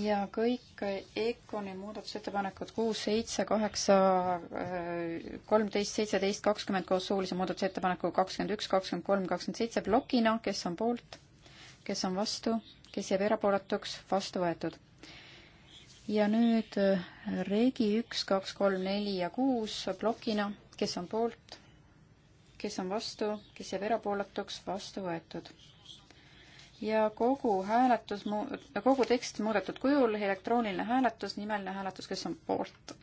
ja kõik EKONi muudatusettepanekud kuus, seitse, kaheksa, kolmteist, seitseteist, kakskümmend koos suulise muudatusettepanekuga kakskümmend üks, kakskümmend kolm, kakskümmend seitse plokina, kes on poolt, kes on vastu, kes jääb erapooletuks, vastu võetud. ja nüüd äh, regi üks, kaks, kolm, neli ja kuus plokina, kes on poolt, kes on vastu, kes jääb erapooletuks, vastu võetud ja kogu hääletus, kogu tekst muudetud kujul, elektrooniline hääletus, nimeline hääletus, kes on poolt?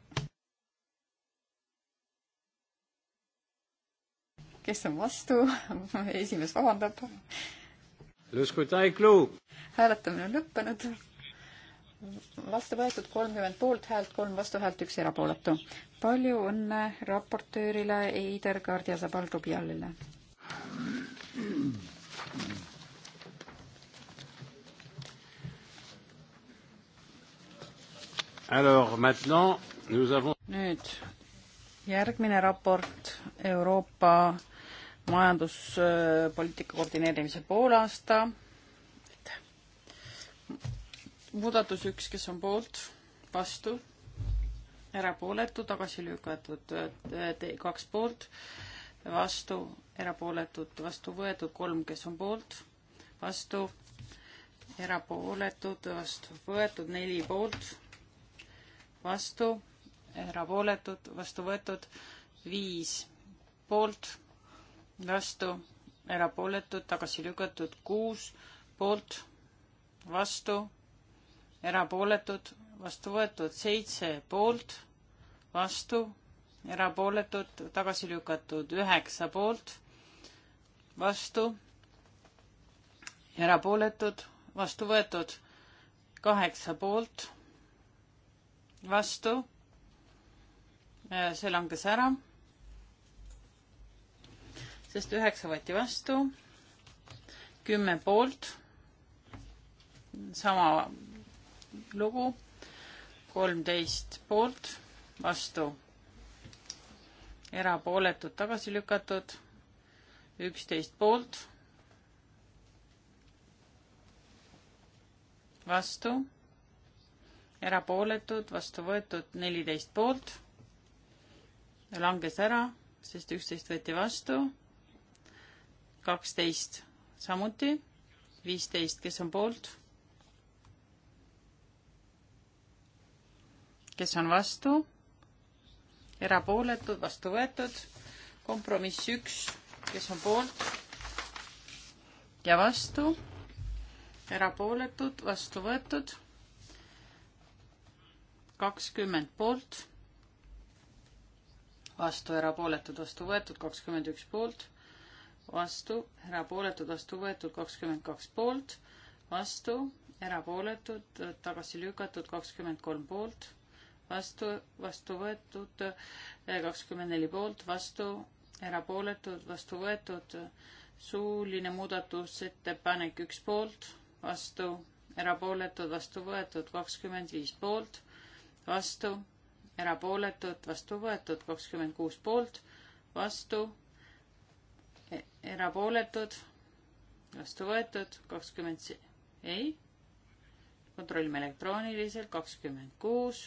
kes on vastu? esimees vabandab hääletamine on lõppenud. vastu võetud kolmkümmend poolthäält, kolm vastuhäält, üks erapooletu. palju õnne raportöörile Eider Kardiasa-Palrubialile. Alors maintenant, nous avons... nüüd järgmine raport Euroopa majanduspoliitika koordineerimise poolaasta. muudatus üks, kes on poolt, vastu, erapooletu, tagasi lükatud kaks poolt, vastu, erapooletud, vastu võetud kolm, kes on poolt, vastu, erapooletud, vastu võetud neli poolt, vastu, erapooletud, vastu võetud viis poolt vastu, erapooletud, tagasi lükatud, kuus poolt, vastu, erapooletud, vastu võetud, seitse poolt, vastu, erapooletud, tagasi lükatud, üheksa poolt, vastu, erapooletud, vastu võetud, kaheksa poolt, vastu, see langes ära sest üheksa võeti vastu, kümme poolt, sama lugu, kolmteist poolt, vastu, erapooletud tagasi lükatud, üksteist poolt, vastu, erapooletud, vastu võetud, neliteist poolt, langes ära, sest üksteist võeti vastu kaksteist samuti, viisteist, kes on poolt, kes on vastu, erapooletud, vastu võetud, kompromiss üks, kes on poolt ja vastu, erapooletud, vastu võetud, kakskümmend poolt, vastu erapooletud, vastu võetud, kakskümmend üks poolt vastu, erapooletud, vastu võetud kakskümmend kaks poolt, vastu, erapooletud, tagasi lükatud kakskümmend kolm poolt, vastu, vastu võetud eh, kakskümmend neli poolt, vastu, erapooletud, vastu võetud, suuline muudatusettepanek üks poolt, vastu, erapooletud, vastu võetud kakskümmend viis poolt, vastu, erapooletud, vastu võetud kakskümmend kuus poolt, vastu erapooletud, vastu võetud, kakskümmend se-, ei, kontrollime elektrooniliselt, kakskümmend kuus.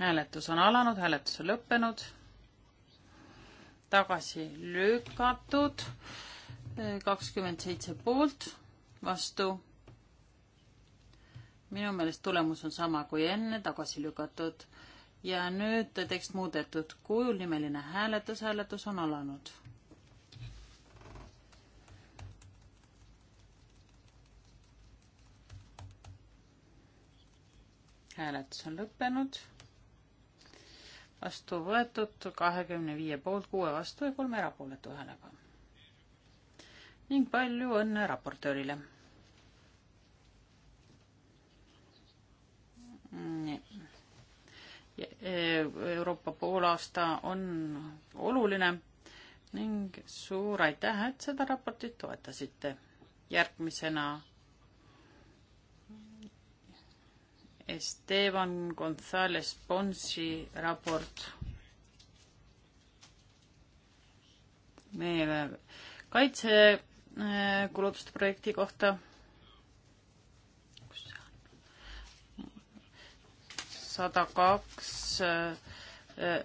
hääletus on alanud, hääletus on lõppenud, tagasi lükatud, kakskümmend seitse poolt, vastu minu meelest tulemus on sama kui enne, tagasi lükatud. ja nüüd tekst muudetud kujul, nimeline hääletus, hääletus on alanud. hääletus on lõppenud. vastu võetud kahekümne viie poolt, kuue vastu ja kolme erapooletu häälega. ning palju õnne raportöörile E, Euroopa poolaasta on oluline ning suur aitäh, et seda raportit toetasite. järgmisena Esteban González Ponsi raport. meie kaitsekulutuste e, projekti kohta sada kaks, eh, eh,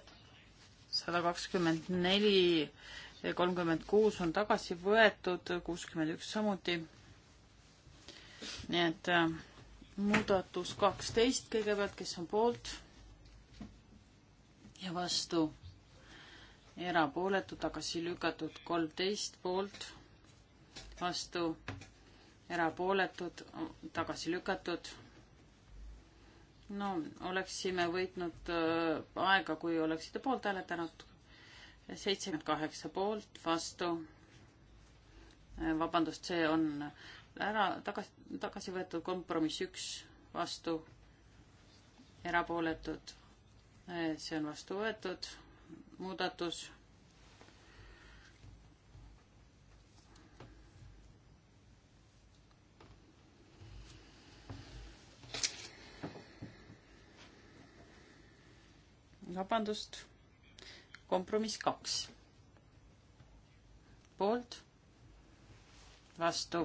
sada kakskümmend neli, kolmkümmend kuus on tagasi võetud, kuuskümmend üks samuti. nii et eh, muudatus kaksteist kõigepealt, kes on poolt ja vastu, erapooletu, tagasi lükatud kolmteist poolt, vastu, erapooletud, tagasi lükatud no oleksime võitnud äh, aega, kui oleksite poolt hääletanud. seitsekümmend kaheksa poolt, vastu. Äh, vabandust, see on ära tagasi, tagasi võetud kompromiss üks, vastu, erapooletud. Äh, see on vastu võetud muudatus vabandust, kompromiss kaks. poolt, vastu,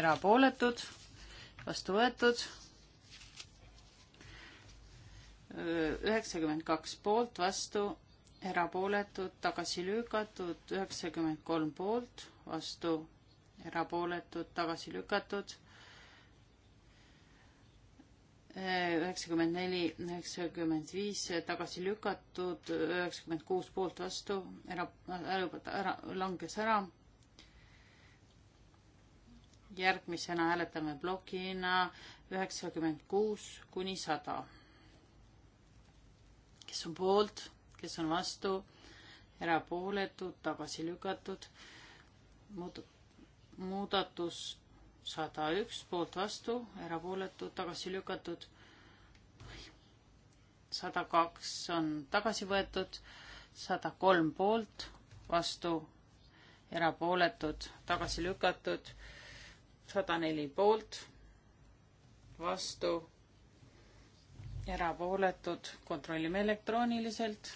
erapooletud, vastu võetud, üheksakümmend kaks poolt, vastu, erapooletud, tagasi lükatud, üheksakümmend kolm poolt, vastu, erapooletud, tagasi lükatud üheksakümmend neli, üheksakümmend viis tagasi lükatud, üheksakümmend kuus poolt vastu, ära, ära, ära, langes ära. järgmisena hääletame plokina üheksakümmend kuus kuni sada. kes on poolt, kes on vastu, erapooletud, tagasi lükatud, muud, muudatus sada üks poolt vastu, erapooletud, tagasi lükatud. sada kaks on tagasi võetud, sada kolm poolt vastu, erapooletud, tagasi lükatud, sada neli poolt vastu, erapooletud, kontrollime elektrooniliselt.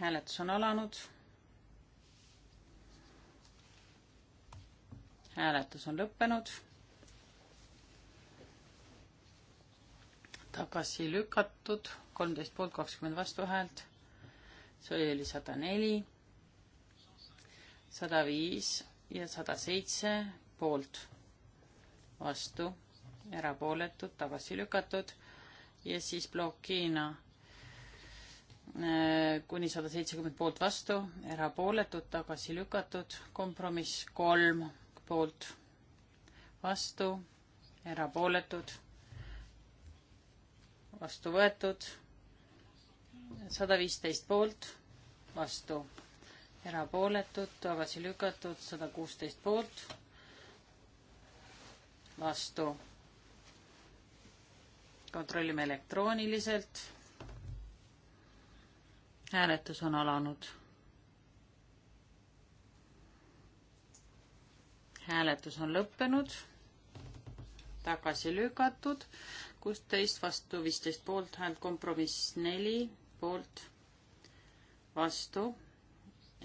hääletus on alanud hääletus on lõppenud. tagasi lükatud, kolmteist poolt, kakskümmend vastuhäält. see oli sada neli, sada viis ja sada seitse poolt, vastu, erapooletud, tagasi lükatud ja siis plokina äh, kuni sada seitsekümmend poolt vastu, erapooletud, tagasi lükatud, kompromiss kolm poolt, vastu, erapooletud, vastu võetud, sada viisteist poolt, vastu, erapooletud, tagasi lükatud, sada kuusteist poolt, vastu. kontrollime elektrooniliselt. hääletus on alanud hääletus on lõppenud, tagasi lükatud, kuusteist vastu, viisteist poolt, häält kompromiss neli poolt, vastu,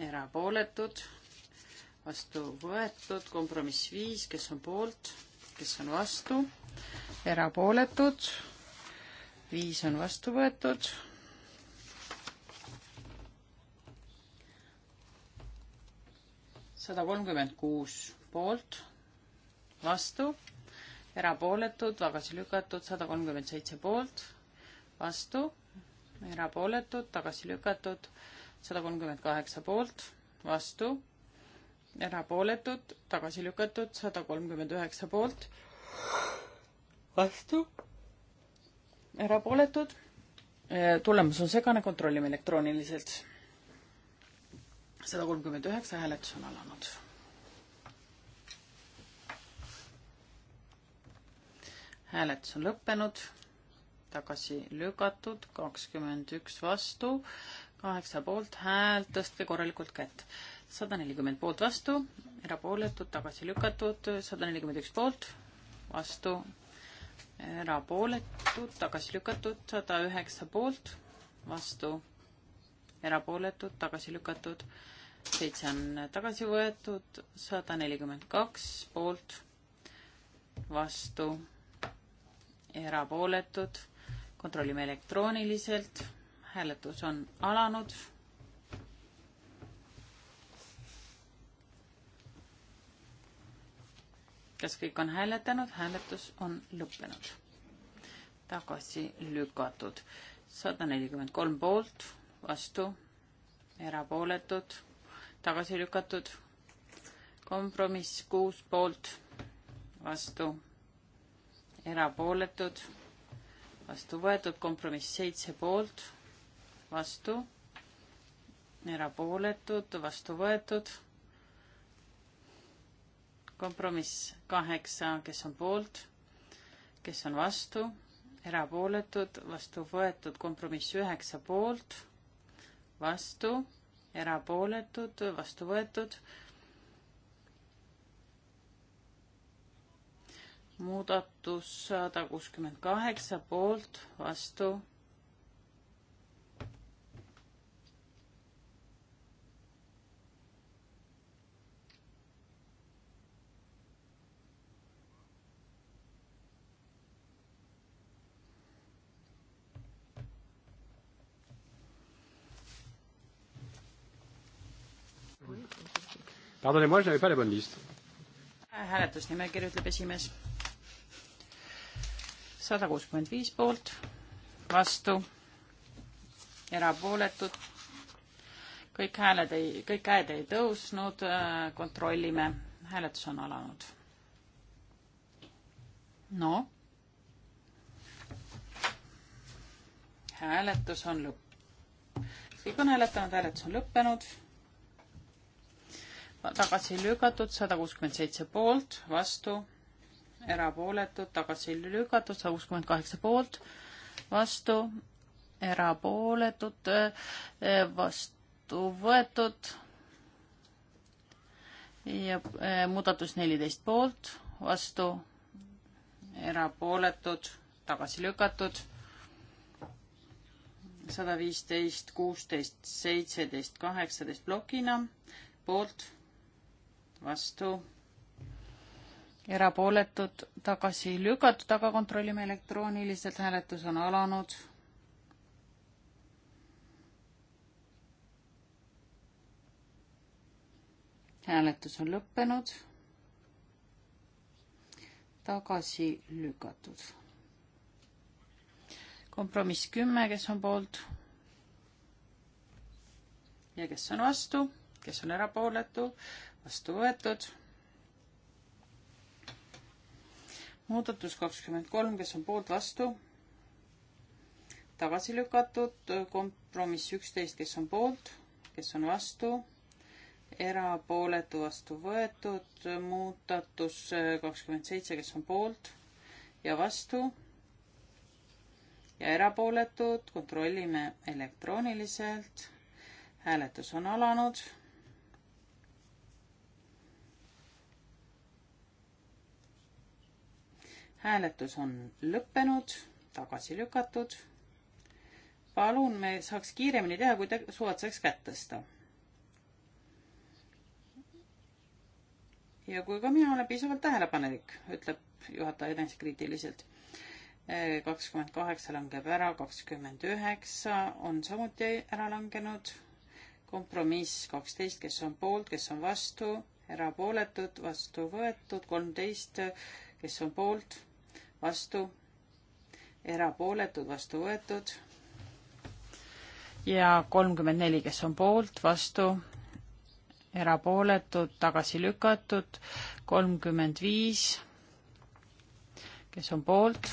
erapooletud, vastu võetud, kompromiss viis, kes on poolt, kes on vastu, erapooletud, viis on vastu võetud sada kolmkümmend kuus poolt, vastu, erapooletud, tagasi lükatud, sada kolmkümmend seitse poolt, vastu, erapooletud, tagasi lükatud, sada kolmkümmend kaheksa poolt, vastu, erapooletud, tagasi lükatud, sada kolmkümmend üheksa poolt, vastu, erapooletud. Äh, tulemus on segane, kontrollime elektrooniliselt. sada kolmkümmend üheksa hääletus on alanud hääletus on lõppenud, tagasi lükatud, kakskümmend üks vastu, kaheksa poolt häält, tõstke korralikult kätt. sada nelikümmend poolt vastu, erapooletud, tagasi lükatud, sada nelikümmend üks poolt, vastu, erapooletud, tagasi lükatud, sada üheksa poolt, vastu, erapooletud, tagasi lükatud seitse on tagasi võetud, sada nelikümmend kaks poolt, vastu, erapooletud, kontrollime elektrooniliselt, hääletus on alanud. kas kõik on hääletanud, hääletus on lõppenud. tagasi lükatud, sada nelikümmend kolm poolt, vastu, erapooletud, tagasi lükatud, kompromiss kuus poolt, vastu erapooletud, vastu võetud, kompromiss seitse poolt, vastu, erapooletud, vastu võetud, kompromiss kaheksa, kes on poolt, kes on vastu, erapooletud, vastu võetud, kompromiss üheksa poolt, vastu, erapooletud, vastu võetud, muudatus sada kuuskümmend kaheksa poolt, vastu. Pardonnez-moi, je n'avais pas la bonne liste. hääletusnimekiri ütleb esimees sada kuuskümmend viis poolt, vastu, erapooletud. kõik hääled ei, kõik käed ei tõusnud, äh, kontrollime, hääletus on alanud. no. hääletus on lõpp. kõik on hääletanud, hääletus on lõppenud tagasi lükatud, sada kuuskümmend seitse poolt, vastu, erapooletud, tagasi lükatud, sada kuuskümmend kaheksa poolt, vastu, erapooletud, eh, vastu võetud ja eh, muudatus neliteist poolt, vastu, erapooletud, tagasi lükatud, sada viisteist, kuusteist, seitseteist, kaheksateist plokina, poolt, vastu erapooletud, tagasi lükatud, aga kontrollime elektrooniliselt, hääletus on alanud. hääletus on lõppenud. tagasi lükatud. kompromiss kümme, kes on poolt? ja kes on vastu, kes on erapooletu, vastu võetud muudatus kakskümmend kolm, kes on poolt, vastu, tagasi lükatud, kompromiss üksteist, kes on poolt, kes on vastu, erapooletu vastu võetud, muudatus kakskümmend seitse, kes on poolt ja vastu ja erapooletud, kontrollime elektrooniliselt. hääletus on alanud hääletus on lõppenud, tagasi lükatud. palun, me saaks kiiremini teha, kui te suvatseks kätt tõsta. ja kui ka mina olen piisavalt tähelepanelik, ütleb juhataja enesekriitiliselt. E, kakskümmend kaheksa langeb ära, kakskümmend üheksa on samuti ära langenud. kompromiss kaksteist, kes on poolt, kes on vastu, erapooletud, vastu võetud, kolmteist, kes on poolt vastu, erapooletud, vastu võetud. ja kolmkümmend neli, kes on poolt, vastu, erapooletud, tagasi lükatud, kolmkümmend viis, kes on poolt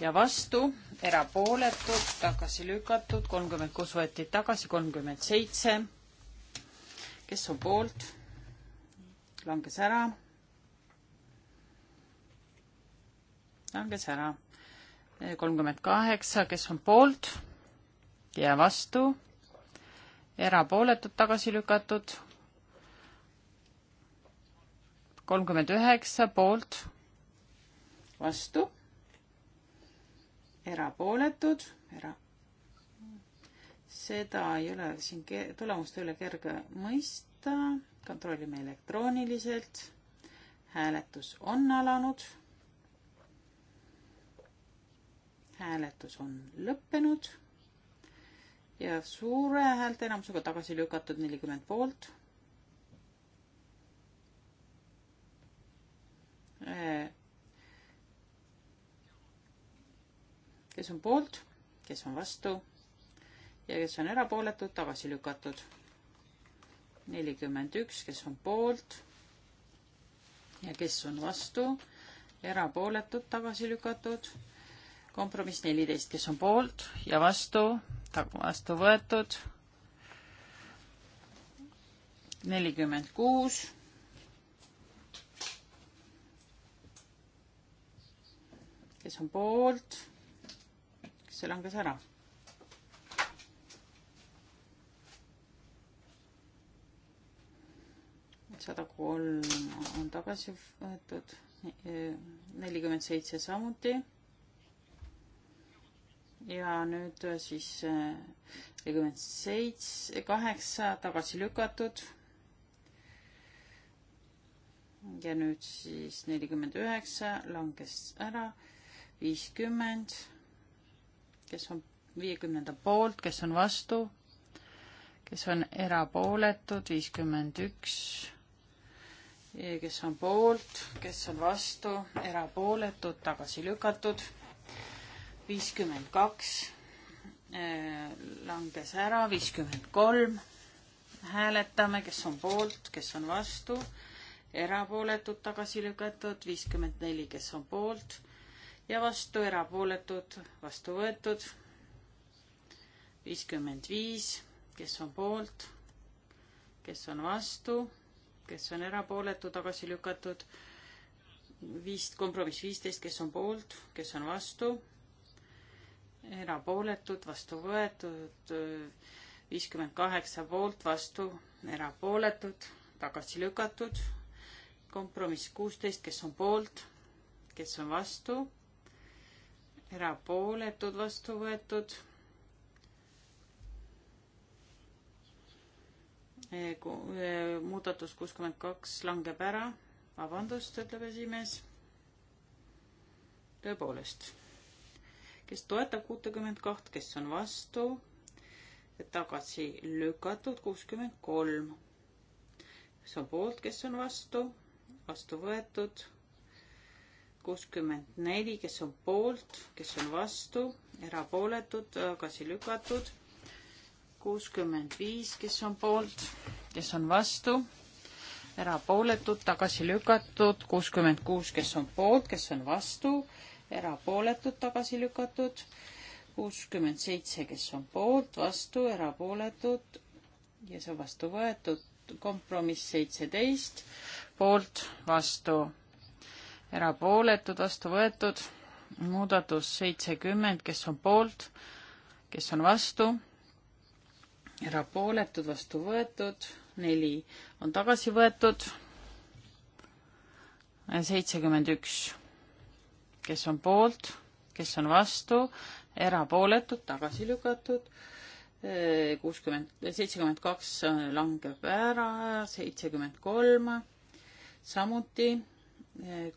ja vastu, erapooletud, tagasi lükatud, kolmkümmend kuus võeti tagasi, kolmkümmend seitse. kes on poolt? langes ära. langes ära. kolmkümmend kaheksa, kes on poolt ja vastu, erapooletud tagasi lükatud. kolmkümmend üheksa poolt, vastu, erapooletud, era-. seda ei ole siin tulemuste üle kerge mõista, kontrollime elektrooniliselt hääletus on alanud hääletus on lõppenud ja suure häälteenamusega tagasi lükatud nelikümmend poolt. Äh, kes on poolt, kes on vastu ja kes on erapooletud, tagasi lükatud. nelikümmend üks, kes on poolt ja kes on vastu, erapooletud, tagasi lükatud kompromiss neliteist, kes on poolt ja vastu, vastu võetud. nelikümmend kuus. kes on poolt, kes see langes ära? sada kolm on tagasi võetud, nelikümmend seitse samuti ja nüüd äh, siis äh, nelikümmend seitse, kaheksa tagasi lükatud. ja nüüd siis nelikümmend üheksa langes ära, viiskümmend, kes on viiekümnenda poolt, kes on vastu, kes on erapooletud, viiskümmend üks, kes on poolt, kes on vastu, erapooletud, tagasi lükatud viiskümmend kaks äh, langes ära, viiskümmend kolm. hääletame, kes on poolt, kes on vastu, erapooletud tagasi lükatud, viiskümmend neli, kes on poolt ja vastu, erapooletud, vastu võetud. viiskümmend viis, kes on poolt, kes on vastu, kes on erapooletu, tagasi lükatud. viis, kompromiss viisteist, kes on poolt, kes on vastu erapooletud, vastu võetud, viiskümmend kaheksa poolt, vastu, erapooletud, tagasi lükatud, kompromiss kuusteist, kes on poolt, kes on vastu, erapooletud, vastu võetud, e, e, muudatus kuuskümmend kaks langeb ära, vabandust, ütleb esimees, tõepoolest kes toetab kuutekümmet kaht, kes on vastu, tagasi lükatud kuuskümmend kolm, kes on poolt, kes on vastu, vastu võetud kuuskümmend neli, kes on poolt, kes on vastu, erapooletud, tagasi lükatud kuuskümmend viis, kes on poolt, kes on vastu erapooletud, tagasi lükatud, kuuskümmend kuus, kes on poolt, kes on vastu, erapooletud, tagasi lükatud, kuuskümmend seitse, kes on poolt, vastu, erapooletud ja see on vastu võetud, kompromiss seitseteist, poolt, vastu, erapooletud, vastu võetud, muudatus seitsekümmend, kes on poolt, kes on vastu, erapooletud, vastu võetud, neli on tagasi võetud, seitsekümmend üks kes on poolt, kes on vastu, erapooletud, tagasi lükatud, kuuskümmend, seitsekümmend kaks langeb ära, seitsekümmend kolm samuti,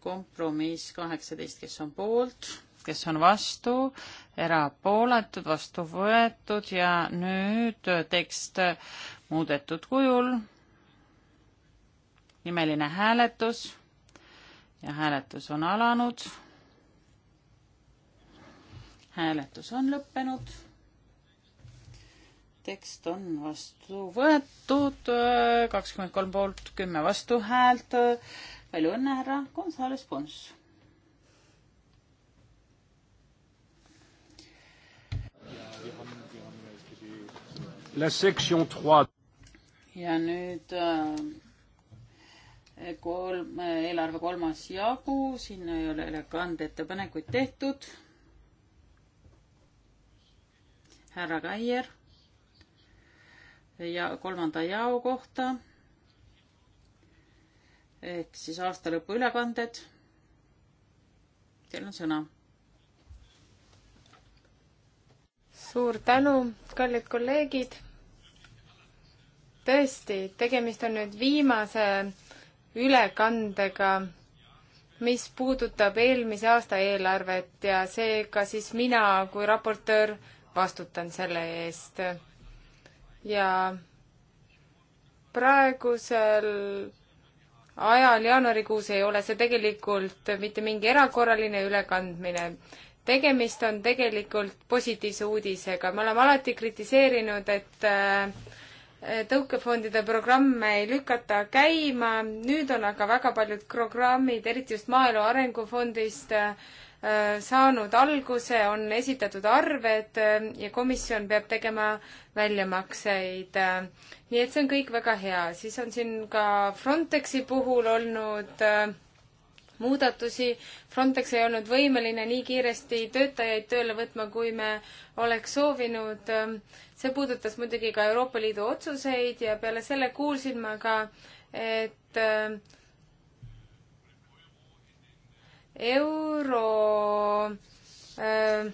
kompromiss kaheksateist, kes on poolt, kes on vastu, erapooletud, vastu võetud ja nüüd tekst muudetud kujul. nimeline hääletus ja hääletus on alanud hääletus on lõppenud. tekst on vastu võetud, kakskümmend kolm poolt, kümme vastuhäält. palju õnne, härra Gonzales Pons. La section trois. ja nüüd äh, kolm, äh, eelarve kolmas jagu, sinna ei ole elegant ettepanekuid tehtud härra Kaier ja kolmanda jao kohta ehk siis aasta lõpu ülekanded. Teil on sõna. suur tänu, kallid kolleegid. tõesti, tegemist on nüüd viimase ülekandega, mis puudutab eelmise aasta eelarvet ja seega siis mina kui raportöör vastutan selle eest. ja praegusel ajal jaanuarikuus ei ole see tegelikult mitte mingi erakorraline ülekandmine. tegemist on tegelikult positiivse uudisega. me oleme alati kritiseerinud, et äh, tõukefondide programme ei lükata käima, nüüd on aga väga paljud programmid, eriti just Maaelu Arengufondist, Äh, saanud alguse, on esitatud arved äh, ja komisjon peab tegema väljamakseid. Äh. nii et see on kõik väga hea. siis on siin ka Frontexi puhul olnud muudatusi. Frontex ei olnud võimeline nii kiiresti töötajaid tööle võtma, kui me oleks soovinud. see puudutas muidugi ka Euroopa Liidu otsuseid ja peale selle kuulsin ma ka, et euro äh,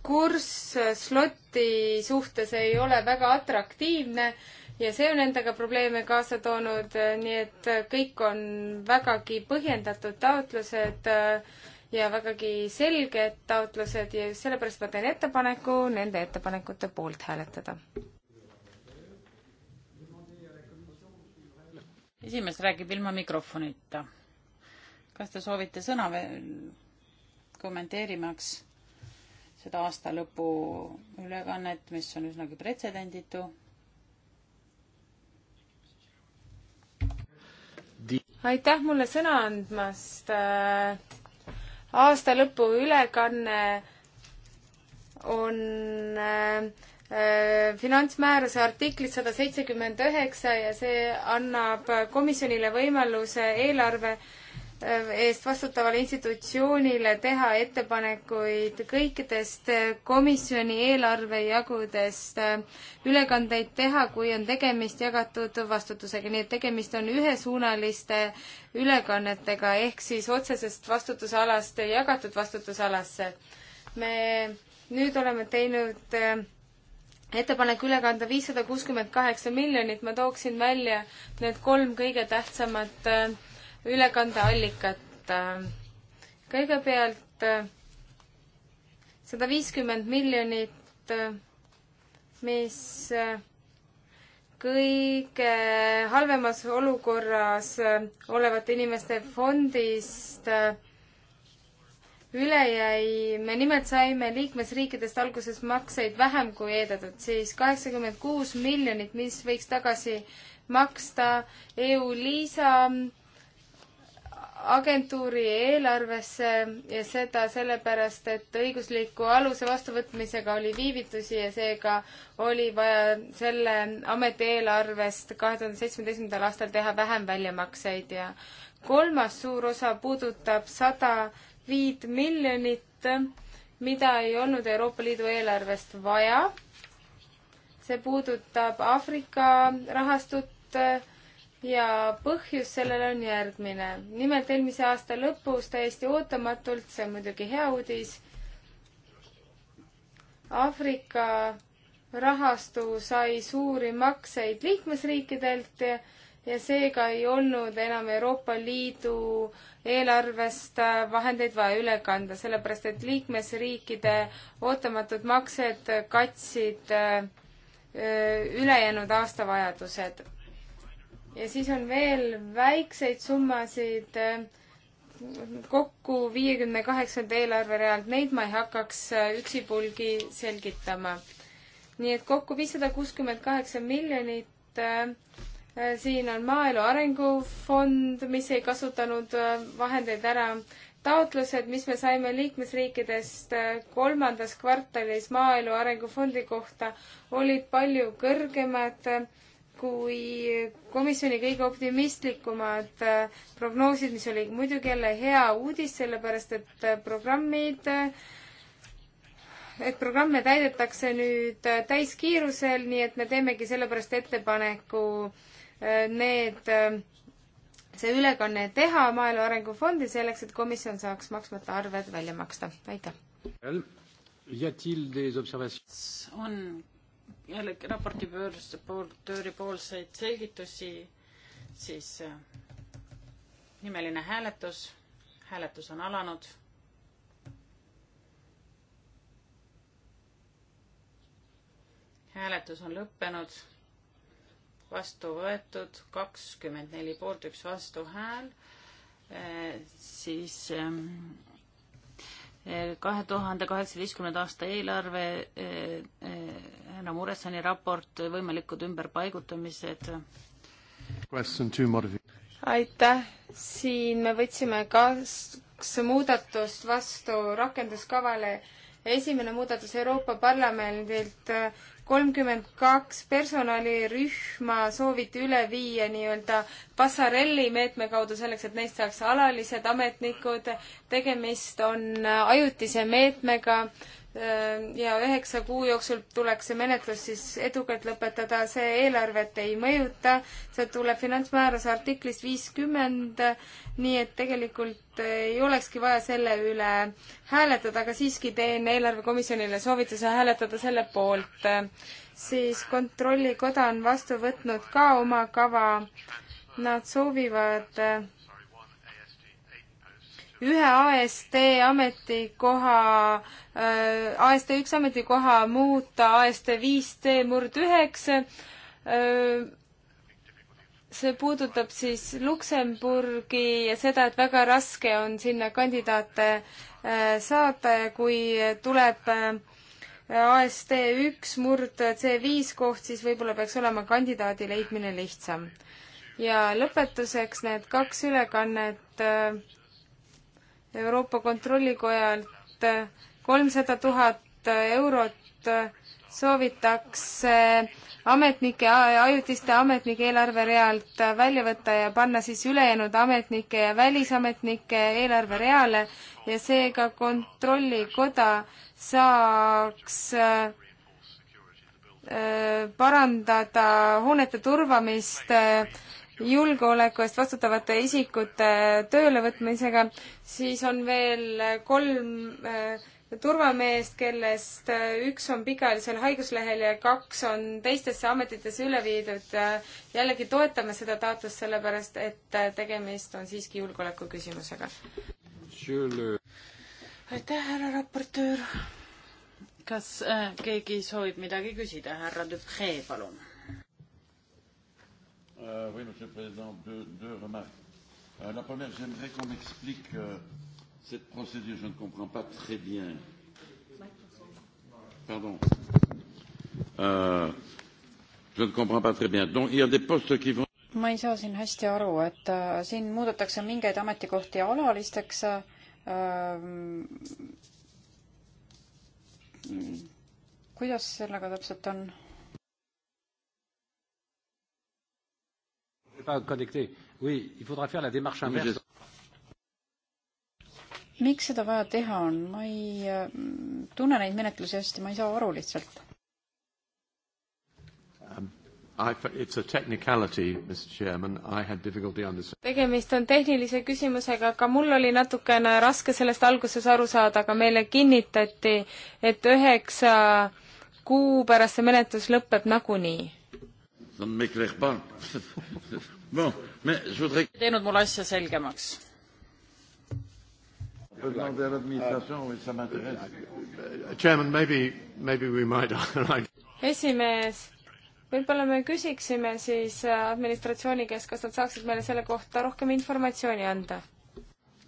kurss sloti suhtes ei ole väga atraktiivne ja see on endaga probleeme kaasa toonud, nii et kõik on vägagi põhjendatud taotlused äh, ja vägagi selged taotlused ja sellepärast ma teen ettepaneku nende ettepanekute poolt hääletada. esimees räägib ilma mikrofonita kas te soovite sõna veel kommenteerimaks seda aasta lõpu ülekannet, mis on üsnagi pretsedenditu? aitäh mulle sõna andmast. aasta lõpu ülekanne on äh, äh, finantsmääruse artiklis sada seitsekümmend üheksa ja see annab komisjonile võimaluse eelarve äh, eest vastutavale institutsioonile teha ettepanekuid kõikidest komisjoni eelarvejagudest ülekandeid teha, kui on tegemist jagatud vastutusega, nii et tegemist on ühesuunaliste ülekannetega ehk siis otsesest vastutusalast jagatud vastutusalasse. me nüüd oleme teinud äh, ettepanek üle kanda viissada kuuskümmend kaheksa miljonit, ma tooksin välja need kolm kõige tähtsamat äh, ülekandeallikat. kõigepealt äh, sada viiskümmend miljonit, äh, mis äh, kõige halvemas olukorras olevate inimeste fondist üle jäi, me nimelt saime liikmesriikidest alguses makseid vähem kui eeldatud, siis kaheksakümmend kuus miljonit, mis võiks tagasi maksta EU-LISA agentuuri eelarvesse ja seda sellepärast, et õigusliku aluse vastuvõtmisega oli viivitusi ja seega oli vaja selle ameti eelarvest kahe tuhande seitsmeteistkümnendal aastal teha vähem väljamakseid ja kolmas suur osa puudutab sada viit miljonit, mida ei olnud Euroopa Liidu eelarvest vaja. see puudutab Aafrika rahastut ja põhjus sellele on järgmine. nimelt eelmise aasta lõpus täiesti ootamatult, see on muidugi hea uudis, Aafrika rahastu sai suuri makseid liikmesriikidelt ja, ja seega ei olnud enam Euroopa Liidu eelarvest vahendeid vaja üle kanda, sellepärast et liikmesriikide ootamatud maksed katsid äh, ülejäänud aasta vajadused ja siis on veel väikseid summasid äh, kokku viiekümne kaheksanda eelarverealt, neid ma ei hakkaks äh, üksipulgi selgitama. nii et kokku viissada kuuskümmend kaheksa miljonit. Äh, siin on Maaelu Arengufond, mis ei kasutanud vahendeid ära, taotlused, mis me saime liikmesriikidest kolmandas kvartalis Maaelu Arengufondi kohta, olid palju kõrgemad kui komisjoni kõige optimistlikumad äh, prognoosid, mis oli muidugi jälle hea uudis, sellepärast et äh, programmid, äh, et programme täidetakse nüüd täiskiirusel, nii et me teemegi sellepärast ettepaneku need, see ülekanne teha Maaelu Arengu Fondi selleks, et komisjon saaks maksmata arved välja maksta. aitäh! on jälle raporti pöördus-, poolt, poolseid selgitusi, siis äh, nimeline hääletus, hääletus on alanud. hääletus on lõppenud, vastu võetud kakskümmend neli poolt, üks vastuhääl, äh, siis ähm, kahe tuhande kaheksateistkümnenda aasta eelarve eh, eh, härra Muressoni raport, võimalikud ümberpaigutamised. aitäh, siin me võtsime kaks muudatust vastu rakenduskavale. esimene muudatus Euroopa Parlamendilt eh, kolmkümmend kaks personalirühma sooviti üle viia nii-öelda passarelli meetme kaudu selleks, et neist saaks alalised ametnikud. tegemist on ajutise meetmega Ehm, ja üheksa kuu jooksul tuleks see menetlus siis edukalt lõpetada, see eelarvet ei mõjuta, see tuleb finantsmääruse artiklist viiskümmend, nii et tegelikult ei olekski vaja selle üle hääletada, aga siiski teen eelarvekomisjonile soovituse hääletada selle poolt. siis Kontrollikoda on vastu võtnud ka oma kava, nad soovivad ühe AST ametikoha, äh, AST üks ametikoha muuta AST viis C murd üheks. Äh, see puudutab siis Luksemburgi ja seda, et väga raske on sinna kandidaate äh, saata ja kui tuleb AST üks murd C viis koht, siis võib-olla peaks olema kandidaadi leidmine lihtsam ja lõpetuseks need kaks ülekannet äh, Euroopa Kontrollikojalt kolmsada tuhat eurot soovitakse ametnike, ajutiste ametnike eelarverealt välja võtta ja panna siis ülejäänud ametnike ja välisametnike eelarvereale ja seega Kontrollikoda saaks äh, parandada hoonete turvamist julgeoleku eest vastutavate isikute töölevõtmisega, siis on veel kolm äh, turvameest, kellest äh, üks on pikaajalisel haiguslehel ja kaks on teistesse ametitesse üle viidud. jällegi toetame seda taotlust, sellepärast et äh, tegemist on siiski julgeoleku küsimusega. aitäh, härra raportöör. kas äh, keegi soovib midagi küsida? härra Dupree, palun Euh, oui, Monsieur le Président, deux, deux remarques. Euh, la première, j'aimerais qu'on m'explique euh, cette procédure. Je ne comprends pas très bien. Pardon. Euh, je ne comprends pas très bien. Donc, il y a des postes qui vont ma ei saa siin hästi aru, et äh, siin muudetakse mingeid ametikohti alalisteks äh,. Mm, kuidas sellega täpselt on? pas connecté. Oui, il faudra faire la démarche inverse. miks seda vaja teha on, ma ei äh, tunne neid menetlusi hästi, ma ei saa aru lihtsalt um.. tegemist on tehnilise küsimusega, ka mul oli natukene raske sellest alguses aru saada, aga meile kinnitati, et üheksa kuu pärast see menetlus lõpeb nagunii teinud mulle asja selgemaks. Uh, esimees, võib-olla me küsiksime siis uh, administratsiooni käest, kas nad saaksid meile selle kohta rohkem informatsiooni anda.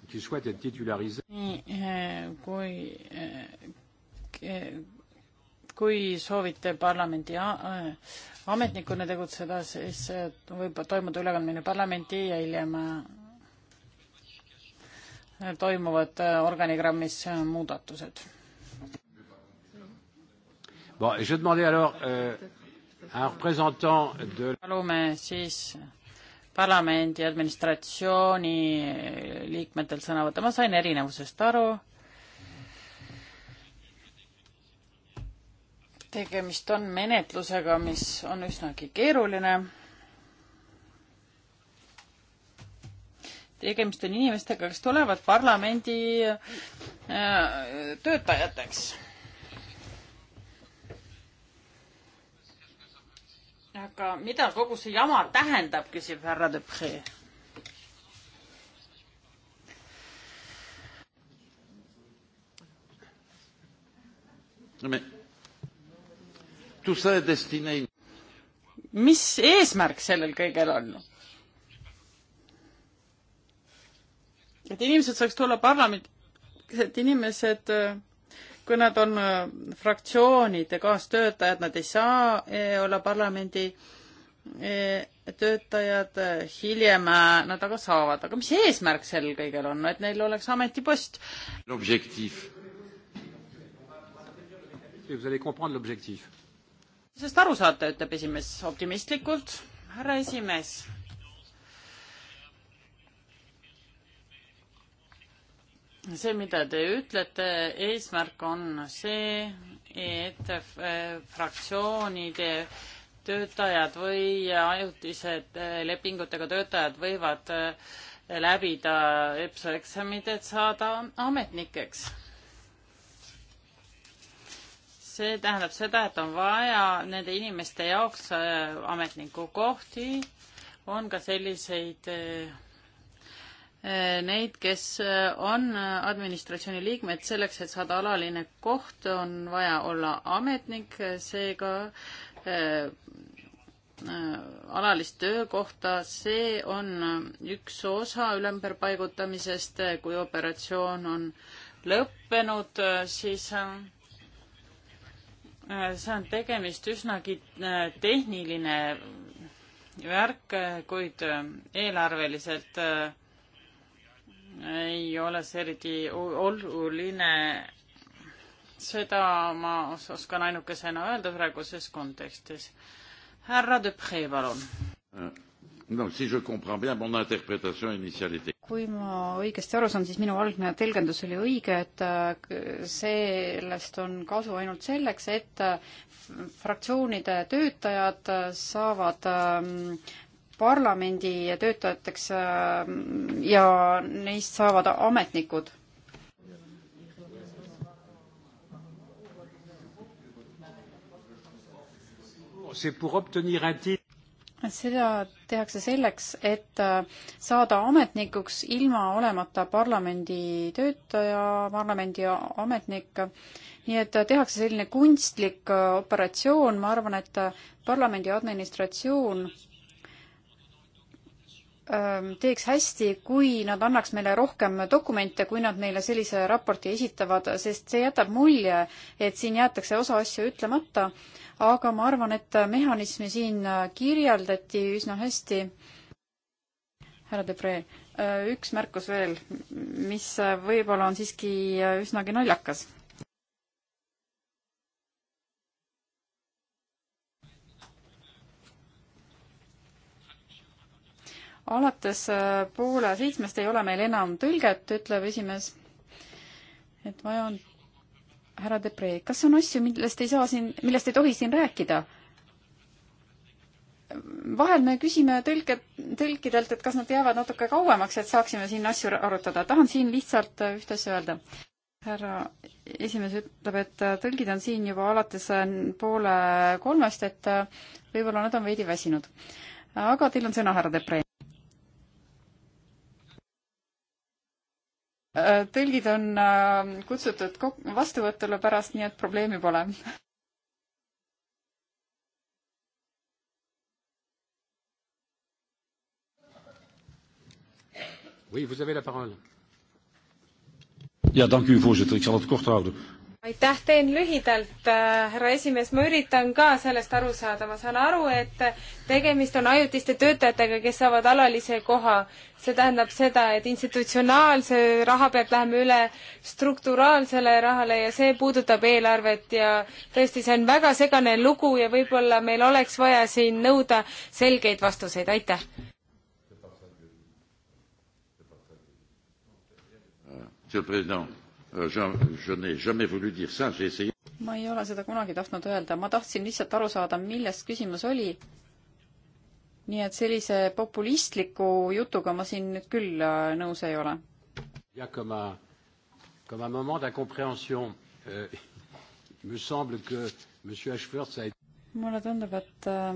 nii, eh, kui eh, kui soovite parlamendi eh, ametnikuna tegutseda, siis võib toimuda ülekandmine parlamenti ja hiljem äh, toimuvad äh, organigrammis äh, muudatused. Euh, palume siis parlamendi administratsiooni liikmetel sõna võtta, ma sain erinevusest aru tegemist on menetlusega, mis on üsnagi keeruline. tegemist on inimestega, kes tulevad parlamendi äh, töötajateks. aga mida kogu see jama tähendab, küsib härra Depree. no me mis eesmärk sellel kõigel on? et inimesed saaks tulla parlamendi, et inimesed, kui nad on äh, fraktsioonide kaastöötajad, nad ei saa äh, olla parlamendi äh, töötajad, hiljem nad aga saavad, aga mis eesmärk sellel kõigel on, et neil oleks ametipost? L'objectif. Vous allez comprendre l'objectif sest aru saate, ütleb esimees optimistlikult. härra esimees. see, mida te ütlete, eesmärk on see, et äh, fraktsioonide töötajad või ajutised äh, lepingutega töötajad võivad äh, läbida EBSO eksamid, et saada ametnikeks see tähendab seda, et on vaja nende inimeste jaoks äh, ametnikukohti, on ka selliseid äh, äh, Neid, kes on administratsiooni liikmed, selleks, et saada alaline koht, on vaja olla ametnik, seega alalist töökohta, see on üks osa ümberpaigutamisest, kui operatsioon on lõppenud, siis see on tegemist üsnagi äh, tehniline värk, kuid äh, eelarveliselt äh, ei ole see eriti oluline. seda ma oskan ainukesena öelda praeguses kontekstis. härra Depre, palun. No, si je comprends bien, mon interprétation initiale était. kui ma õigesti aru saan, siis minu algne tõlgendus oli õige, et äh, sellest on kasu ainult selleks, et äh, fraktsioonide töötajad saavad ähm, parlamendi töötajateks äh, ja neist saavad ametnikud c'est pour obtenir un titre seda tehakse selleks, et äh, saada ametnikuks ilma olemata parlamendi töötaja, parlamendi ametnik. nii et äh, tehakse selline kunstlik äh, operatsioon, ma arvan, et parlamendi administratsioon Ähm, teeks hästi, kui nad annaks meile rohkem dokumente, kui nad meile sellise raporti esitavad, sest see jätab mulje, et siin jäetakse osa asju ütlemata, aga ma arvan, et mehhanismi siin kirjeldati üsna hästi. härra Debre, äh, üks märkus veel, mis äh, võib-olla on siiski üsnagi naljakas alates äh, poole seitsmest ei ole meil enam tõlget, ütleb esimees. et vaja on, härra Depree, kas on asju, millest ei saa siin, millest ei tohi siin rääkida? vahel me küsime tõlke, tõlkidelt, et kas nad jäävad natuke kauemaks, et saaksime siin asju arutada. tahan siin lihtsalt äh, ühte asja öelda. härra esimees ütleb, et äh, tõlgid on siin juba alates poole kolmest, et võib-olla nad on veidi väsinud. aga teil on sõna, härra Depree. Äh, tõlgid on äh, kutsutud vastuvõtule pärast, nii et probleemi pole. Oui, vous avez la parole. Ja, dank u voorzitter. Ik zal het kort houden aitäh, teen lühidalt, äh, härra esimees, ma üritan ka sellest aru saada, ma saan aru, et tegemist on ajutiste töötajatega, kes saavad alalise koha. see tähendab seda, et institutsionaalse raha pealt läheme üle strukturaalsele rahale ja see puudutab eelarvet ja tõesti, see on väga segane lugu ja võib-olla meil oleks vaja siin nõuda selgeid vastuseid, aitäh. Monsieur le Président, Euh, ma ei ole seda kunagi tahtnud öelda, ma tahtsin lihtsalt aru saada, milles küsimus oli. nii et sellise populistliku jutuga ma siin nüüd küll äh, nõus ei ole. Euh, mulle tundub, et äh,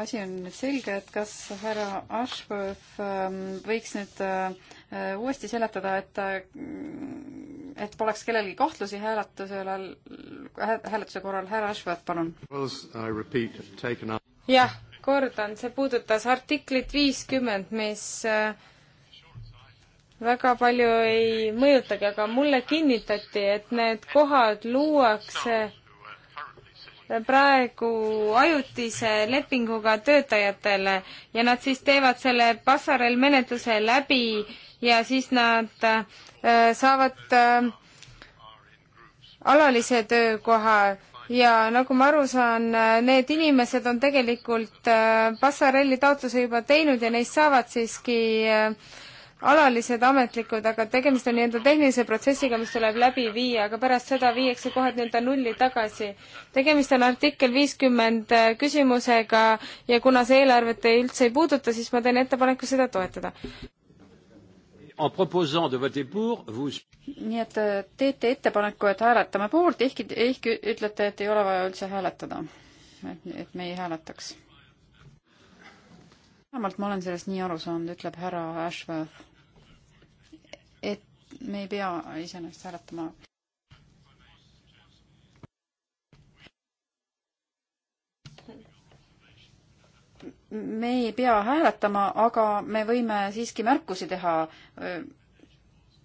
asi on nüüd selge, et kas härra Ashworth ähm, võiks nüüd äh, Äh, uuesti seletada, et, äh, et poleks kellelgi kahtlusi hääletuse üle, hääletuse korral, härra Ashworth, palun. jah, kordan, see puudutas artiklit viiskümmend, mis äh, väga palju ei mõjutagi, aga mulle kinnitati, et need kohad luuakse praegu ajutise lepinguga töötajatele ja nad siis teevad selle passarell menetluse läbi ja siis nad äh, saavad äh, alalise töökoha ja nagu ma aru saan, äh, need inimesed on tegelikult passarelli taotluse juba teinud ja neist saavad siiski alalised ametlikud, aga tegemist on nii-öelda tehnilise protsessiga, mis tuleb läbi viia, aga pärast seda viiakse kohe nii-öelda nulli tagasi. tegemist on artikkel viiskümmend küsimusega ja kuna see eelarvet ei üldse ei puuduta, siis ma teen ettepaneku seda toetada en proposant de voter pour, vous nii et äh, teete ettepaneku, et hääletame poolt, ehkki, ehkki ütlete, et ei ole vaja üldse hääletada. et me ei hääletaks. vähemalt ma olen sellest nii aru saanud, ütleb härra Ashworth. et me ei pea iseenesest hääletama. me ei pea hääletama, aga me võime siiski märkusi teha.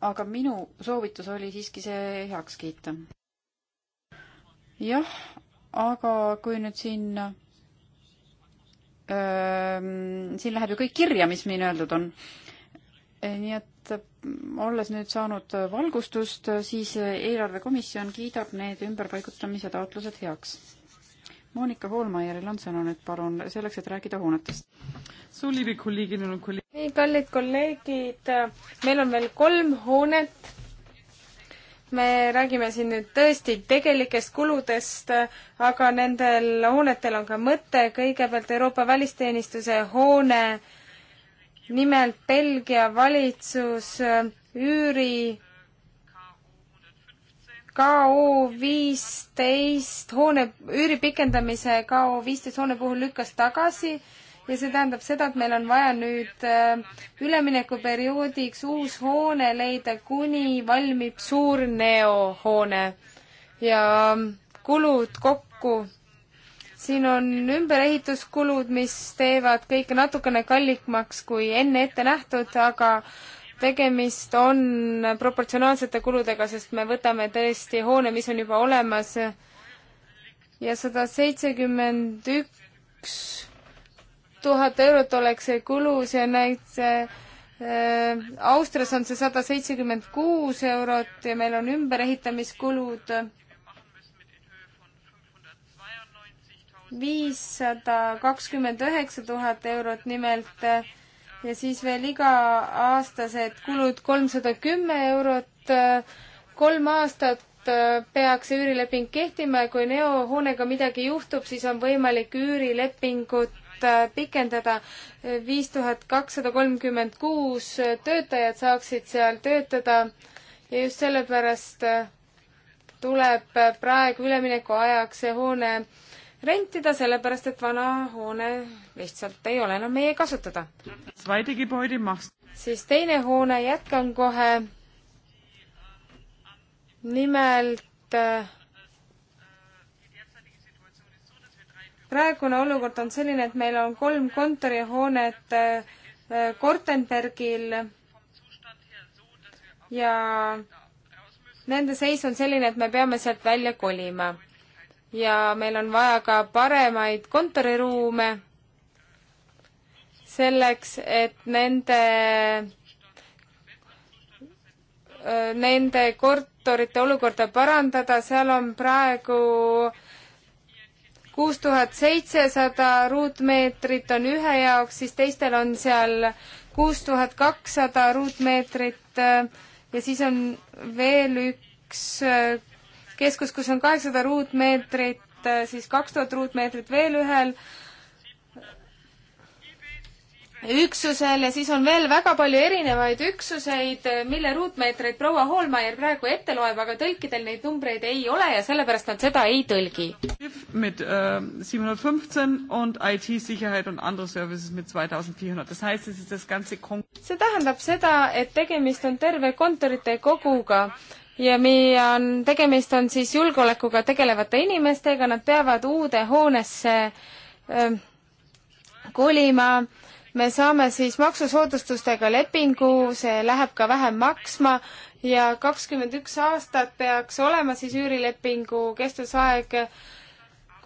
aga minu soovitus oli siiski see heaks kiita. jah, aga kui nüüd siin öö, ähm, siin läheb ju kõik kirja, mis siin öeldud on. Äh, nii et äh, olles nüüd saanud valgustust, siis eelarvekomisjon kiidab need ümberpaigutamise taotlused heaks Monika Holmaieril on sõna nüüd palun selleks, et rääkida hoonetest. nii, kallid kolleegid, meil on veel kolm hoonet. me räägime siin nüüd tõesti tegelikest kuludest, aga nendel hoonetel on ka mõte. kõigepealt Euroopa Välisteenistuse hoone, nimelt Belgia valitsus üüri KO viisteist hoone, üüri pikendamise KO viisteist hoone puhul lükkas tagasi ja see tähendab seda, et meil on vaja nüüd äh, üleminekuperioodiks uus hoone leida, kuni valmib suur neohoone ja ähm, kulud kokku siin on ümberehituskulud, mis teevad kõike natukene kallimaks kui enne ette nähtud, aga tegemist on proportsionaalsete kuludega, sest me võtame tõesti hoone, mis on juba olemas ja sada seitsekümmend üks tuhat eurot oleks see kulu, see näiteks äh, Austrias on see sada seitsekümmend kuus eurot ja meil on ümberehitamiskulud viissada kakskümmend üheksa tuhat eurot, nimelt äh, ja siis veel iga-aastased kulud kolmsada kümme eurot. kolm aastat äh, peaks see üürileping kehtima ja kui neohoonega midagi juhtub, siis on võimalik üürilepingut äh, pikendada. viis tuhat kakssada kolmkümmend kuus töötajat saaksid seal töötada ja just sellepärast äh, tuleb praegu ülemineku ajaks see hoone rentida, sellepärast et vana hoone lihtsalt ei ole enam meie kasutada. siis teine hoone, jätkan kohe. nimelt äh, praegune olukord on selline, et meil on kolm kontorihoonet äh, Kortenbergil ja nende seis on selline, et me peame sealt välja kolima ja meil on vaja ka paremaid kontoriruume selleks, et nende, nende korterite olukorda parandada, seal on praegu kuus tuhat seitsesada ruutmeetrit on ühe jaoks, siis teistel on seal kuus tuhat kakssada ruutmeetrit ja siis on veel üks keskus, kus on kaheksasada ruutmeetrit, äh, siis kaks tuhat ruutmeetrit veel ühel üksusel ja siis on veel väga palju erinevaid üksuseid, äh, mille ruutmeetreid proua Hoolmeier praegu ette loeb, aga tõlkidel neid numbreid ei ole ja sellepärast nad seda ei tõlgi. mit äh, 715 und IT-Sicherheit und andere Services mit 2400, das heißt, es ist das ganze kon-. see tähendab seda, et tegemist on terve kontorite koguga ja meie on, tegemist on siis julgeolekuga tegelevate inimestega, nad peavad uude hoonesse äh, kolima, me saame siis maksusoodustustega lepingu, see läheb ka vähem maksma ja kakskümmend üks aastat peaks olema siis üürilepingu kestusaeg.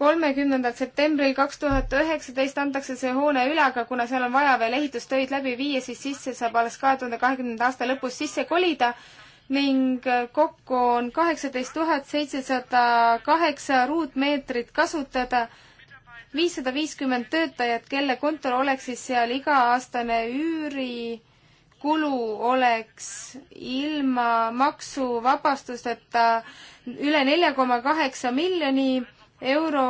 kolmekümnendal septembril kaks tuhat üheksateist antakse see hoone üle, aga kuna seal on vaja veel ehitustöid läbi viia, siis sisse saab alles kahe tuhande kahekümnenda aasta lõpus sisse kolida ning kokku on kaheksateist tuhat seitsesada kaheksa ruutmeetrit kasutada, viissada viiskümmend töötajat, kelle kontol oleks siis seal iga-aastane üürikulu oleks ilma maksuvabastusteta üle nelja koma kaheksa miljoni euro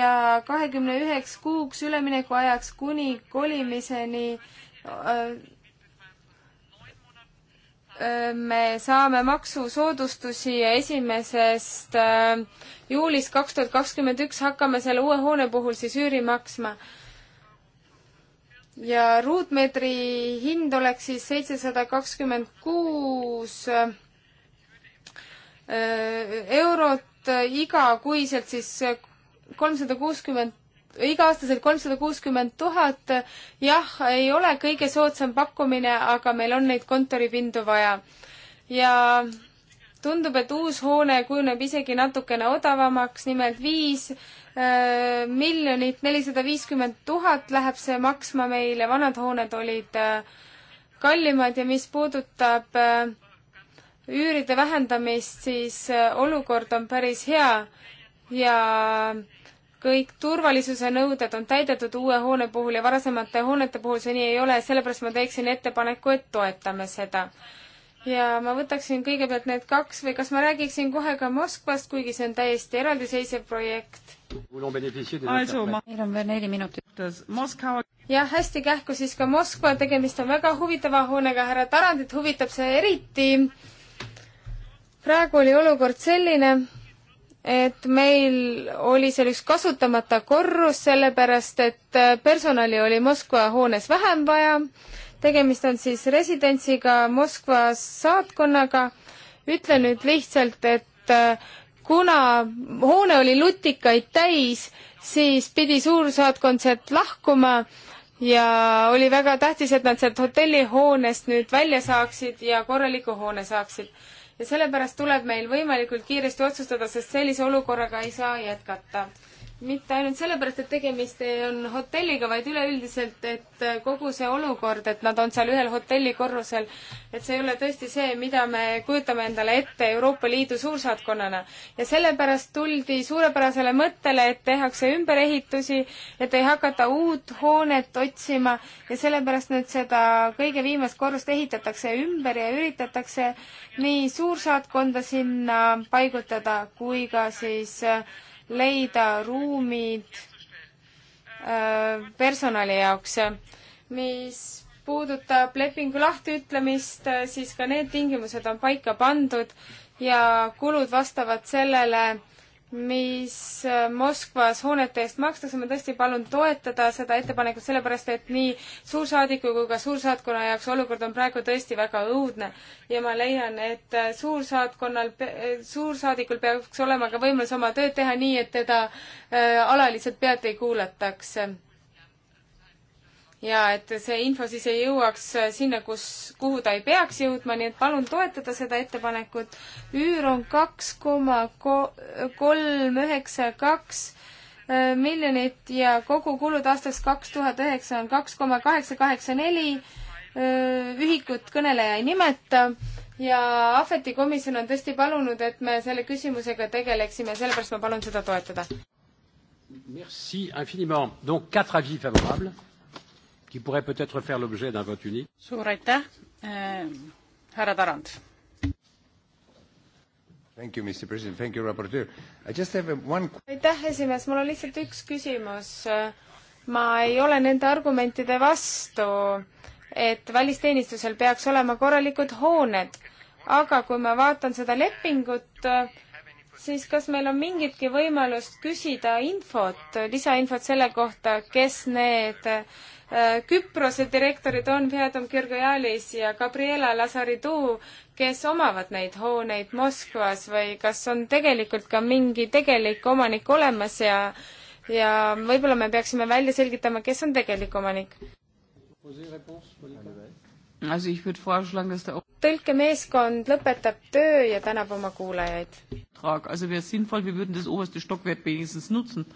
ja kahekümne üheks kuuks üleminekuajaks kuni kolimiseni äh, me saame maksusoodustusi ja esimesest äh, juulist kaks tuhat kakskümmend üks hakkame selle uue hoone puhul siis üüri maksma. ja ruutmeetri hind oleks siis seitsesada kakskümmend kuus äh, eurot igakuiselt siis kolmsada kuuskümmend iga-aastaselt kolmsada kuuskümmend tuhat, jah, ei ole kõige soodsam pakkumine, aga meil on neid kontoripindu vaja. ja tundub, et uus hoone kujuneb isegi natukene odavamaks, nimelt viis äh, miljonit nelisada viiskümmend tuhat läheb see maksma meile, vanad hooned olid äh, kallimad ja mis puudutab äh, üüride vähendamist, siis äh, olukord on päris hea ja äh, kõik turvalisuse nõuded on täidetud uue hoone puhul ja varasemate hoonete puhul see nii ei ole, sellepärast ma teeksin ettepaneku, et toetame seda. ja ma võtaksin kõigepealt need kaks või kas ma räägiksin kohe ka Moskvast, kuigi see on täiesti eraldiseisev projekt? meil on veel neli minutit. jah, hästi kähku siis ka Moskva, tegemist on väga huvitava hoonega, härra Tarandit huvitab see eriti. praegu oli olukord selline et meil oli seal üks kasutamata korrus, sellepärast et äh, personali oli Moskva hoones vähem vaja. tegemist on siis residentsiga Moskvas saatkonnaga. ütlen nüüd lihtsalt, et äh, kuna hoone oli lutikaid täis, siis pidi suursaatkond sealt lahkuma ja oli väga tähtis, et nad sealt hotellihoonest nüüd välja saaksid ja korraliku hoone saaksid ja sellepärast tuleb meil võimalikult kiiresti otsustada, sest sellise olukorraga ei saa jätkata mitte ainult sellepärast, et tegemist on hotelliga, vaid üleüldiselt, et kogu see olukord, et nad on seal ühel hotellikorrusel, et see ei ole tõesti see, mida me kujutame endale ette Euroopa Liidu suursaatkonnana. ja sellepärast tuldi suurepärasele mõttele, et tehakse ümberehitusi, et ei hakata uut hoonet otsima ja sellepärast nüüd seda kõige viimast korrust ehitatakse ümber ja üritatakse nii suursaatkonda sinna paigutada kui ka siis äh, leida ruumid äh, personali jaoks. mis puudutab lepingu lahtiütlemist, äh, siis ka need tingimused on paika pandud ja kulud vastavad sellele, mis äh, Moskvas hoonete eest makstakse, ma tõesti palun toetada seda ettepanekut, sellepärast et nii suursaadiku kui ka suursaatkonna jaoks olukord on praegu tõesti väga õudne. ja ma leian, et äh, suursaatkonnal, äh, suursaadikul peaks olema ka võimalus oma tööd teha nii, et teda äh, alaliselt pealt ei kuulataks ja et see info siis ei jõuaks äh, sinna, kus, kuhu ta ei peaks jõudma, nii et palun toetada seda ettepanekut. üür on kaks koma kolm üheksa kaks äh, miljonit ja kogukulud aastaks kaks tuhat üheksa on kaks koma kaheksa kaheksa neli äh, ühikut kõneleja ei nimeta ja Ahveti komisjon on tõesti palunud, et me selle küsimusega tegeleksime, sellepärast ma palun seda toetada. Merci infiniment. Donc quatre avis favorables qui pourrait peut-être faire l'objet d'un vote unique. suur aitäh, eh, härra Tarand. Thank you, Mr President, thank you, raportöör. I just have one. aitäh, esimees, mul on lihtsalt üks küsimus. ma ei ole nende argumentide vastu, et välisteenistusel peaks olema korralikud hooned, aga kui ma vaatan seda lepingut, siis kas meil on mingitki võimalust küsida infot, lisainfot selle kohta, kes need Äh, Küprose direktorid on Fjodor Kirgojalis ja Gabriela Lazaridou, kes omavad neid hooneid Moskvas või kas on tegelikult ka mingi tegelik omanik olemas ja ja võib-olla me peaksime välja selgitama, kes on tegelik omanik? tõlkemeeskond lõpetab töö ja tänab oma kuulajaid. Also wäre sinnvoll, wir würden das oberste Stockwerk wenigstens nutzen.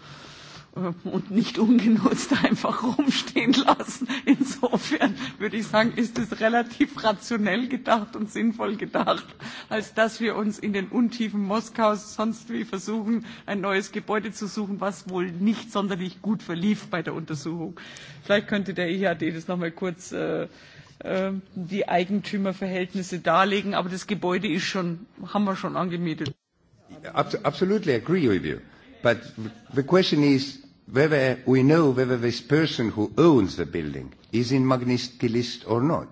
Äh, und nicht ungenutzt einfach rumstehen lassen. Insofern würde ich sagen, ist es relativ rationell gedacht und sinnvoll gedacht, als dass wir uns in den Untiefen Moskaus sonst wie versuchen, ein neues Gebäude zu suchen, was wohl nicht sonderlich gut verlief bei der Untersuchung. Vielleicht könnte der IHD das nochmal kurz äh, äh, die Eigentümerverhältnisse darlegen, aber das Gebäude ist schon, haben wir schon angemietet. Abs absolutely agree with you. But the question is whether we know whether this person who owns the building is in Magnitsky list or not.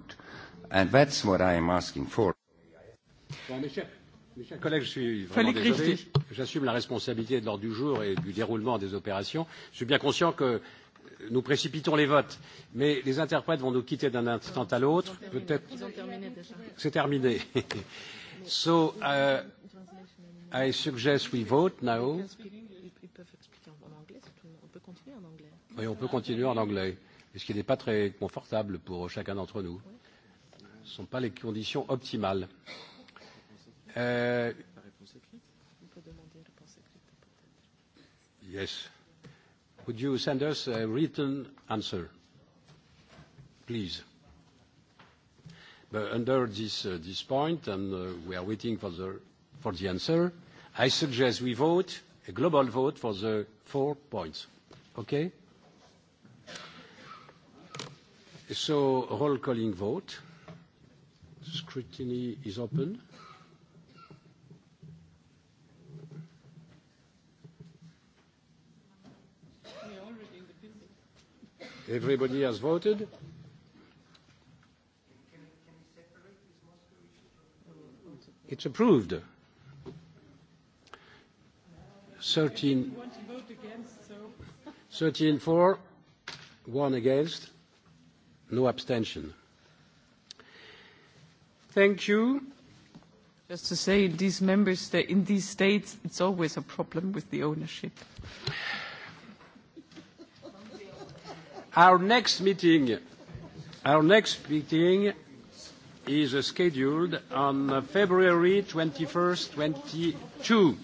And that's what I am asking for. Bon, mes chers, mes chers collègues, je suis vraiment Fallait désolé. J'assume la responsabilité de l'ordre du jour et du déroulement des opérations. Je suis bien conscient que nous précipitons les votes, mais les interprètes vont nous quitter d'un instant à l'autre. Peut-être. C'est terminé. so uh, I suggest we vote now. Oui, on peut continuer en anglais, ce qui n'est pas très confortable pour chacun d'entre nous. Ce ne sont pas les conditions optimales. Euh, yes. Would you send us a written answer, please? But under this, uh, this point, and uh, we are waiting for the, for the answer, I suggest we vote, a global vote for the four points. Okay? So roll calling vote. Scrutiny is open. We're already in the building. Everybody has voted? Can, can we separate this Moscow issue? It's approved. 13. I didn't want to vote against, so. 13 for, 1 against. No abstention. Thank you. Just to say, in these members, in these states, it's always a problem with the ownership. Our next meeting, our next meeting is scheduled on February 21st, 2022.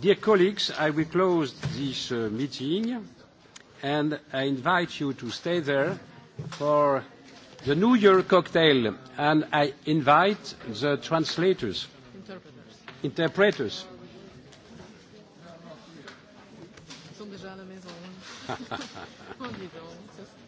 Dear colleagues, I will close this uh, meeting and I invite you to stay there for the New Year cocktail, and I invite the translators, interpreters. interpreters. Ils sont déjà à la maison. oh, dis donc, ça,